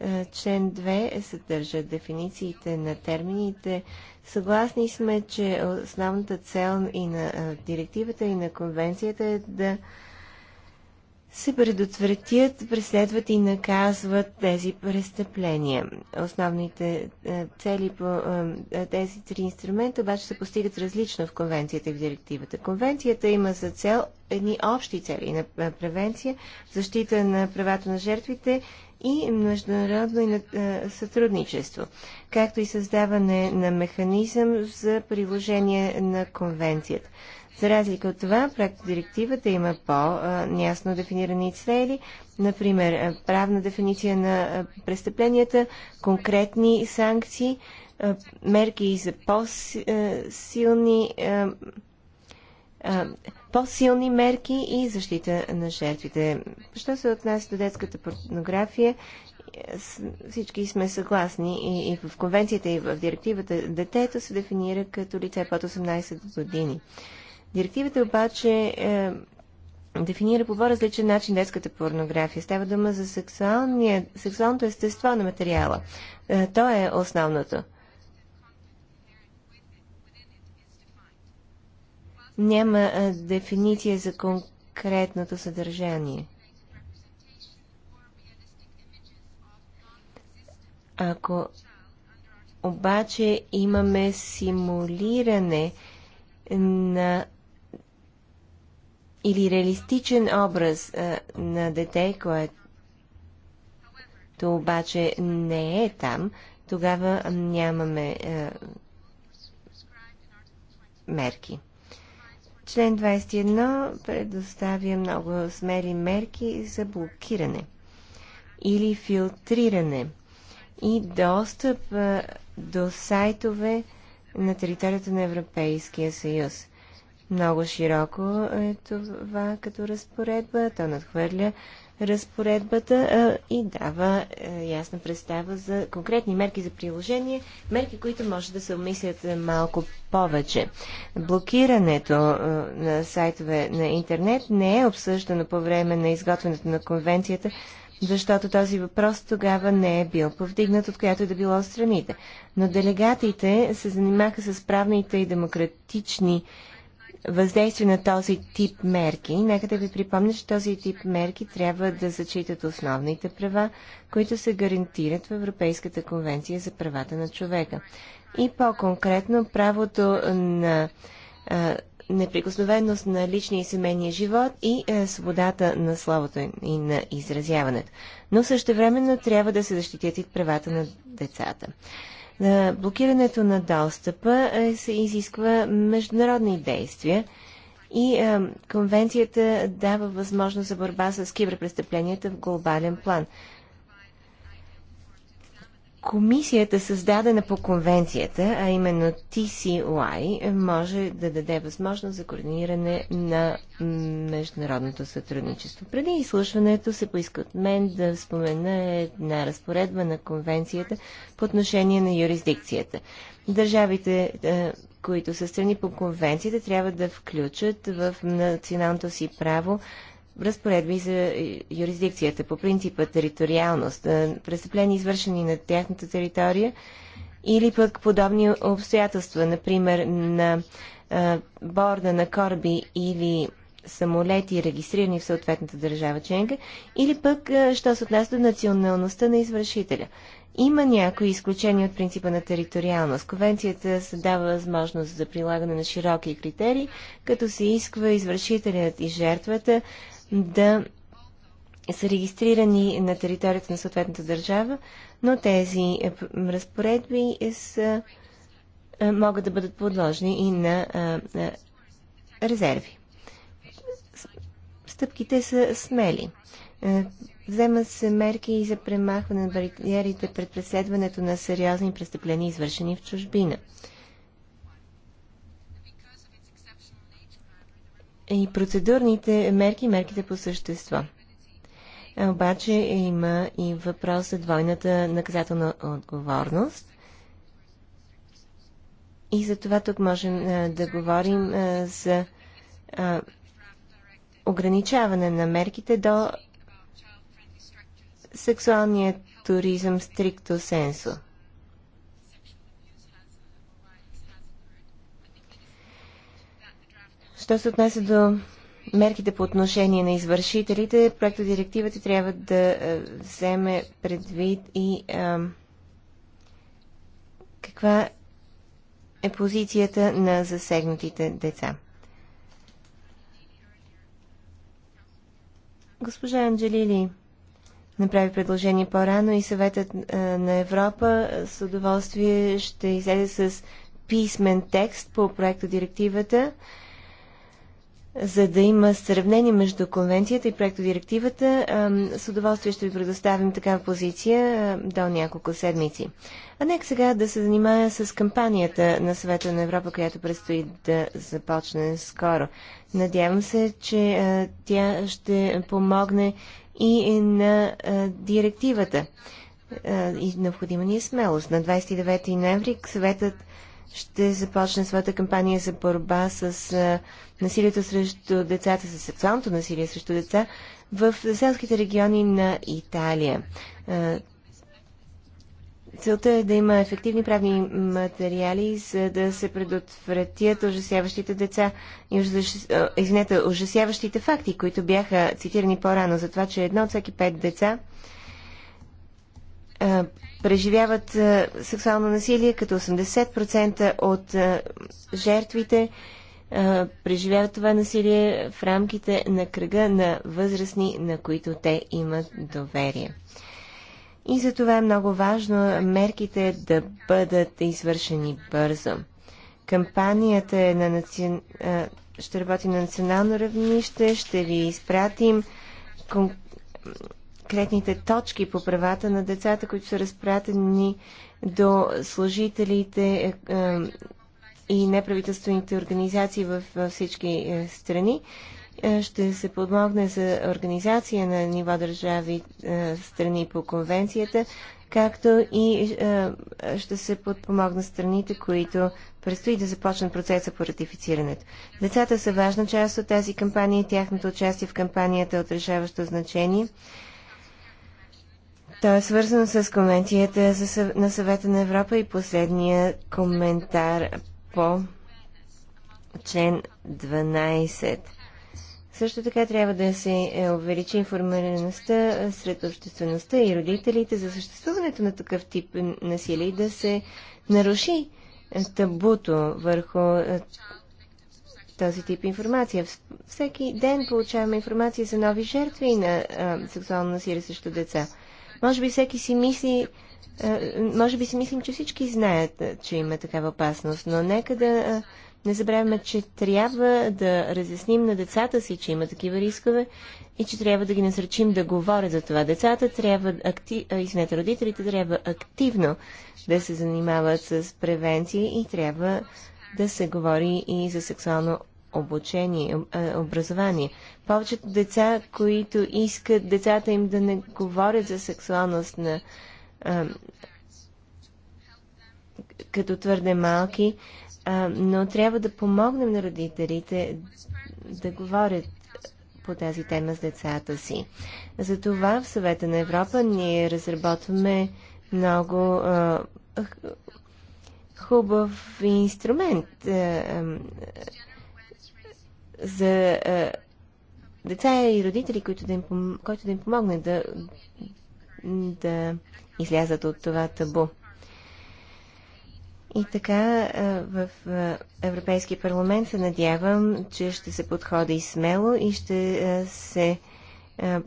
Е, член 2 съдържа дефинициите на термините. Съгласни сме, че основната цел и на директивата, и на конвенцията е да се предотвратят, преследват и наказват тези престъпления. Основните е, цели по е, е, тези три инструмента обаче се постигат различно в конвенцията и в директивата. Конвенцията има за цел едни общи цели на превенция, защита на правата на жертвите и международно сътрудничество, както и създаване на механизъм за приложение на конвенцията. За разлика от това, директивата има по-ясно дефинирани цели, например е, правна дефиниция на е, престъпленията, конкретни санкции, е, мерки за по-силни по-силни мерки и защита на жертвите. Що се отнася до детската порнография, всички сме съгласни и в конвенцията, и в директивата, детето се дефинира като лице под 18 години. Директивата обаче е, дефинира по по-различен начин детската порнография. Става дума за сексуалното естество на материала. Е, то е основното. Няма е, дефиниция за конкретното съдържание. Ако обаче имаме симулиране на или реалистичен образ а, на дете, което обаче не е там, тогава нямаме а, мерки. Член 21 предоставя много смели мерки за блокиране или филтриране и достъп а, до сайтове на територията на Европейския съюз. Много широко е това като разпоредба. То надхвърля разпоредбата а, и дава а, е, ясна представа за конкретни мерки за приложение, мерки, които може да се обмислят е, малко повече. Блокирането а, е, на сайтове на интернет не е обсъждано по време на изготвянето на конвенцията, защото този въпрос тогава не е бил повдигнат от която е да било страните. Но делегатите се занимаха с правните и демократични въздействие на този тип мерки. Нека да ви припомня, че този тип мерки трябва да зачитат основните права, които се гарантират в Европейската конвенция за правата на човека. И по-конкретно правото на а, неприкосновеност на личния и семейния живот и а, свободата на словото и на изразяването. Но също времено трябва да се защитят и правата на децата блокирането на достъпа се изисква международни действия и конвенцията дава възможност за борба с киберпрестъпленията в глобален план. Комисията, създадена по конвенцията, а именно TCY, може да даде възможност за координиране на международното сътрудничество. Преди изслушването се поиска от мен да спомена една разпоредба на конвенцията по отношение на юрисдикцията. Държавите, е, които са страни по конвенцията, трябва да включат в националното си право разпоредби за е, юрисдикцията по принципа териториалност, е, престъпления извършени на тяхната територия или пък подобни обстоятелства, например на а, е, борда на кораби или самолети, регистрирани в съответната държава членка, или пък, а, що се отнася до националността на извършителя. Има някои изключения от принципа на териториалност. Конвенцията се дава възможност за прилагане на широки критерии, като се изисква извършителят и жертвата да са регистрирани на територията на съответната държава, но тези е, разпоредби е, са, е, могат да бъдат подложени и на, резерви. Стъпките са смели. Вземат се мерки и за премахване на бариерите пред преследването на сериозни престъпления, извършени в чужбина. и процедурните мерки, мерките по същество. Обаче има и въпрос за двойната наказателна отговорност. И за това тук можем а, да говорим а, за а, ограничаване на мерките до сексуалния туризъм стрикто сенсо. Що се отнася до мерките по отношение на извършителите, проекта директивата трябва да е, вземе предвид и а, е, каква е позицията на засегнатите деца. Госпожа Анджелили направи предложение по-рано и съветът е, на Европа с удоволствие ще излезе с писмен текст по проекта директивата, за да има сравнение между конвенцията и проектодирективата, с удоволствие ще ви предоставим такава позиция до няколко седмици. А нека сега да се занимая с кампанията на съвета на Европа, която предстои да започне скоро. Надявам се, че тя ще помогне и на директивата. И необходима ни е смелост. На 29 ноември съветът ще започне своята кампания за борба с а, насилието срещу децата, с сексуалното насилие срещу деца в селските региони на Италия. А, целта е да има ефективни правни материали, за да се предотвратят ужасяващите деца и ужас... извинете, ужасяващите факти, които бяха цитирани по-рано за това, че едно от всеки пет деца а, преживяват е, сексуално насилие, като 80% от е, жертвите е, преживяват това насилие в рамките на кръга на възрастни, на които те имат доверие. И за това е много важно мерките да бъдат извършени бързо. Кампанията е на наци... ще работи на национално равнище, ще ви изпратим конкретните точки по правата на децата, които са разпратени до служителите е, е, и неправителствените организации във всички е, страни. Ще се подмогне за организация на ниво държави страни по конвенцията, както и ще се подпомогнат страните, които предстои да започнат процеса по ратифицирането. Децата са важна част от тази кампания и тяхното участие в кампанията е от решаващо значение. То е свързано с конвенцията на съвета на Европа и последния коментар по член 12. Също така трябва да се е, увеличи информираността сред обществеността и родителите за съществуването на такъв тип насилие и да се наруши е, табуто върху е, този тип информация. Всеки ден получаваме информация за нови жертви на сексуално насилие срещу деца. Може би всеки си мисли, е, може би си мислим, че всички знаят, е, че има такава опасност, но нека да е, не забравяме, че трябва да разясним на децата си, че има такива рискове и че трябва да ги насръчим да говорят за това. Децата трябва, актив... извинете, родителите трябва активно да се занимават с превенция и трябва да се говори и за сексуално обучение, образование повечето деца, които искат децата им да не говорят за сексуалност на, а, като твърде малки, а, но трябва да помогнем на родителите да говорят по тази тема с децата си. Затова в съвета на Европа ние разработваме много а, хубав инструмент а, а, за а, деца и родители, които да им, който да им помогне да, да излязат от това табу. И така в Европейския парламент се надявам, че ще се подходи смело и ще се е,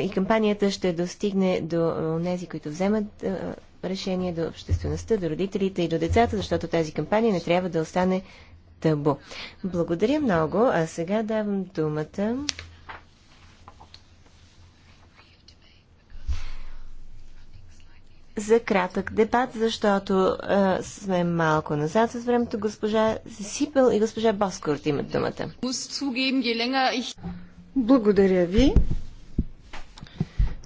и кампанията ще достигне до тези, които вземат решение, до обществеността, до родителите и до децата, защото тази кампания не трябва да остане табу. Благодаря много, а сега давам думата за кратък дебат, защото а, сме малко назад с времето. Госпожа Сипел и госпожа Боскорт имат думата. Благодаря ви.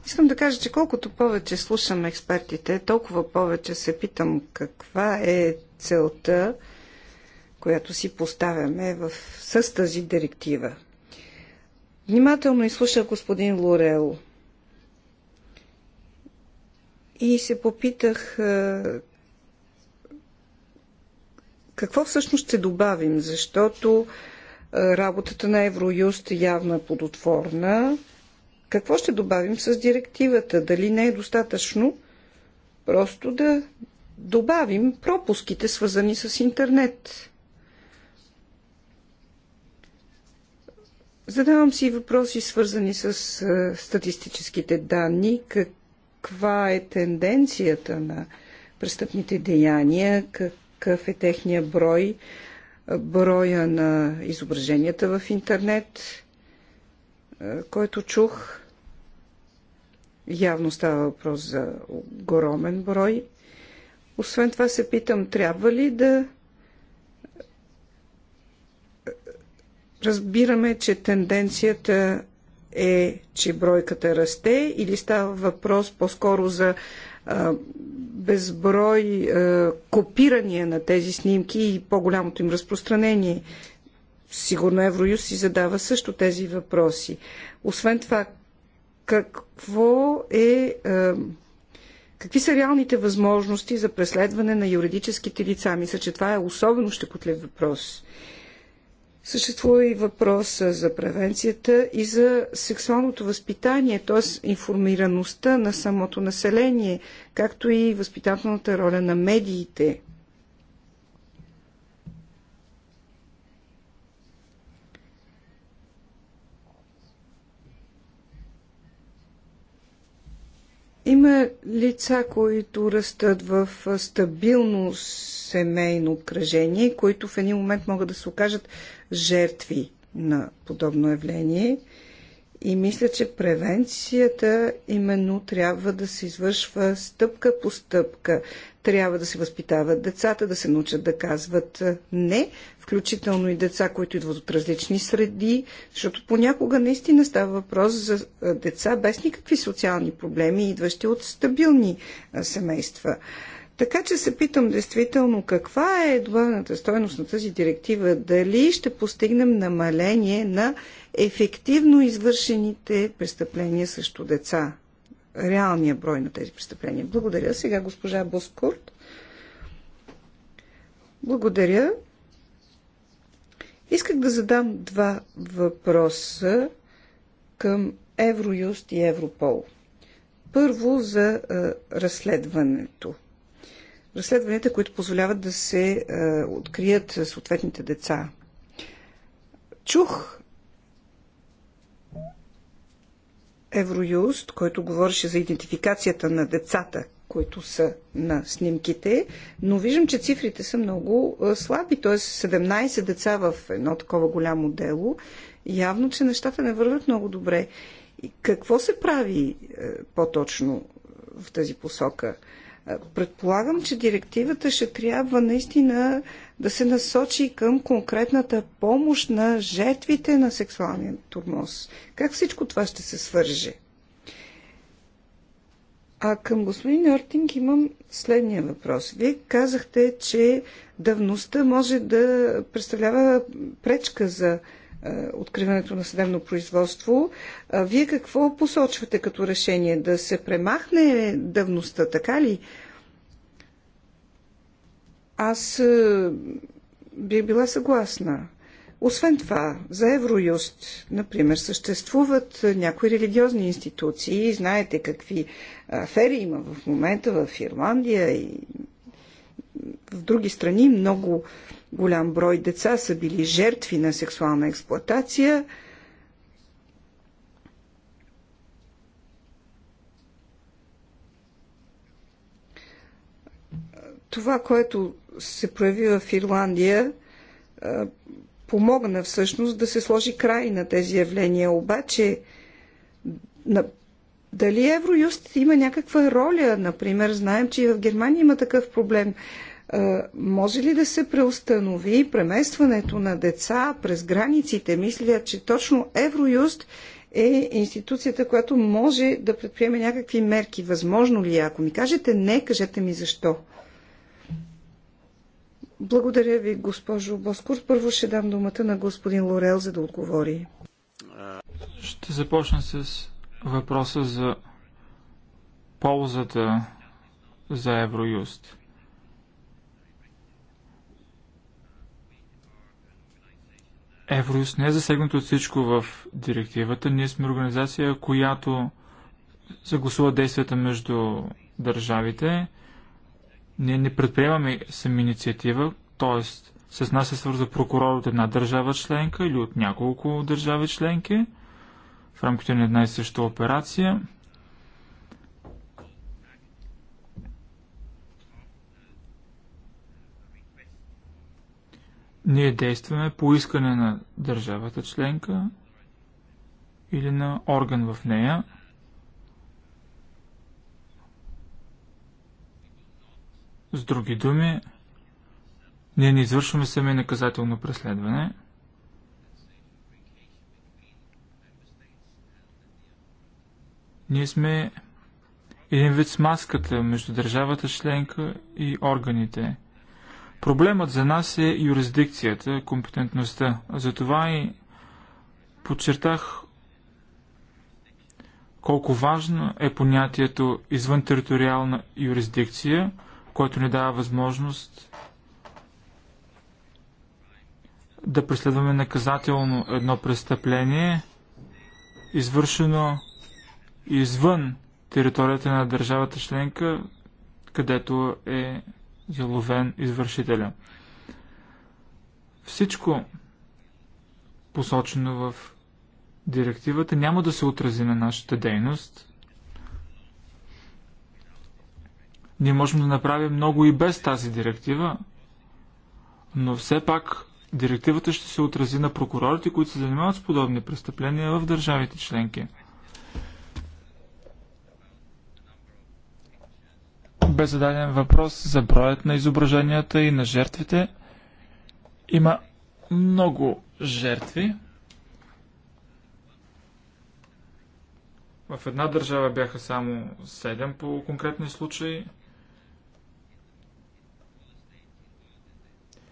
Искам да кажа, че колкото повече слушам експертите, толкова повече се питам каква е целта която си поставяме в, с тази директива. Внимателно изслуша господин Лорел и се попитах е, какво всъщност ще добавим, защото е, работата на Евроюст явно явна е плодотворна. Какво ще добавим с директивата? Дали не е достатъчно просто да добавим пропуските, свързани с интернет? Задавам си въпроси, свързани с статистическите данни. Каква е тенденцията на престъпните деяния? Какъв е техния брой? Броя на изображенията в интернет, който чух. Явно става въпрос за огромен брой. Освен това се питам, трябва ли да Разбираме, че тенденцията е, че бройката расте или става въпрос по-скоро за а, безброй а, копирания на тези снимки и по-голямото им разпространение. Сигурно Евроюз си задава също тези въпроси. Освен това, какво е. А, Какви са реалните възможности за преследване на юридическите лица? Мисля, че това е особено щекотлив въпрос. Съществува и въпрос за превенцията и за сексуалното възпитание, т.е. информираността на самото население, както и възпитателната роля на медиите. Има лица, които растат в стабилност семейно обкръжение, които в един момент могат да се окажат жертви на подобно явление. И мисля, че превенцията именно трябва да се извършва стъпка по стъпка. Трябва да се възпитават децата, да се научат да казват не, включително и деца, които идват от различни среди, защото понякога наистина става въпрос за деца без никакви социални проблеми, идващи от стабилни семейства. Така че се питам действително каква е добавената стойност на тази директива. Дали ще постигнем намаление на ефективно извършените престъпления срещу деца? Реалния брой на тези престъпления. Благодаря. Сега госпожа Боскорт. Благодаря. Исках да задам два въпроса към Евроюст и Европол. Първо за а, разследването разследванията, които позволяват да се е, открият съответните деца. Чух Евроюст, който говореше за идентификацията на децата, които са на снимките, но виждам, че цифрите са много е, слаби, т.е. 17 деца в едно такова голямо дело. Явно, че нещата не върват много добре. И какво се прави е, по-точно в тази посока? Предполагам, че директивата ще трябва наистина да се насочи към конкретната помощ на жертвите на сексуалния турмоз. Как всичко това ще се свърже? А към господин Ортинг имам следния въпрос. Вие казахте, че давността може да представлява пречка за е, откриването на съдебно производство. Вие какво посочвате като решение? Да се премахне давността, така ли? Аз е, би била съгласна. Освен това, за Евроюст, например, съществуват някои религиозни институции. Знаете какви афери има в момента в Ирландия и в други страни. Много Голям брой деца са били жертви на сексуална експлоатация. Това, което се прояви в Ирландия, помогна всъщност да се сложи край на тези явления. Обаче, на... дали Евроюст има някаква роля? Например, знаем, че и в Германия има такъв проблем. Е, може ли да се преустанови преместването на деца през границите? Мисля, че точно Евроюст е институцията, която може да предприеме някакви мерки. Възможно ли е? Ако ми кажете не, кажете ми защо. Благодаря ви, госпожо Боскур. Първо ще дам думата на господин Лорел, за да отговори. Ще започна с въпроса за ползата за Евроюст. Евроюз не е засегнато от всичко в директивата. Ние сме организация, която съгласува действията между държавите. Ние не предприемаме сами инициатива, т.е. с нас се свързва прокурор от една държава членка или от няколко държави членки в рамките на една и съща операция. Ние действаме по искане на държавата членка или на орган в нея. С други думи, ние не извършваме сами наказателно преследване. Ние сме един вид с маската между държавата членка и органите – Проблемът за нас е юрисдикцията, компетентността. Затова и подчертах колко важно е понятието извън териториална юрисдикция, което ни дава възможност да преследваме наказателно едно престъпление, извършено извън територията на държавата членка, където е заловен извършителя. Всичко посочено в директивата няма да се отрази на нашата дейност. Ние можем да направим много и без тази директива, но все пак директивата ще се отрази на прокурорите, които се занимават с подобни престъпления в държавите членки – бе зададен въпрос за броят на изображенията и на жертвите. Има много жертви. В една държава бяха само 7 по конкретни случаи.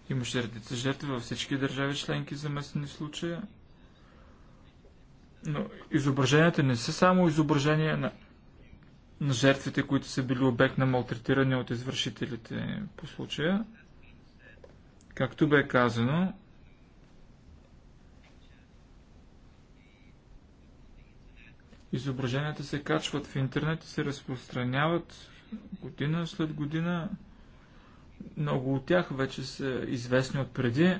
Имаше редица жертви във всички държави членки за местни случая. Но изображенията не са само изображения на на жертвите, които са били обект на малтретиране от извършителите по случая. Както бе казано, изображенията се качват в интернет и се разпространяват година след година. Много от тях вече са известни от преди.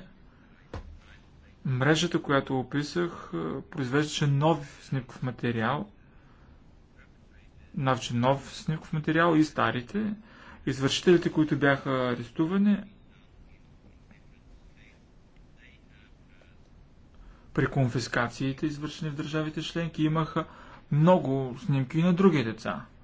Мрежата, която описах, произвеждаше нов снимков материал – значи нов снимков материал и старите. Извършителите, които бяха арестувани, при конфискациите, извършени в държавите членки, имаха много снимки на други деца –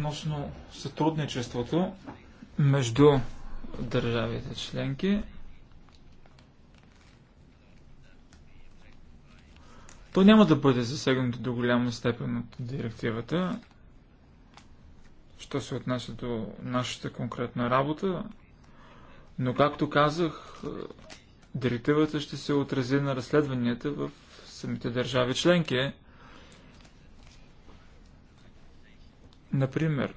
относно сътрудничеството между държавите членки. То няма да бъде засегнато до голяма степен от директивата, що се отнася до нашата конкретна работа, но както казах, директивата ще се отрази на разследванията в самите държави членки. Например,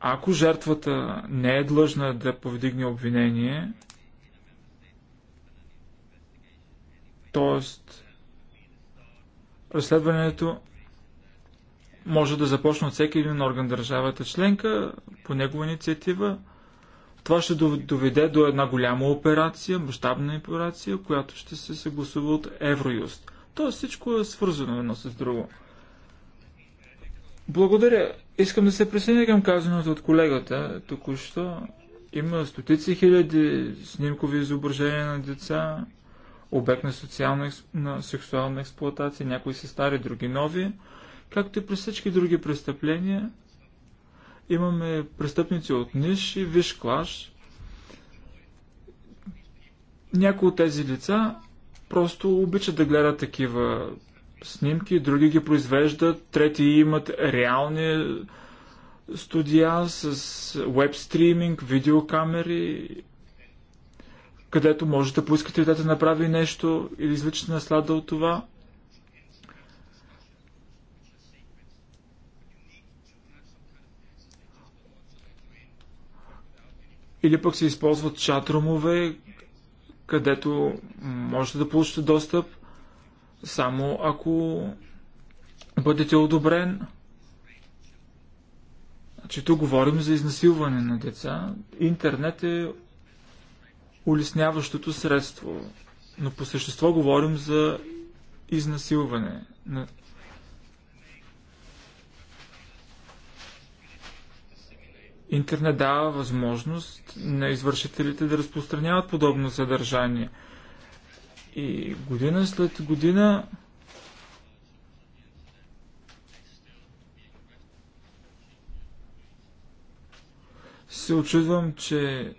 ако жертвата не е длъжна да повдигне обвинение, т.е. разследването може да започне от всеки един орган държавата членка по негова инициатива. Това ще доведе до една голяма операция, мащабна операция, която ще се съгласува от Евроюст. Тоест всичко е свързано едно с друго. Благодаря Искам да се присъединя към казаното от колегата току-що. Има стотици хиляди снимкови изображения на деца, обект на, социална, на сексуална експлуатация, някои са стари, други нови. Както и при всички други престъпления, имаме престъпници от ниш и виш клаш. Някои от тези лица просто обичат да гледат такива снимки, други ги произвеждат, трети имат реални студия с веб стриминг, видеокамери, където може да поискате да направи нещо или извличате наслада от това. Или пък се използват чатрумове, където можете да получите достъп само ако бъдете одобрен. Значи тук говорим за изнасилване на деца. Интернет е улесняващото средство, но по същество говорим за изнасилване на Интернет дава възможност на извършителите да разпространяват подобно съдържание – и година след година се очудвам, че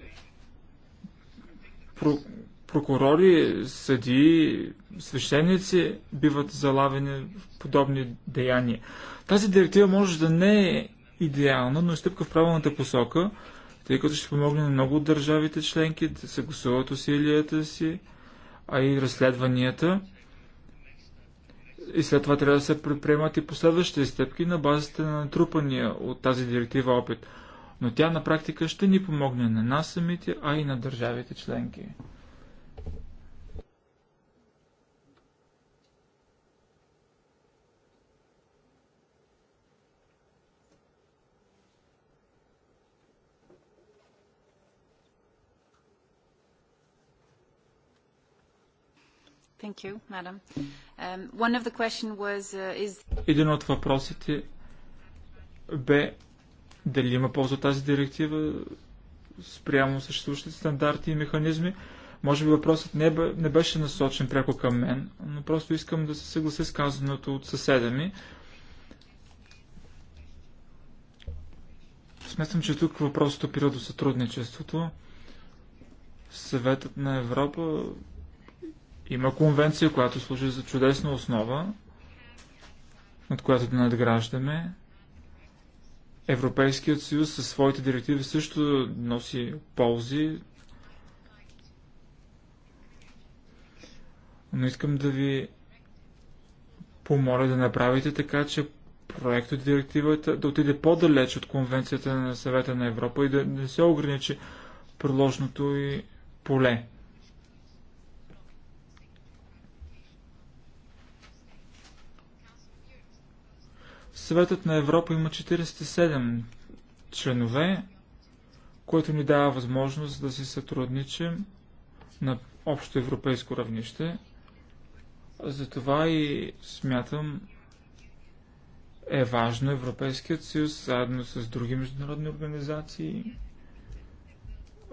прокурори, съдии, свещеници биват залавени в подобни деяния. Тази директива може да не е идеална, но е стъпка в правилната посока, тъй като ще помогне на много от държавите членки да съгласуват усилията си а и разследванията. И след това трябва да се предприемат и последващите стъпки на базата на натрупания от тази директива опит. Но тя на практика ще ни помогне на нас самите, а и на държавите членки. Един от въпросите бе дали има полза тази директива спрямо съществуващите стандарти и механизми. Може би въпросът не, бе, не беше насочен пряко към мен, но просто искам да се съглася с казаното от съседа ми. Смятам, че тук въпросът опира до сътрудничеството. Съветът на Европа има конвенция, която служи за чудесна основа, над която да надграждаме. Европейският съюз със своите директиви също носи ползи. Но искам да ви помоля да направите така, че проект от директивата да отиде по-далеч от Конвенцията на Съвета на Европа и да не се ограничи приложното и поле. Съветът на Европа има 47 членове, което ни дава възможност да си сътрудничим на общо европейско равнище. Затова и смятам е важно Европейският съюз, заедно с други международни организации,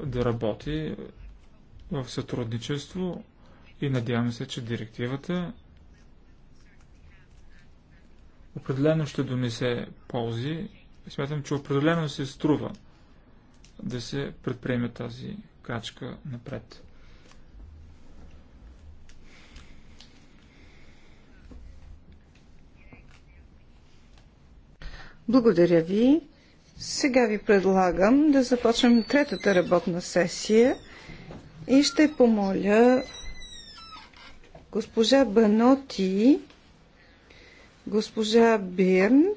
да работи в сътрудничество и надявам се, че директивата Определено ще донесе ползи. Смятам, че определено се струва да се предприеме тази крачка напред. Благодаря ви. Сега ви предлагам да започнем третата работна сесия и ще помоля госпожа Баноти Госпожа Бирн.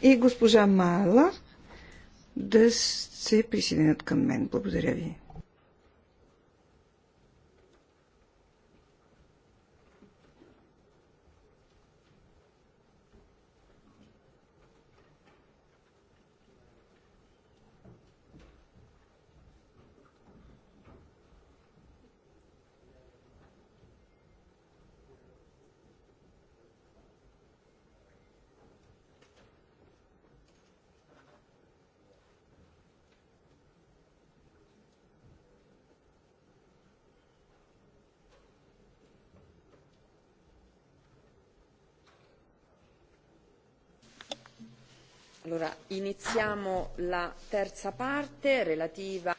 И госпожа Мала да се присъединят към мен. Благодаря ви. Allora, iniziamo la terza parte relativa...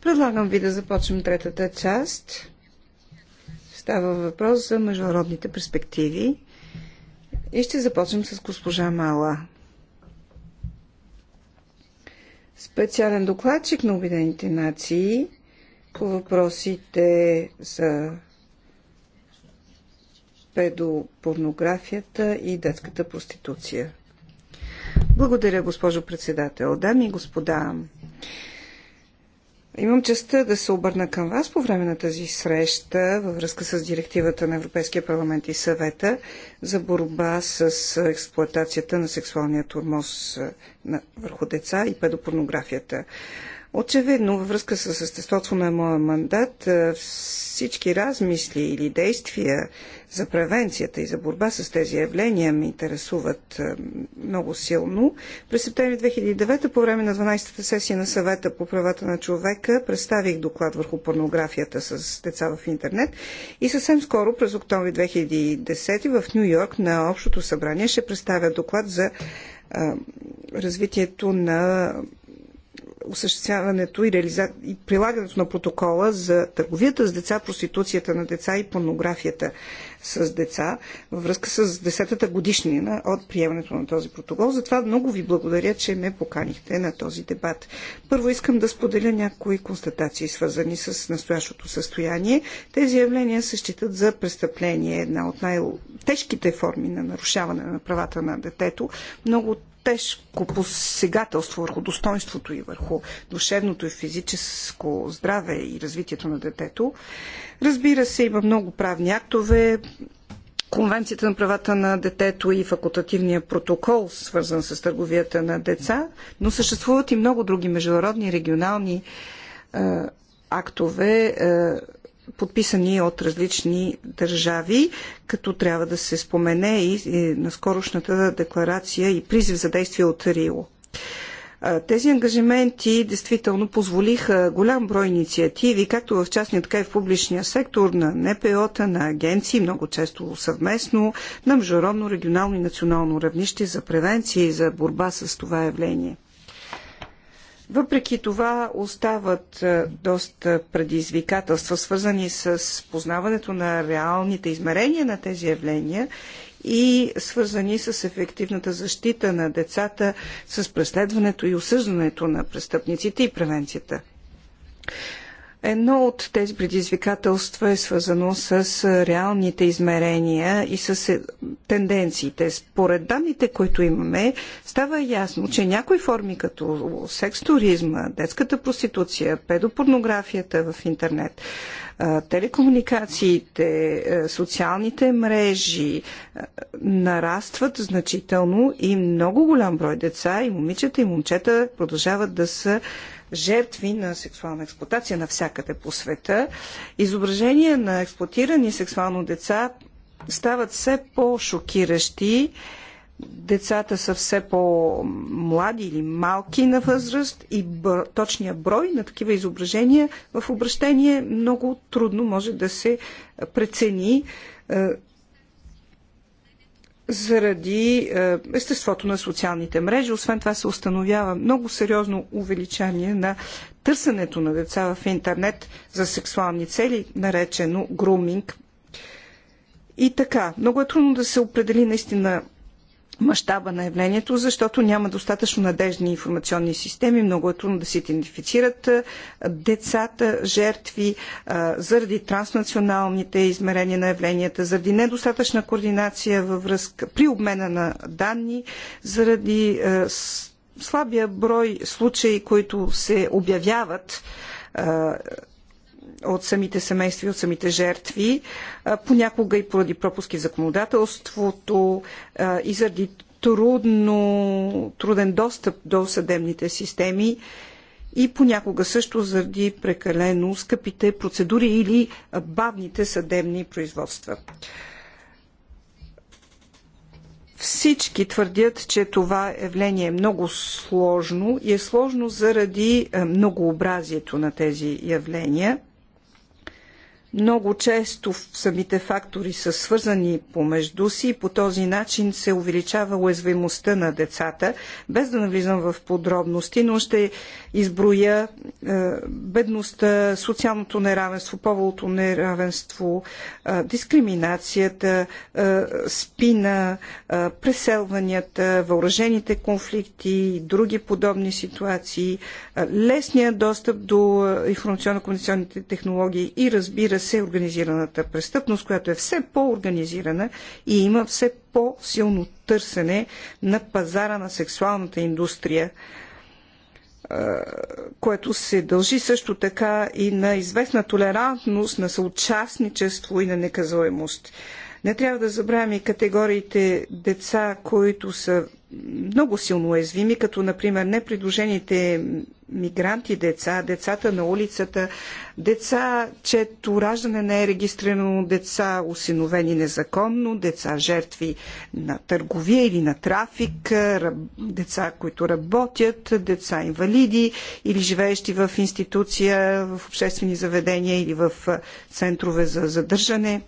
Предлагам ви да започнем третата част. Става въпрос за международните перспективи. И ще започнем с госпожа Мала. Специален докладчик на Обединените нации по въпросите за педопорнографията и детската проституция. Благодаря, госпожо председател. Дами и господа, Имам честа да се обърна към вас по време на тази среща във връзка с директивата на Европейския парламент и съвета за борба с експлоатацията на сексуалния турмоз върху деца и педопорнографията. Очевидно, във връзка с естеството на моя мандат, всички размисли или действия за превенцията и за борба с тези явления ме интересуват много силно. През септември 2009 по време на 12-та сесия на съвета по правата на човека представих доклад върху порнографията с деца в интернет и съвсем скоро през октомври 2010 в Нью Йорк на Общото събрание ще представя доклад за развитието на осъществяването и, реализа... и прилагането на протокола за търговията с деца, проституцията на деца и порнографията с деца във връзка с 10-та годишнина от приемането на този протокол. Затова много ви благодаря, че ме поканихте на този дебат. Първо искам да споделя някои констатации, свързани с настоящото състояние. Тези явления се считат за престъпление, една от най-тежките форми на нарушаване на правата на детето. Много от тежко посегателство върху достоинството и върху душевното и физическо здраве и развитието на детето. Разбира се, има много правни актове, Конвенцията на правата на детето и факултативния протокол, свързан с търговията на деца, но съществуват и много други международни регионални е, актове, е, подписани от различни държави, като трябва да се спомене и, на скорошната декларация и призив за действие от Рио. Тези ангажименти действително позволиха голям брой инициативи, както в частния, така и в публичния сектор, на НПО-та, на агенции, много често съвместно, на международно, регионално и национално равнище за превенция и за борба с това явление. Въпреки това остават е, доста предизвикателства, свързани с познаването на реалните измерения на тези явления и свързани с ефективната защита на децата, с преследването и осъждането на престъпниците и превенцията. Едно от тези предизвикателства е свързано с реалните измерения и с е, тенденциите. Според данните, които имаме, става ясно, че някои форми като секс-туризма, детската проституция, педопорнографията в интернет, телекомуникациите, социалните мрежи нарастват значително и много голям брой деца и момичета и момчета продължават да са жертви на сексуална експлуатация навсякъде по света. Изображения на експлуатирани сексуално деца стават все по-шокиращи. Децата са все по-млади или малки на възраст и бър... точния брой на такива изображения в обращение много трудно може да се прецени е, заради е, естеството на социалните мрежи. Освен това се установява много сериозно увеличение на търсенето на деца в интернет за сексуални цели, наречено груминг. И така, много е трудно да се определи наистина мащаба на явлението, защото няма достатъчно надежни информационни системи. Много е трудно да се идентифицират децата, жертви, заради транснационалните измерения на явленията, заради недостатъчна координация във връзка при обмена на данни, заради слабия брой случаи, които се обявяват от самите семейства и от самите жертви, понякога и поради пропуски в законодателството и заради трудно, труден достъп до съдебните системи и понякога също заради прекалено скъпите процедури или бавните съдебни производства. Всички твърдят, че това явление е много сложно и е сложно заради многообразието на тези явления – много често самите фактори са свързани помежду си и по този начин се увеличава уязвимостта на децата. Без да навлизам в подробности, но ще изброя е, бедността, социалното неравенство, поволото неравенство, е, дискриминацията, е, спина, е, преселванията, въоръжените конфликти и други подобни ситуации, е, лесния достъп до е, информационно-комуникационните технологии и разбира се организираната престъпност, която е все по-организирана и има все по-силно търсене на пазара на сексуалната индустрия, което се дължи също така и на известна толерантност, на съучастничество и на неказуемост. Не трябва да забравяме и категориите деца, които са много силно уязвими, като например непредложените мигранти деца, децата на улицата, деца, чето раждане не е регистрирано, деца осиновени незаконно, деца жертви на търговия или на трафик, деца, които работят, деца инвалиди или живеещи в институция, в обществени заведения или в центрове за задържане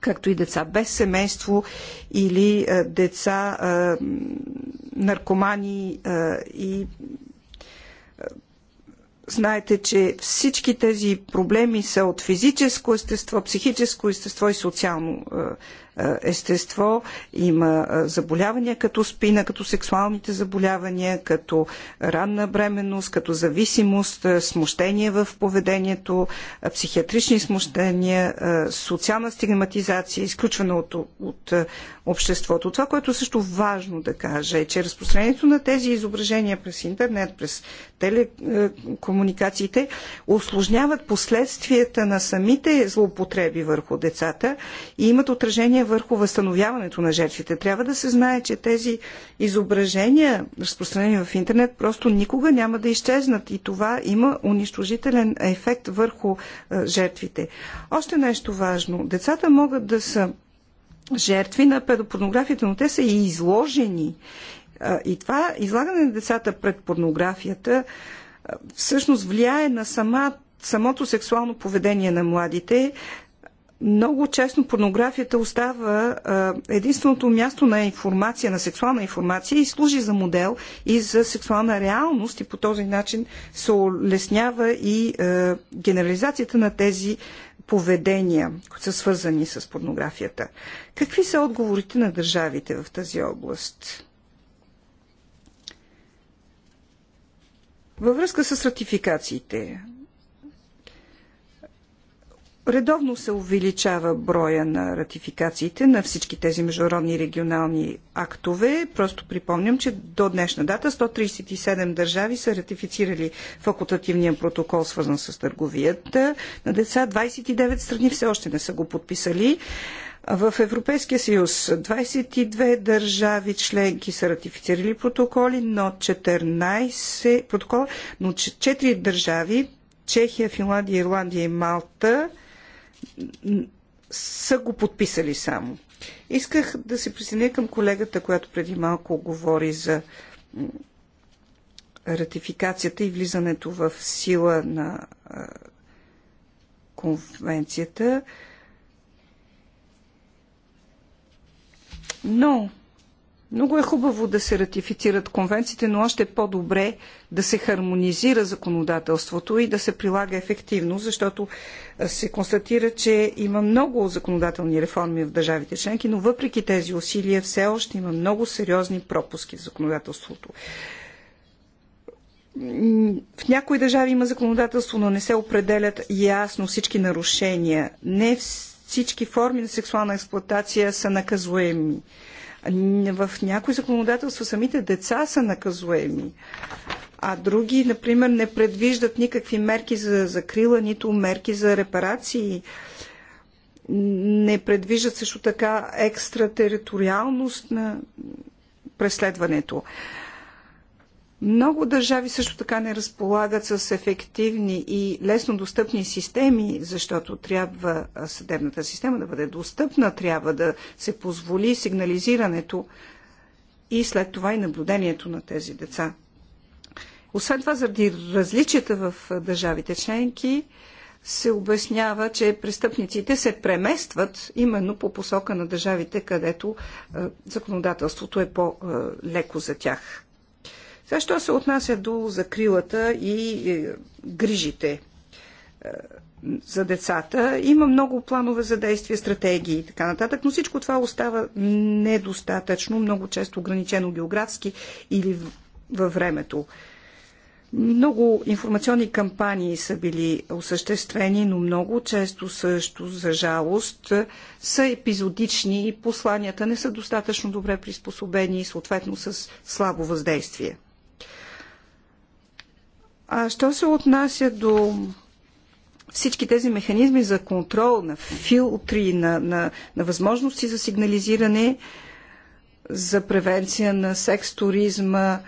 както и деца без семейство или е, деца е, наркомани е, и знаете, че всички тези проблеми са от физическо естество, психическо естество и социално е, естество. Има е, заболявания като спина, като сексуалните заболявания, като ранна бременност, като зависимост, е, смущение в поведението, психиатрични смущения, социална стигматизация, изключване от, от обществото. Това, което също важно да кажа е, че разпространението на тези изображения през интернет, през телекомуникациите, осложняват последствията на самите злоупотреби върху децата и имат отражение върху възстановяването на жертвите. Трябва да се знае, че тези изображения, разпространени в интернет, просто никога няма да изчезнат и това има унищожителен ефект върху е, жертвите. Още нещо важно. Децата могат да са жертви на педопорнографията, но те са и изложени. Е, и това излагане на децата пред порнографията е, всъщност влияе на сама, самото сексуално поведение на младите, много честно порнографията остава единственото място на информация, на сексуална информация и служи за модел и за сексуална реалност и по този начин се улеснява и генерализацията на тези поведения, които са свързани с порнографията. Какви са отговорите на държавите в тази област? Във връзка с ратификациите, Редовно се увеличава броя на ратификациите на всички тези международни и регионални актове. Просто припомням, че до днешна дата 137 държави са ратифицирали факултативния протокол, свързан с търговията на деца. 29 страни все още не са го подписали. В Европейския съюз 22 държави членки са ратифицирали протоколи, но 14 протокола, но 4 държави Чехия, Финландия, Ирландия и Малта – са го подписали само. Исках да се присъединя към колегата, която преди малко говори за ратификацията и влизането в сила на конвенцията. Но много е хубаво да се ратифицират конвенциите, но още по-добре да се хармонизира законодателството и да се прилага ефективно, защото се констатира, че има много законодателни реформи в държавите членки, но въпреки тези усилия все още има много сериозни пропуски в законодателството. В някои държави има законодателство, но не се определят ясно всички нарушения. Не всички форми на сексуална експлоатация са наказуеми. В някои законодателство самите деца са наказуеми, а други, например, не предвиждат никакви мерки за закрила, нито мерки за репарации. Не предвиждат също така екстратериториалност на преследването. Много държави също така не разполагат с ефективни и лесно достъпни системи, защото трябва съдебната система да бъде достъпна, трябва да се позволи сигнализирането и след това и наблюдението на тези деца. Освен това, заради различията в държавите членки, се обяснява, че престъпниците се преместват именно по посока на държавите, където законодателството е по-леко за тях. Сега, що се отнася до закрилата и е, грижите е, за децата, има много планове за действие, стратегии и така нататък, но всичко това остава недостатъчно, много често ограничено географски или във времето. Много информационни кампании са били осъществени, но много често също, за жалост, са епизодични и посланията не са достатъчно добре приспособени и съответно с слабо въздействие. А що се отнася до всички тези механизми за контрол, на филтри, на, на, на възможности за сигнализиране, за превенция на секс туризма,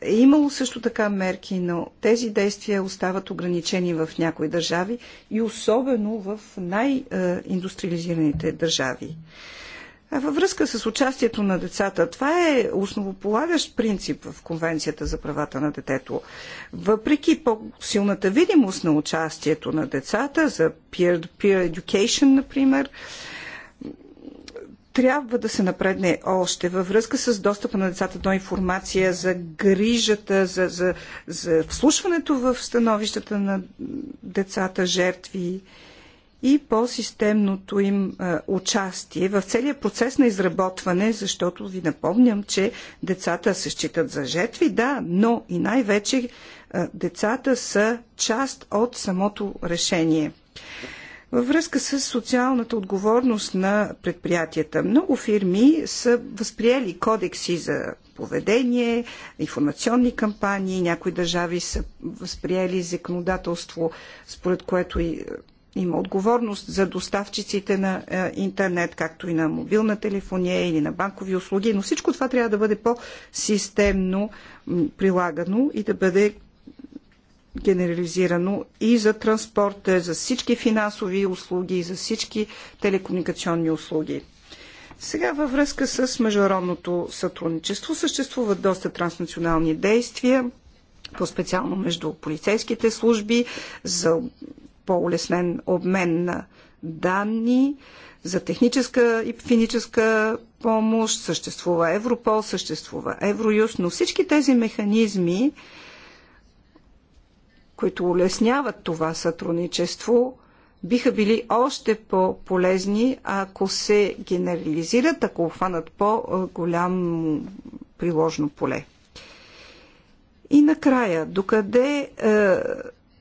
е имало също така мерки, но тези действия остават ограничени в някои държави и особено в най-индустриализираните държави. Във връзка с участието на децата, това е основополагащ принцип в Конвенцията за правата на детето. Въпреки по-силната видимост на участието на децата за peer-to-peer -peer education, например, трябва да се напредне още във връзка с достъпа на децата до информация за грижата, за, за, за вслушването в становищата на децата, жертви и по-системното им участие в целия процес на изработване, защото ви напомням, че децата се считат за жертви, да, но и най-вече децата са част от самото решение. Във връзка с социалната отговорност на предприятията, много фирми са възприели кодекси за поведение, информационни кампании, някои държави са възприели законодателство, според което и има отговорност за доставчиците на е, интернет, както и на мобилна телефония или на банкови услуги, но всичко това трябва да бъде по-системно прилагано и да бъде генерализирано и за транспорта, за всички финансови услуги, за всички телекомуникационни услуги. Сега във връзка с международното сътрудничество съществуват доста транснационални действия, по-специално между полицейските служби за по-улеснен обмен на данни за техническа и финическа помощ, съществува Европол, съществува Евроюз, но всички тези механизми, които улесняват това сътрудничество, биха били още по-полезни, ако се генерализират, ако обхванат по-голямо приложно поле. И накрая, докъде е,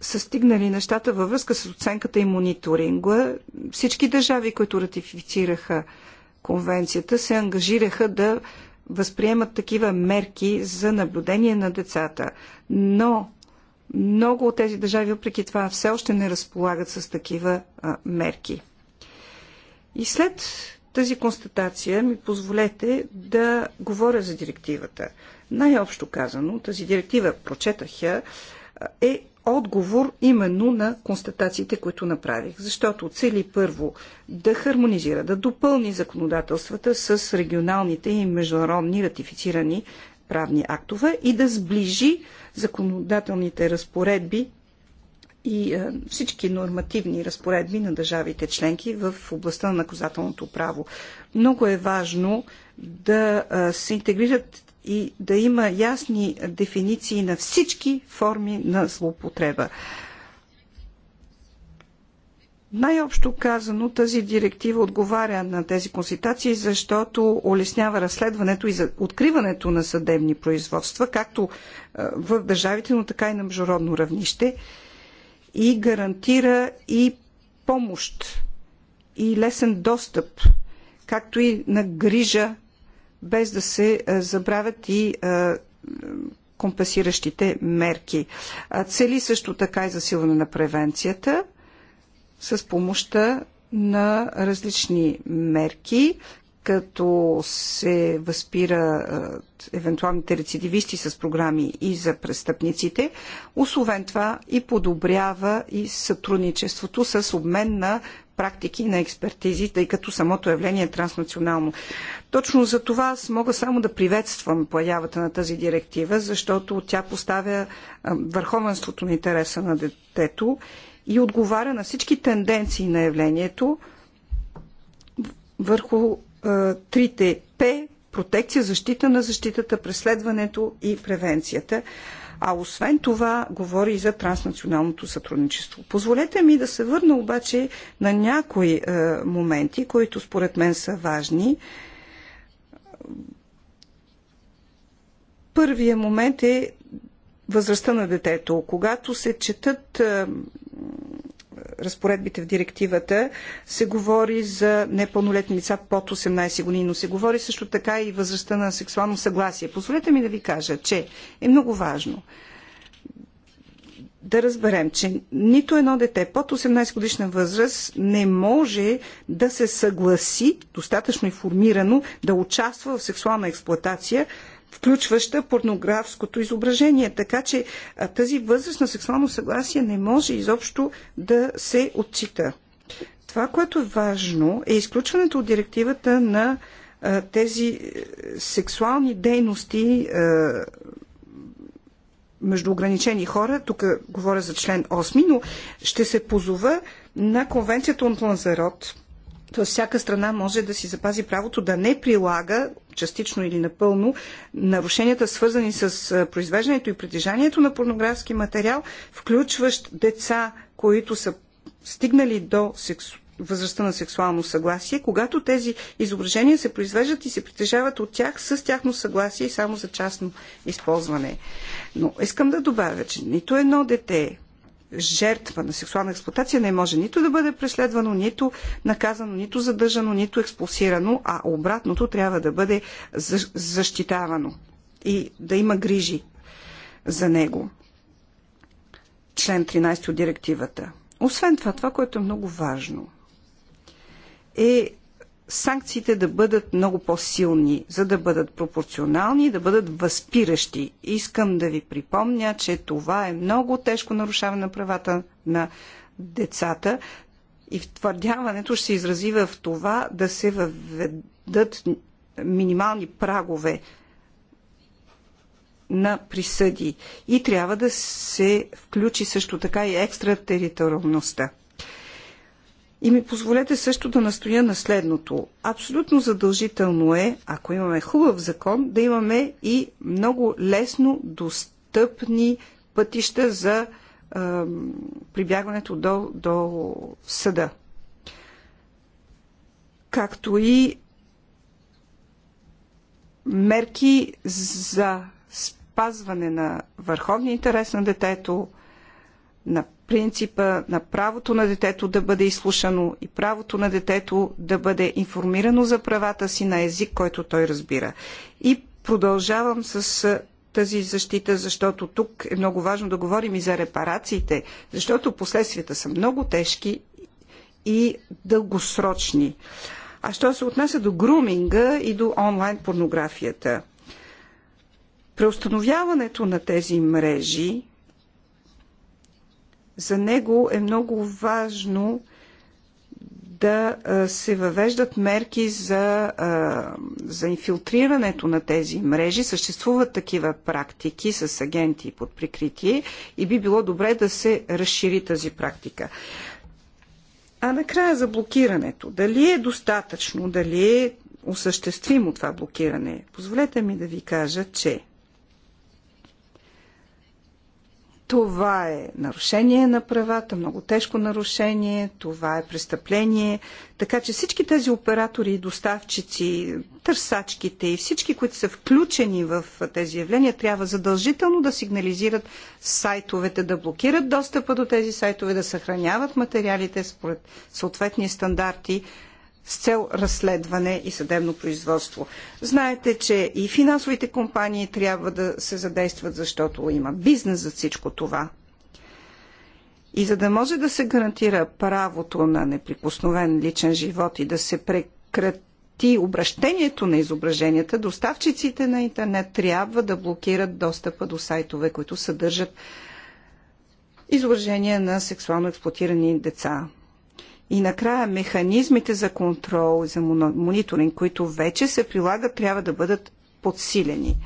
са стигнали нещата във връзка с оценката и мониторинга. Всички държави, които ратифицираха конвенцията, се ангажираха да възприемат такива мерки за наблюдение на децата. Но много от тези държави, въпреки това, все още не разполагат с такива а, мерки. И след тази констатация ми позволете да говоря за директивата. Най-общо казано, тази директива, прочетах я, е отговор именно на констатациите, които направих. Защото цели първо да хармонизира, да допълни законодателствата с регионалните и международни ратифицирани правни актове и да сближи законодателните разпоредби и е, всички нормативни разпоредби на държавите членки в областта на наказателното право. Много е важно да е, се интегрират и да има ясни дефиниции на всички форми на злоупотреба. Най-общо казано, тази директива отговаря на тези консултации, защото улеснява разследването и за откриването на съдебни производства, както е, в държавите, но така и на международно равнище, и гарантира и помощ, и лесен достъп, както и на грижа без да се забравят и компенсиращите мерки. Цели също така и засилване на превенцията с помощта на различни мерки, като се възпира евентуалните рецидивисти с програми и за престъпниците. Освен това и подобрява и сътрудничеството с обмен на практики на експертизи, тъй като самото явление е транснационално. Точно за това аз мога само да приветствам появата на тази директива, защото тя поставя върховенството на интереса на детето и отговаря на всички тенденции на явлението, върху е, трите П протекция, защита на защитата, преследването и превенцията. А освен това, говори и за транснационалното сътрудничество. Позволете ми да се върна обаче на някои е, моменти, които според мен са важни. Първият момент е възрастта на детето. Когато се четат е, разпоредбите в директивата се говори за непълнолетни лица под 18 години, но се говори също така и възрастта на сексуално съгласие. Позволете ми да ви кажа, че е много важно да разберем, че нито едно дете под 18 годишна възраст не може да се съгласи достатъчно информирано да участва в сексуална експлоатация включваща порнографското изображение. Така че тази възраст на сексуално съгласие не може изобщо да се отчита. Това, което е важно, е изключването от директивата на а, тези е, сексуални дейности а, е, между ограничени хора. Тук говоря за член 8, но ще се позова на конвенцията от Ланзарот, т.е. всяка страна може да си запази правото да не прилага частично или напълно нарушенията, свързани с произвеждането и притежанието на порнографски материал, включващ деца, които са стигнали до сексу... възрастта на сексуално съгласие, когато тези изображения се произвеждат и се притежават от тях с тяхно съгласие и само за частно използване. Но искам да добавя, че нито едно дете, жертва на сексуална експлуатация не може нито да бъде преследвано, нито наказано, нито задържано, нито експулсирано, а обратното трябва да бъде защитавано и да има грижи за него. Член 13 от директивата. Освен това, това, което е много важно, е санкциите да бъдат много по-силни, за да бъдат пропорционални, да бъдат възпиращи. Искам да ви припомня, че това е много тежко нарушаване на правата на децата и твърдяването ще се изрази в това да се въведат минимални прагове на присъди. И трябва да се включи също така и екстратериториалността. И ми позволете също да настоя на следното. Абсолютно задължително е, ако имаме хубав закон, да имаме и много лесно достъпни пътища за е, прибягването до, до съда. Както и мерки за спазване на върховния интерес на детето, на принципа на правото на детето да бъде изслушано и правото на детето да бъде информирано за правата си на език, който той разбира. И продължавам с тази защита, защото тук е много важно да говорим и за репарациите, защото последствията са много тежки и дългосрочни. А що се отнася до груминга и до онлайн порнографията? Преустановяването на тези мрежи за него е много важно да се въвеждат мерки за, за инфилтрирането на тези мрежи. Съществуват такива практики с агенти под прикритие и би било добре да се разшири тази практика. А накрая за блокирането. Дали е достатъчно, дали е осъществимо това блокиране? Позволете ми да ви кажа, че Това е нарушение на правата, много тежко нарушение, това е престъпление. Така че всички тези оператори и доставчици, търсачките и всички, които са включени в тези явления, трябва задължително да сигнализират сайтовете, да блокират достъпа до тези сайтове, да съхраняват материалите според съответни стандарти с цел разследване и съдебно производство. Знаете, че и финансовите компании трябва да се задействат, защото има бизнес за всичко това. И за да може да се гарантира правото на неприкосновен личен живот и да се прекрати обращението на изображенията, доставчиците на интернет трябва да блокират достъпа до сайтове, които съдържат изображения на сексуално експлуатирани деца. И накрая механизмите за контрол, за мониторинг, които вече се прилагат, трябва да бъдат подсилени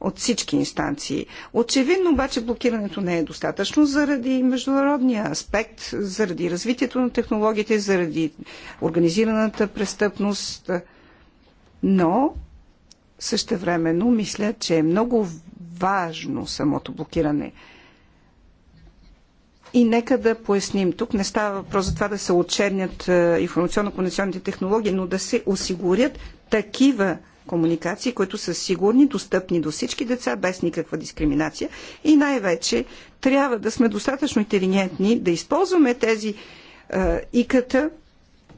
от всички инстанции. Очевидно обаче блокирането не е достатъчно заради международния аспект, заради развитието на технологиите, заради организираната престъпност. Но същевременно мисля, че е много важно самото блокиране – и нека да поясним. Тук не става въпрос за това да се отчернят е, информационно-комуникационните технологии, но да се осигурят такива комуникации, които са сигурни, достъпни до всички деца, без никаква дискриминация. И най-вече трябва да сме достатъчно интелигентни, да използваме тези е, иката,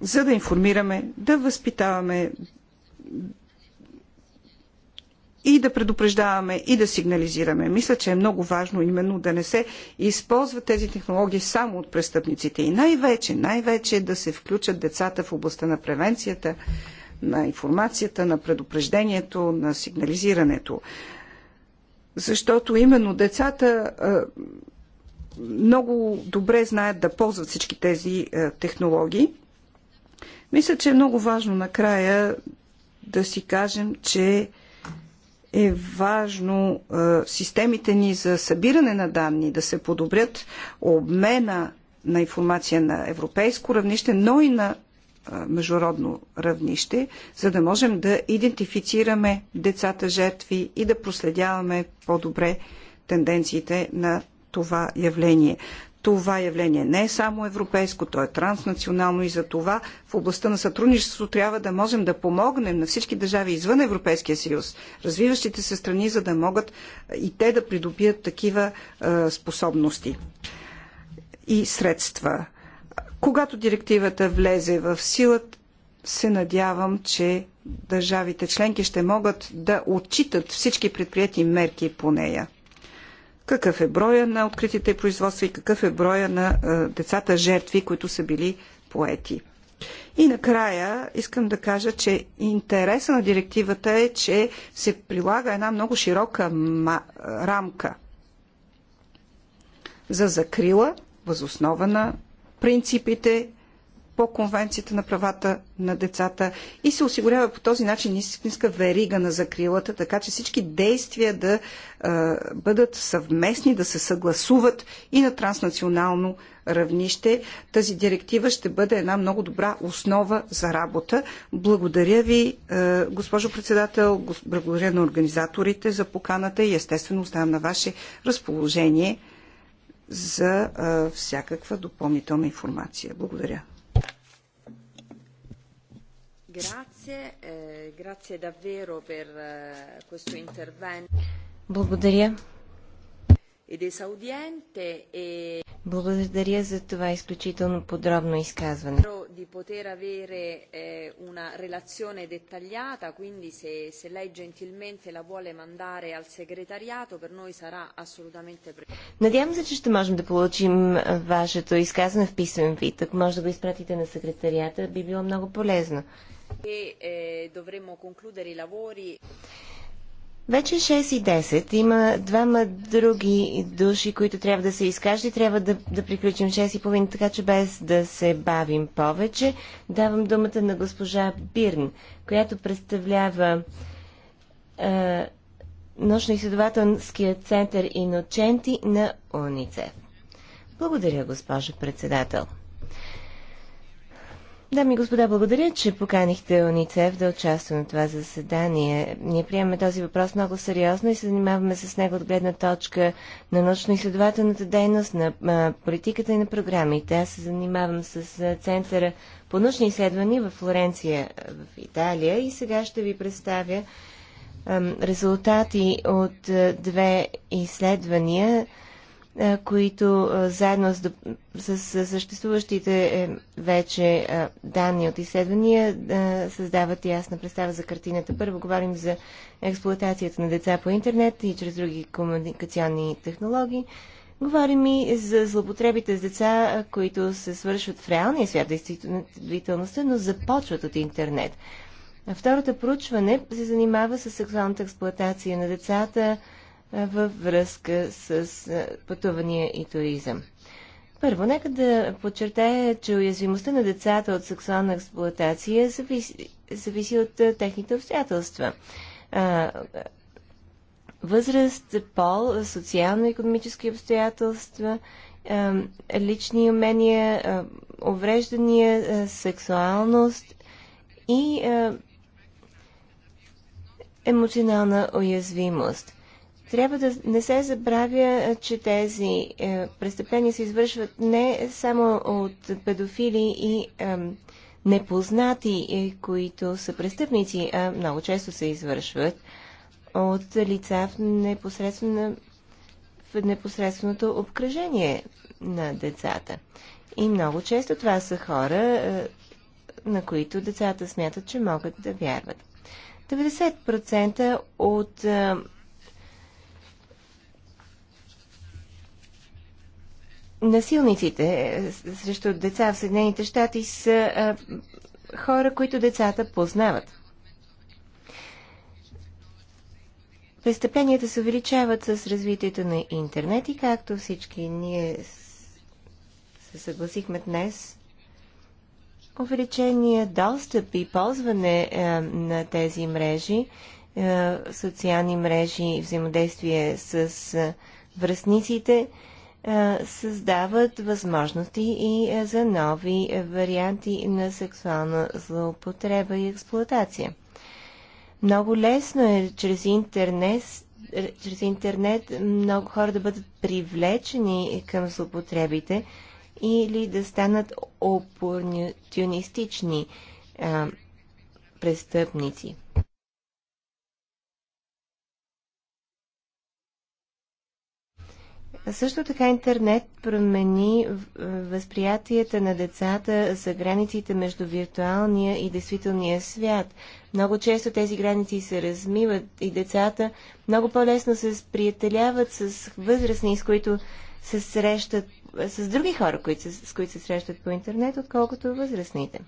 за да информираме, да възпитаваме, и да предупреждаваме, и да сигнализираме. Мисля, че е много важно именно да не се използват тези технологии само от престъпниците. И най-вече, най-вече да се включат децата в областта на превенцията, на информацията, на предупреждението, на сигнализирането. Защото именно децата много добре знаят да ползват всички тези технологии. Мисля, че е много важно накрая да си кажем, че е важно е, системите ни за събиране на данни да се подобрят, обмена на информация на европейско равнище, но и на е, международно равнище, за да можем да идентифицираме децата жертви и да проследяваме по-добре тенденциите на това явление. Това явление не е само европейско, то е транснационално и за това в областта на сътрудничеството трябва да можем да помогнем на всички държави извън Европейския съюз, развиващите се страни, за да могат и те да придобият такива е, способности и средства. Когато директивата влезе в силата, се надявам, че държавите членки ще могат да отчитат всички предприяти мерки по нея какъв е броя на откритите производства и какъв е броя на децата жертви, които са били поети. И накрая искам да кажа, че интереса на директивата е, че се прилага една много широка рамка за закрила, възоснована на принципите по Конвенцията на правата на децата и се осигурява по този начин истинска верига на закрилата, така че всички действия да а, бъдат съвместни, да се съгласуват и на транснационално равнище. Тази директива ще бъде една много добра основа за работа. Благодаря ви, а, госпожо председател, благодаря на организаторите за поканата и естествено оставам на ваше разположение за а, всякаква допълнителна информация. Благодаря. Eh, eh, Благодаря. E e Благодаря за това изключително подробно изказване. Eh, Надявам се, че ще можем да получим вашето изказване в писмен вид. Ако може да го изпратите на секретарията, би било много полезно. E, eh, Вече 6 и 10. Има двама други души, които трябва да се изкажат и трябва да, да приключим 6 и половина, така че без да се бавим повече, давам думата на госпожа Бирн, която представлява е, нощно изследователския център Иноченти на УНИЦЕФ. Благодаря, госпожа председател. Дами и господа, благодаря, че поканихте уницев да участва на това заседание. Ние приемаме този въпрос много сериозно и се занимаваме с него от гледна точка на научно-изследователната дейност, на политиката и на програмите. Аз се занимавам с Центъра по научни изследвания в Флоренция, в Италия и сега ще ви представя резултати от две изследвания – е, които е, заедно с, с, съществуващите е, вече данни от изследвания създават ясна представа за картината. Първо говорим за експлуатацията на деца по интернет и чрез други комуникационни технологии. Говорим и за злопотребите с деца, които се свършват в реалния свят, действителността, но започват от интернет. Второто проучване се занимава с сексуалната експлуатация на децата, във връзка с пътувания и туризъм. Първо, нека да подчертая, че уязвимостта на децата от сексуална експлуатация зависи, зависи от техните обстоятелства. Възраст, пол, социално-економически обстоятелства, лични умения, увреждания, сексуалност и емоционална уязвимост. Трябва да не се забравя, че тези е, престъпления се извършват не само от педофили и е, непознати, е, които са престъпници, а много често се извършват от лица в, непосредствено, в непосредственото обкръжение на децата. И много често това са хора, е, на които децата смятат, че могат да вярват. 90% от насилниците е, срещу деца в Съединените щати са а, хора, които децата познават. Престъпленията се увеличават с развитието на интернет и както всички ние се съгласихме днес, увеличение достъп и ползване е, на тези мрежи, е, социални мрежи, взаимодействие с а, е, връзниците – е, създават възможности и е, за нови е, варианти на сексуална злоупотреба и експлоатация. Много лесно е чрез интернет, чрез интернет много хора да бъдат привлечени към злоупотребите или да станат опортунистични престъпници. Също така интернет промени е, възприятията на децата за границите между виртуалния и действителния свят. Много често тези граници се размиват и децата много по-лесно се сприятеляват с възрастни, с които се срещат, е, с други хора, с които се срещат по интернет, отколкото възрастните.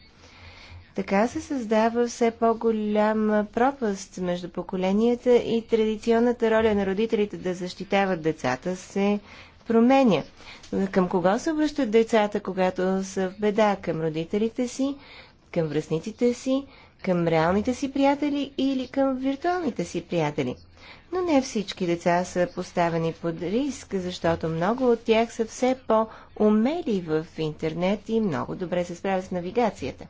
Така се създава все по-голяма пропаст между поколенията и традиционната роля на родителите да защитават децата се променя. Към кого се обръщат децата, когато са в беда? Към родителите си, към връзниците си, към реалните си приятели или към виртуалните си приятели. Но не всички деца са поставени под риск, защото много от тях са все по-умели в интернет и много добре се справят с навигацията.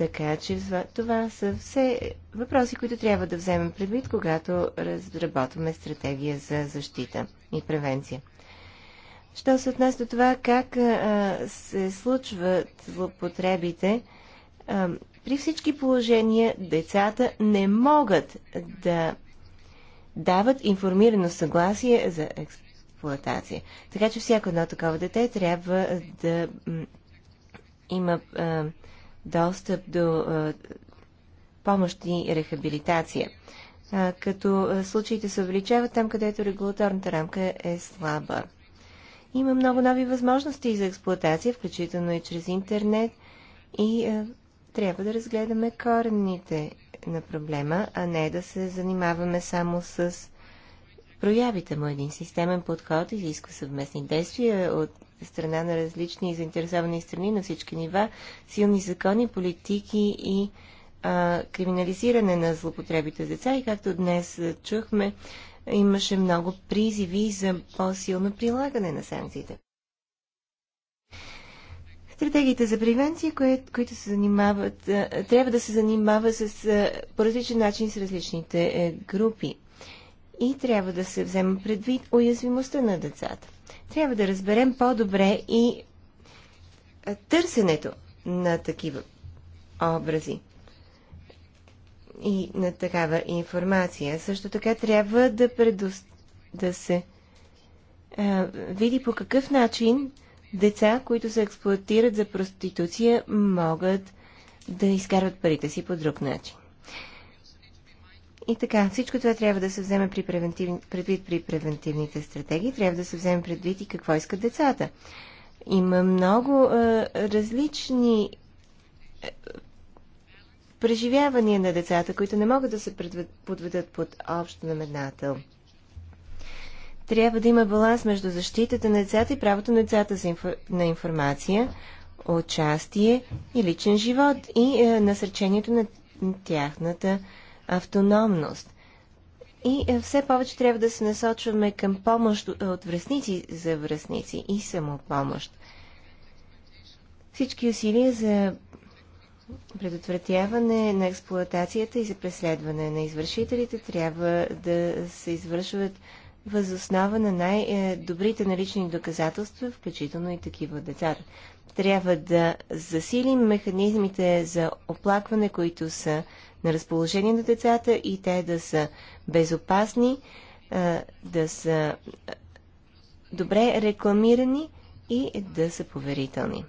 Така че това са все въпроси, които трябва да вземем предвид, когато разработваме стратегия за защита и превенция. Що се отнася до това как а, се случват злопотребите, а, при всички положения децата не могат да дават информирано съгласие за експлуатация. Така че всяко едно такова дете трябва да има а, достъп до помощ и рехабилитация. Като случаите се увеличават там, където регулаторната рамка е слаба. Има много нови възможности за експлуатация, включително и чрез интернет и трябва да разгледаме корените на проблема, а не да се занимаваме само с проявите му. Един системен подход изисква съвместни действия от страна на различни заинтересовани страни на всички нива, силни закони, политики и а, криминализиране на злопотребите с деца. И както днес чухме, имаше много призиви за по-силно прилагане на санкциите. Стратегиите за превенция, кои, които се занимават, трябва да се занимава с, по различен начин с различните е, групи и трябва да се взема предвид уязвимостта на децата. Трябва да разберем по-добре и търсенето на такива образи и на такава информация. Също така трябва да, предост... да се а, види по какъв начин деца, които се експлуатират за проституция, могат да изкарват парите си по друг начин. И така, всичко това трябва да се вземе при превентивни, предвид при превентивните стратегии, трябва да се вземе предвид и какво искат децата. Има много е, различни е, преживявания на децата, които не могат да се подведат под общ наменател. Трябва да има баланс между защитата на децата и правото на децата за инф... на информация, участие и личен живот и е, насърчението на тяхната автономност. И е, все повече трябва да се насочваме към помощ от връзници за връзници и самопомощ. Всички усилия за предотвратяване на експлоатацията и за преследване на извършителите трябва да се извършват възоснова на най-добрите налични доказателства, включително и такива децата. Трябва да засилим механизмите за оплакване, които са на разположение на децата и те да са безопасни, да са добре рекламирани и да са поверителни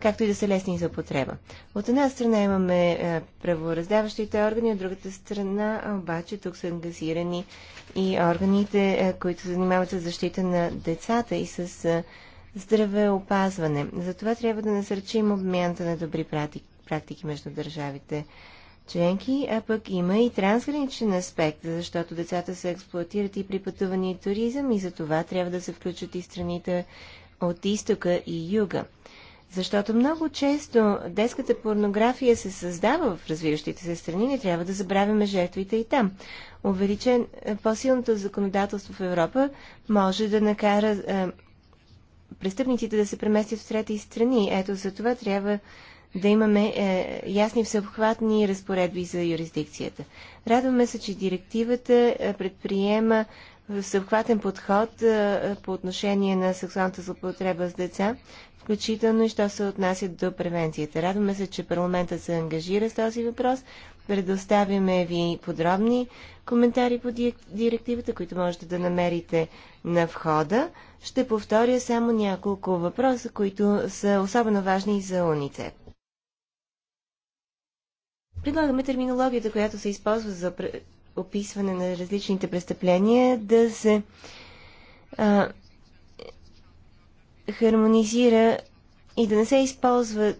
както и да са лесни за употреба. От една страна имаме правораздаващите органи, от другата страна обаче тук са ангазирани и органите, които се занимават с защита на децата и с здравеопазване. Затова трябва да насърчим обмяната на добри практики между държавите членки, а пък има и трансграничен аспект, защото децата се експлуатират и при пътуване и туризъм и за това трябва да се включат и страните от изтока и юга. Защото много често детската порнография се създава в развиващите се страни, не трябва да забравяме жертвите и там. Увеличен, е, по-силното законодателство в Европа може да накара е, престъпниците да се преместят в трети страни. Ето за това трябва да имаме е, ясни всеобхватни разпоредби за юрисдикцията. Радваме се, че директивата е, предприема всеобхватен подход е, по отношение на сексуалната злоупотреба с деца, включително и що се отнася до превенцията. Радваме се, че парламентът се ангажира с този въпрос. Предоставяме ви подробни коментари по директивата, които можете да намерите на входа. Ще повторя само няколко въпроса, които са особено важни за уницеп. Предлагаме терминологията, която се използва за описване на различните престъпления, да се а, хармонизира и да не се използва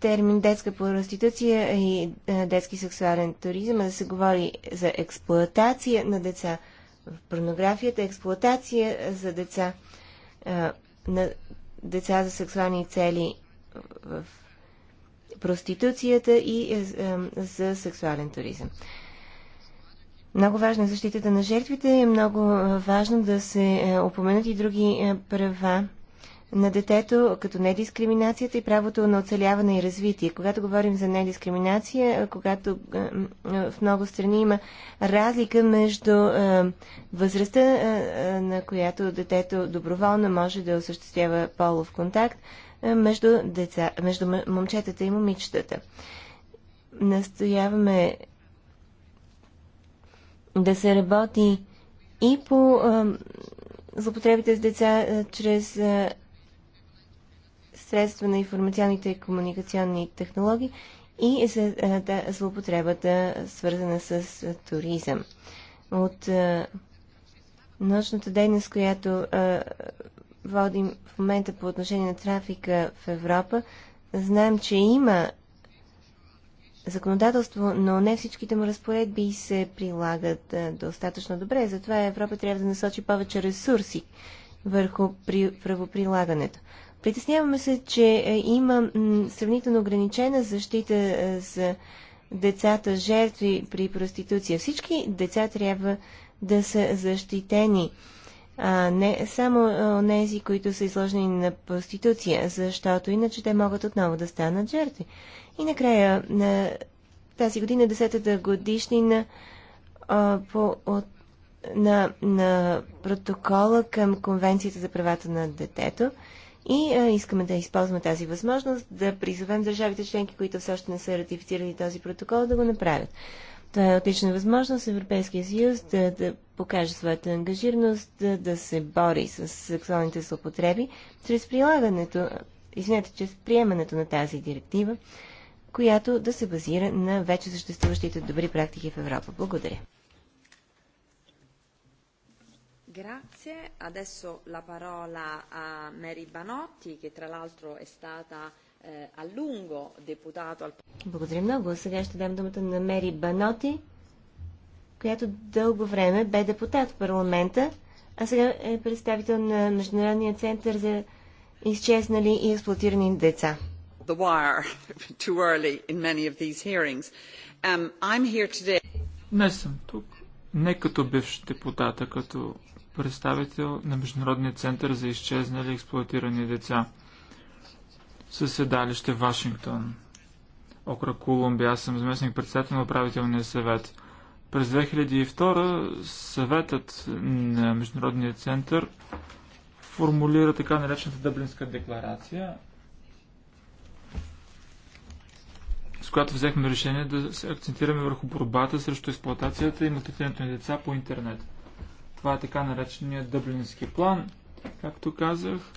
термин детска проституция и детски сексуален туризъм, а да се говори за експлоатация на деца в порнографията, експлоатация за деца, а, на деца за сексуални цели в проституцията и е, е, за сексуален туризъм. Много важна е защитата на жертвите е много е, важно да се опоменат и други права на детето, като недискриминацията и правото на оцеляване и развитие. Когато говорим за недискриминация, когато в много страни има разлика между възрастта, на която детето доброволно може да осъществява полов контакт между, деца, между момчетата и момичетата. Настояваме да се работи и по а, злопотребите с деца а, чрез а, средства на информационните и комуникационни технологии и за а, да, злопотребата, свързана с а, туризъм. От а, научната дейност, която а, водим в момента по отношение на трафика в Европа. Знаем, че има законодателство, но не всичките му разпоредби се прилагат достатъчно добре. Затова Европа трябва да насочи повече ресурси върху правоприлагането. Притесняваме се, че е, има сравнително ограничена защита е, за децата жертви при проституция. Всички деца трябва да са защитени а не само тези, които са изложени на проституция, защото иначе те могат отново да станат жертви. И накрая, на тази година, 10-та годишнина а, по, от, на, на протокола към Конвенцията за правата на детето. И а, искаме да използваме тази възможност да призовем държавите членки, които все още не са ратифицирали този протокол, да го направят. Това е отлична възможност Европейския съюз да, да покаже своята ангажираност, да, да се бори с сексуалните злоупотреби чрез прилагането, извинете, чрез приемането на тази директива, която да се базира на вече съществуващите добри практики в Европа. Благодаря. Grazie. Adesso la parola a Mary Banotti, che tra l'altro è stata Eh, a lungo deputato al Благодаря много. Сега ще дам думата на Мери Баноти, която дълго време бе депутат в парламента, а сега е представител на Международния център за изчезнали и експлуатирани деца. The wire [laughs] too early in many of these hearings. Um, I'm here today. Не съм тук. Не като бивш депутат, а като представител на Международния център за изчезнали и експлуатирани деца със седалище Вашингтон. Окръг Колумбия, аз съм заместник председател на управителния съвет. През 2002 съветът на Международния център формулира така наречената Дъблинска декларация, с която взехме решение да се акцентираме върху борбата срещу експлоатацията и малтретирането на деца по интернет. Това е така наречения Дъблински план, както казах –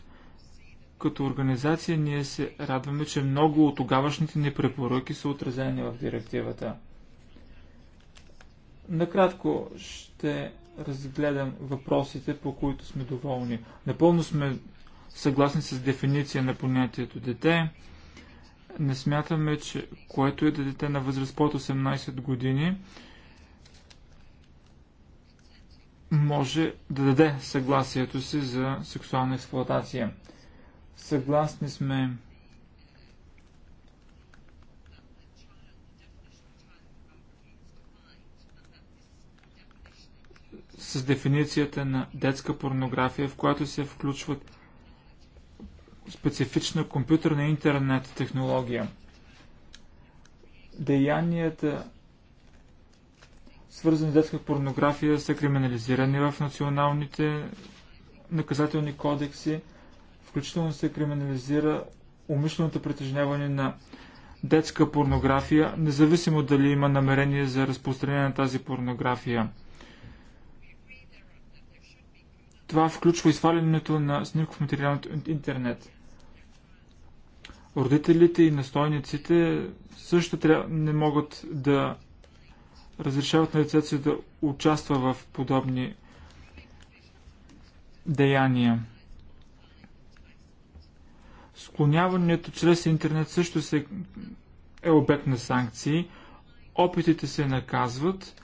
като организация ние се радваме, че много от тогавашните ни препоръки са отразени в директивата. Накратко ще разгледам въпросите, по които сме доволни. Напълно сме съгласни с дефиниция на понятието дете. Не смятаме, че което е да дете на възраст под 18 години може да даде съгласието си за сексуална експлоатация. Съгласни сме с дефиницията на детска порнография, в която се включват специфична компютърна интернет технология. Деянията, свързани с детска порнография, са криминализирани в националните наказателни кодекси. Включително се криминализира умишленото притежняване на детска порнография, независимо дали има намерение за разпространение на тази порнография. Това включва извалянето на снимков материал от интернет. Родителите и настойниците също трябва, не могат да разрешават на децата си да участва в подобни деяния. Склоняването чрез интернет също се е обект на санкции. Опитите се наказват.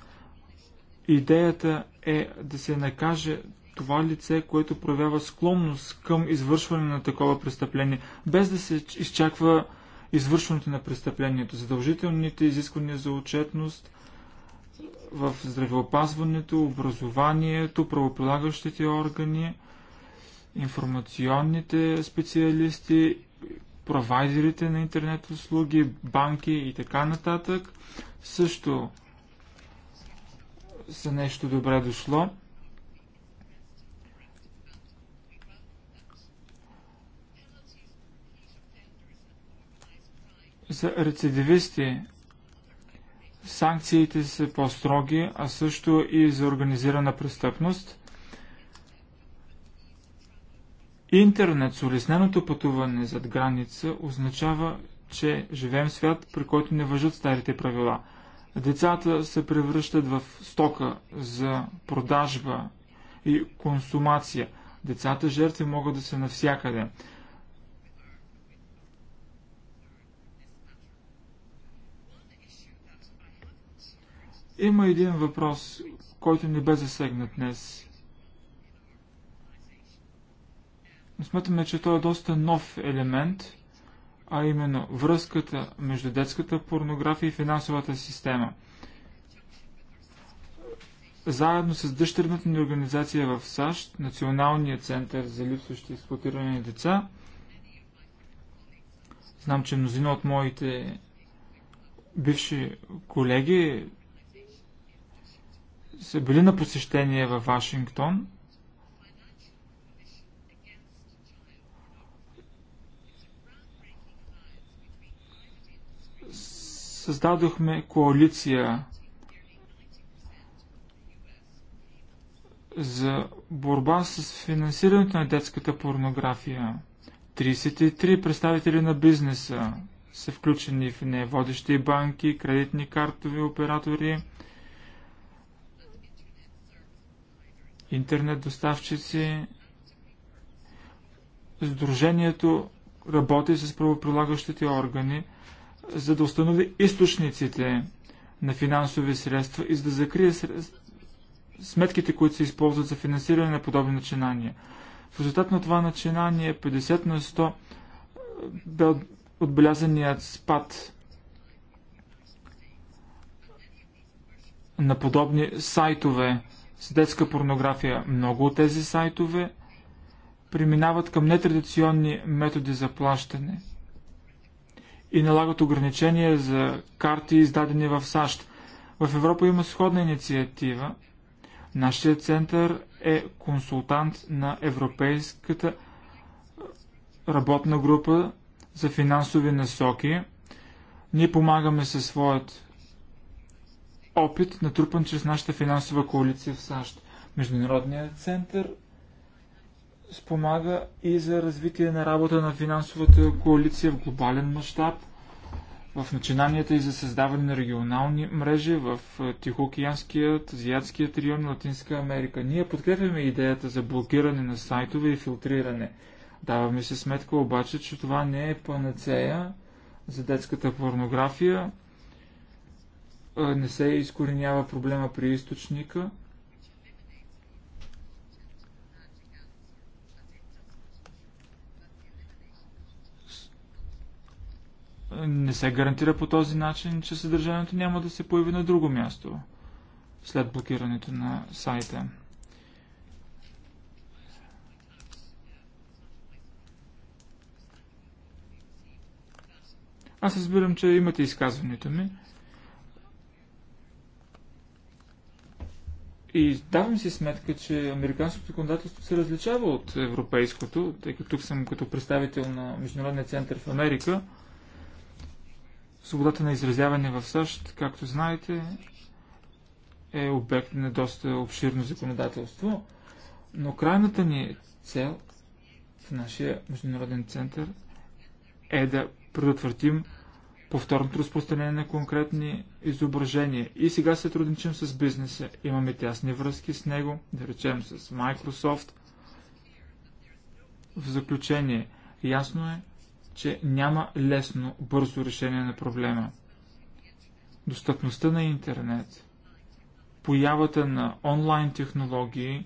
Идеята е да се накаже това лице, което проявява склонност към извършване на такова престъпление, без да се изчаква извършването на престъплението. Задължителните изисквания за отчетност в здравеопазването, образованието, правополагащите органи – информационните специалисти, провайдерите на интернет услуги, банки и така нататък също са нещо добре дошло. За рецидивисти санкциите са по-строги, а също и за организирана престъпност – Интернет с улесненото пътуване зад граница означава, че живеем свят, при който не въжат старите правила. Децата се превръщат в стока за продажба и консумация. Децата жертви могат да са навсякъде. Има един въпрос, който не бе засегнат днес. но смятаме, че той е доста нов елемент, а именно връзката между детската порнография и финансовата система. Заедно с дъщерната ни организация в САЩ, Националния център за липсващи и експлуатирани деца, знам, че мнозина от моите бивши колеги са били на посещение във Вашингтон. създадохме коалиция за борба с финансирането на детската порнография. 33 представители на бизнеса са включени в нея, водещи банки, кредитни картови оператори, интернет доставчици. Сдружението работи с правоприлагащите органи, за да установи източниците на финансови средства и за да закрие средства, сметките, които се използват за финансиране на подобни начинания. В резултат на това начинание 50 на 100 е, бе отбелязаният спад на подобни сайтове с детска порнография. Много от тези сайтове преминават към нетрадиционни методи за плащане – и налагат ограничения за карти, издадени в САЩ. В Европа има сходна инициатива. Нашият център е консултант на Европейската работна група за финансови насоки. Ние помагаме със своят опит, натрупан чрез нашата финансова коалиция в САЩ. Международният център спомага и за развитие на работа на финансовата коалиция в глобален мащаб, в начинанията и за създаване на регионални мрежи в е, Тихоокеанският, Азиатският район Латинска Америка. Ние подкрепяме идеята за блокиране на сайтове и филтриране. Даваме се сметка обаче, че това не е панацея за детската порнография, е, не се изкоренява проблема при източника – не се гарантира по този начин, че съдържанието няма да се появи на друго място след блокирането на сайта. Аз разбирам, че имате изказването ми. И давам си сметка, че американското законодателство се различава от европейското, тъй като тук съм като представител на Международния център в Америка – Свободата на изразяване в САЩ, както знаете, е обект на доста обширно законодателство, но крайната ни цел в нашия международен център е да предотвратим повторното разпространение на конкретни изображения. И сега се трудничим с бизнеса. Имаме тясни връзки с него, да речем с Microsoft. В заключение, ясно е, че няма лесно, бързо решение на проблема. Достъпността на интернет, появата на онлайн технологии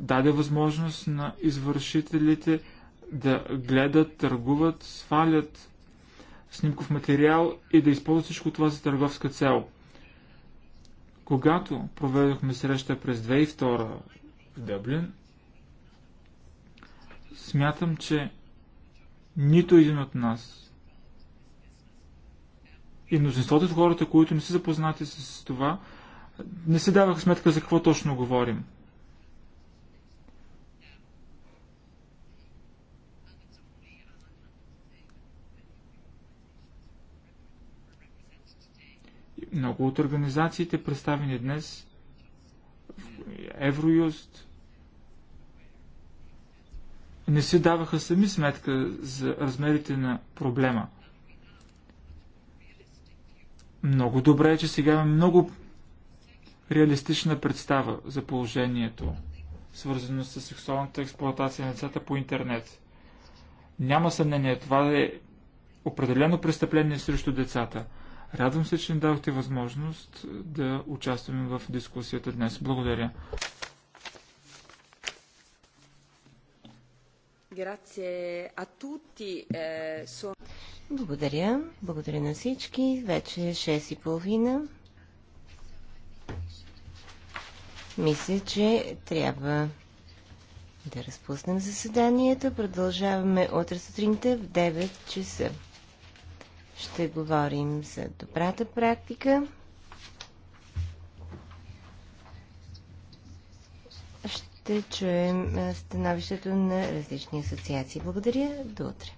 даде възможност на извършителите да гледат, търгуват, свалят снимков материал и да използват всичко това за търговска цел. Когато проведохме среща през 2002 в Дъблин, смятам, че нито един от нас. И мнозинството от хората, които не са запознати с това, не се даваха сметка за какво точно говорим. Много от организациите, представени днес, Евроюст, не си даваха сами сметка за размерите на проблема. Много добре е, че сега имаме много реалистична представа за положението, свързано с сексуалната експлуатация на децата по интернет. Няма съмнение, това е определено престъпление срещу децата. Радвам се, че ни дадохте възможност да участваме в дискусията днес. Благодаря. Eh, Благодаря. Благодаря на всички. Вече е 6 и половина. Мисля, че трябва да разпуснем заседанието. Продължаваме утре сутринта в 9 часа. Ще говорим за добрата практика. ще чуем становището на различни асоциации. Благодаря. До утре.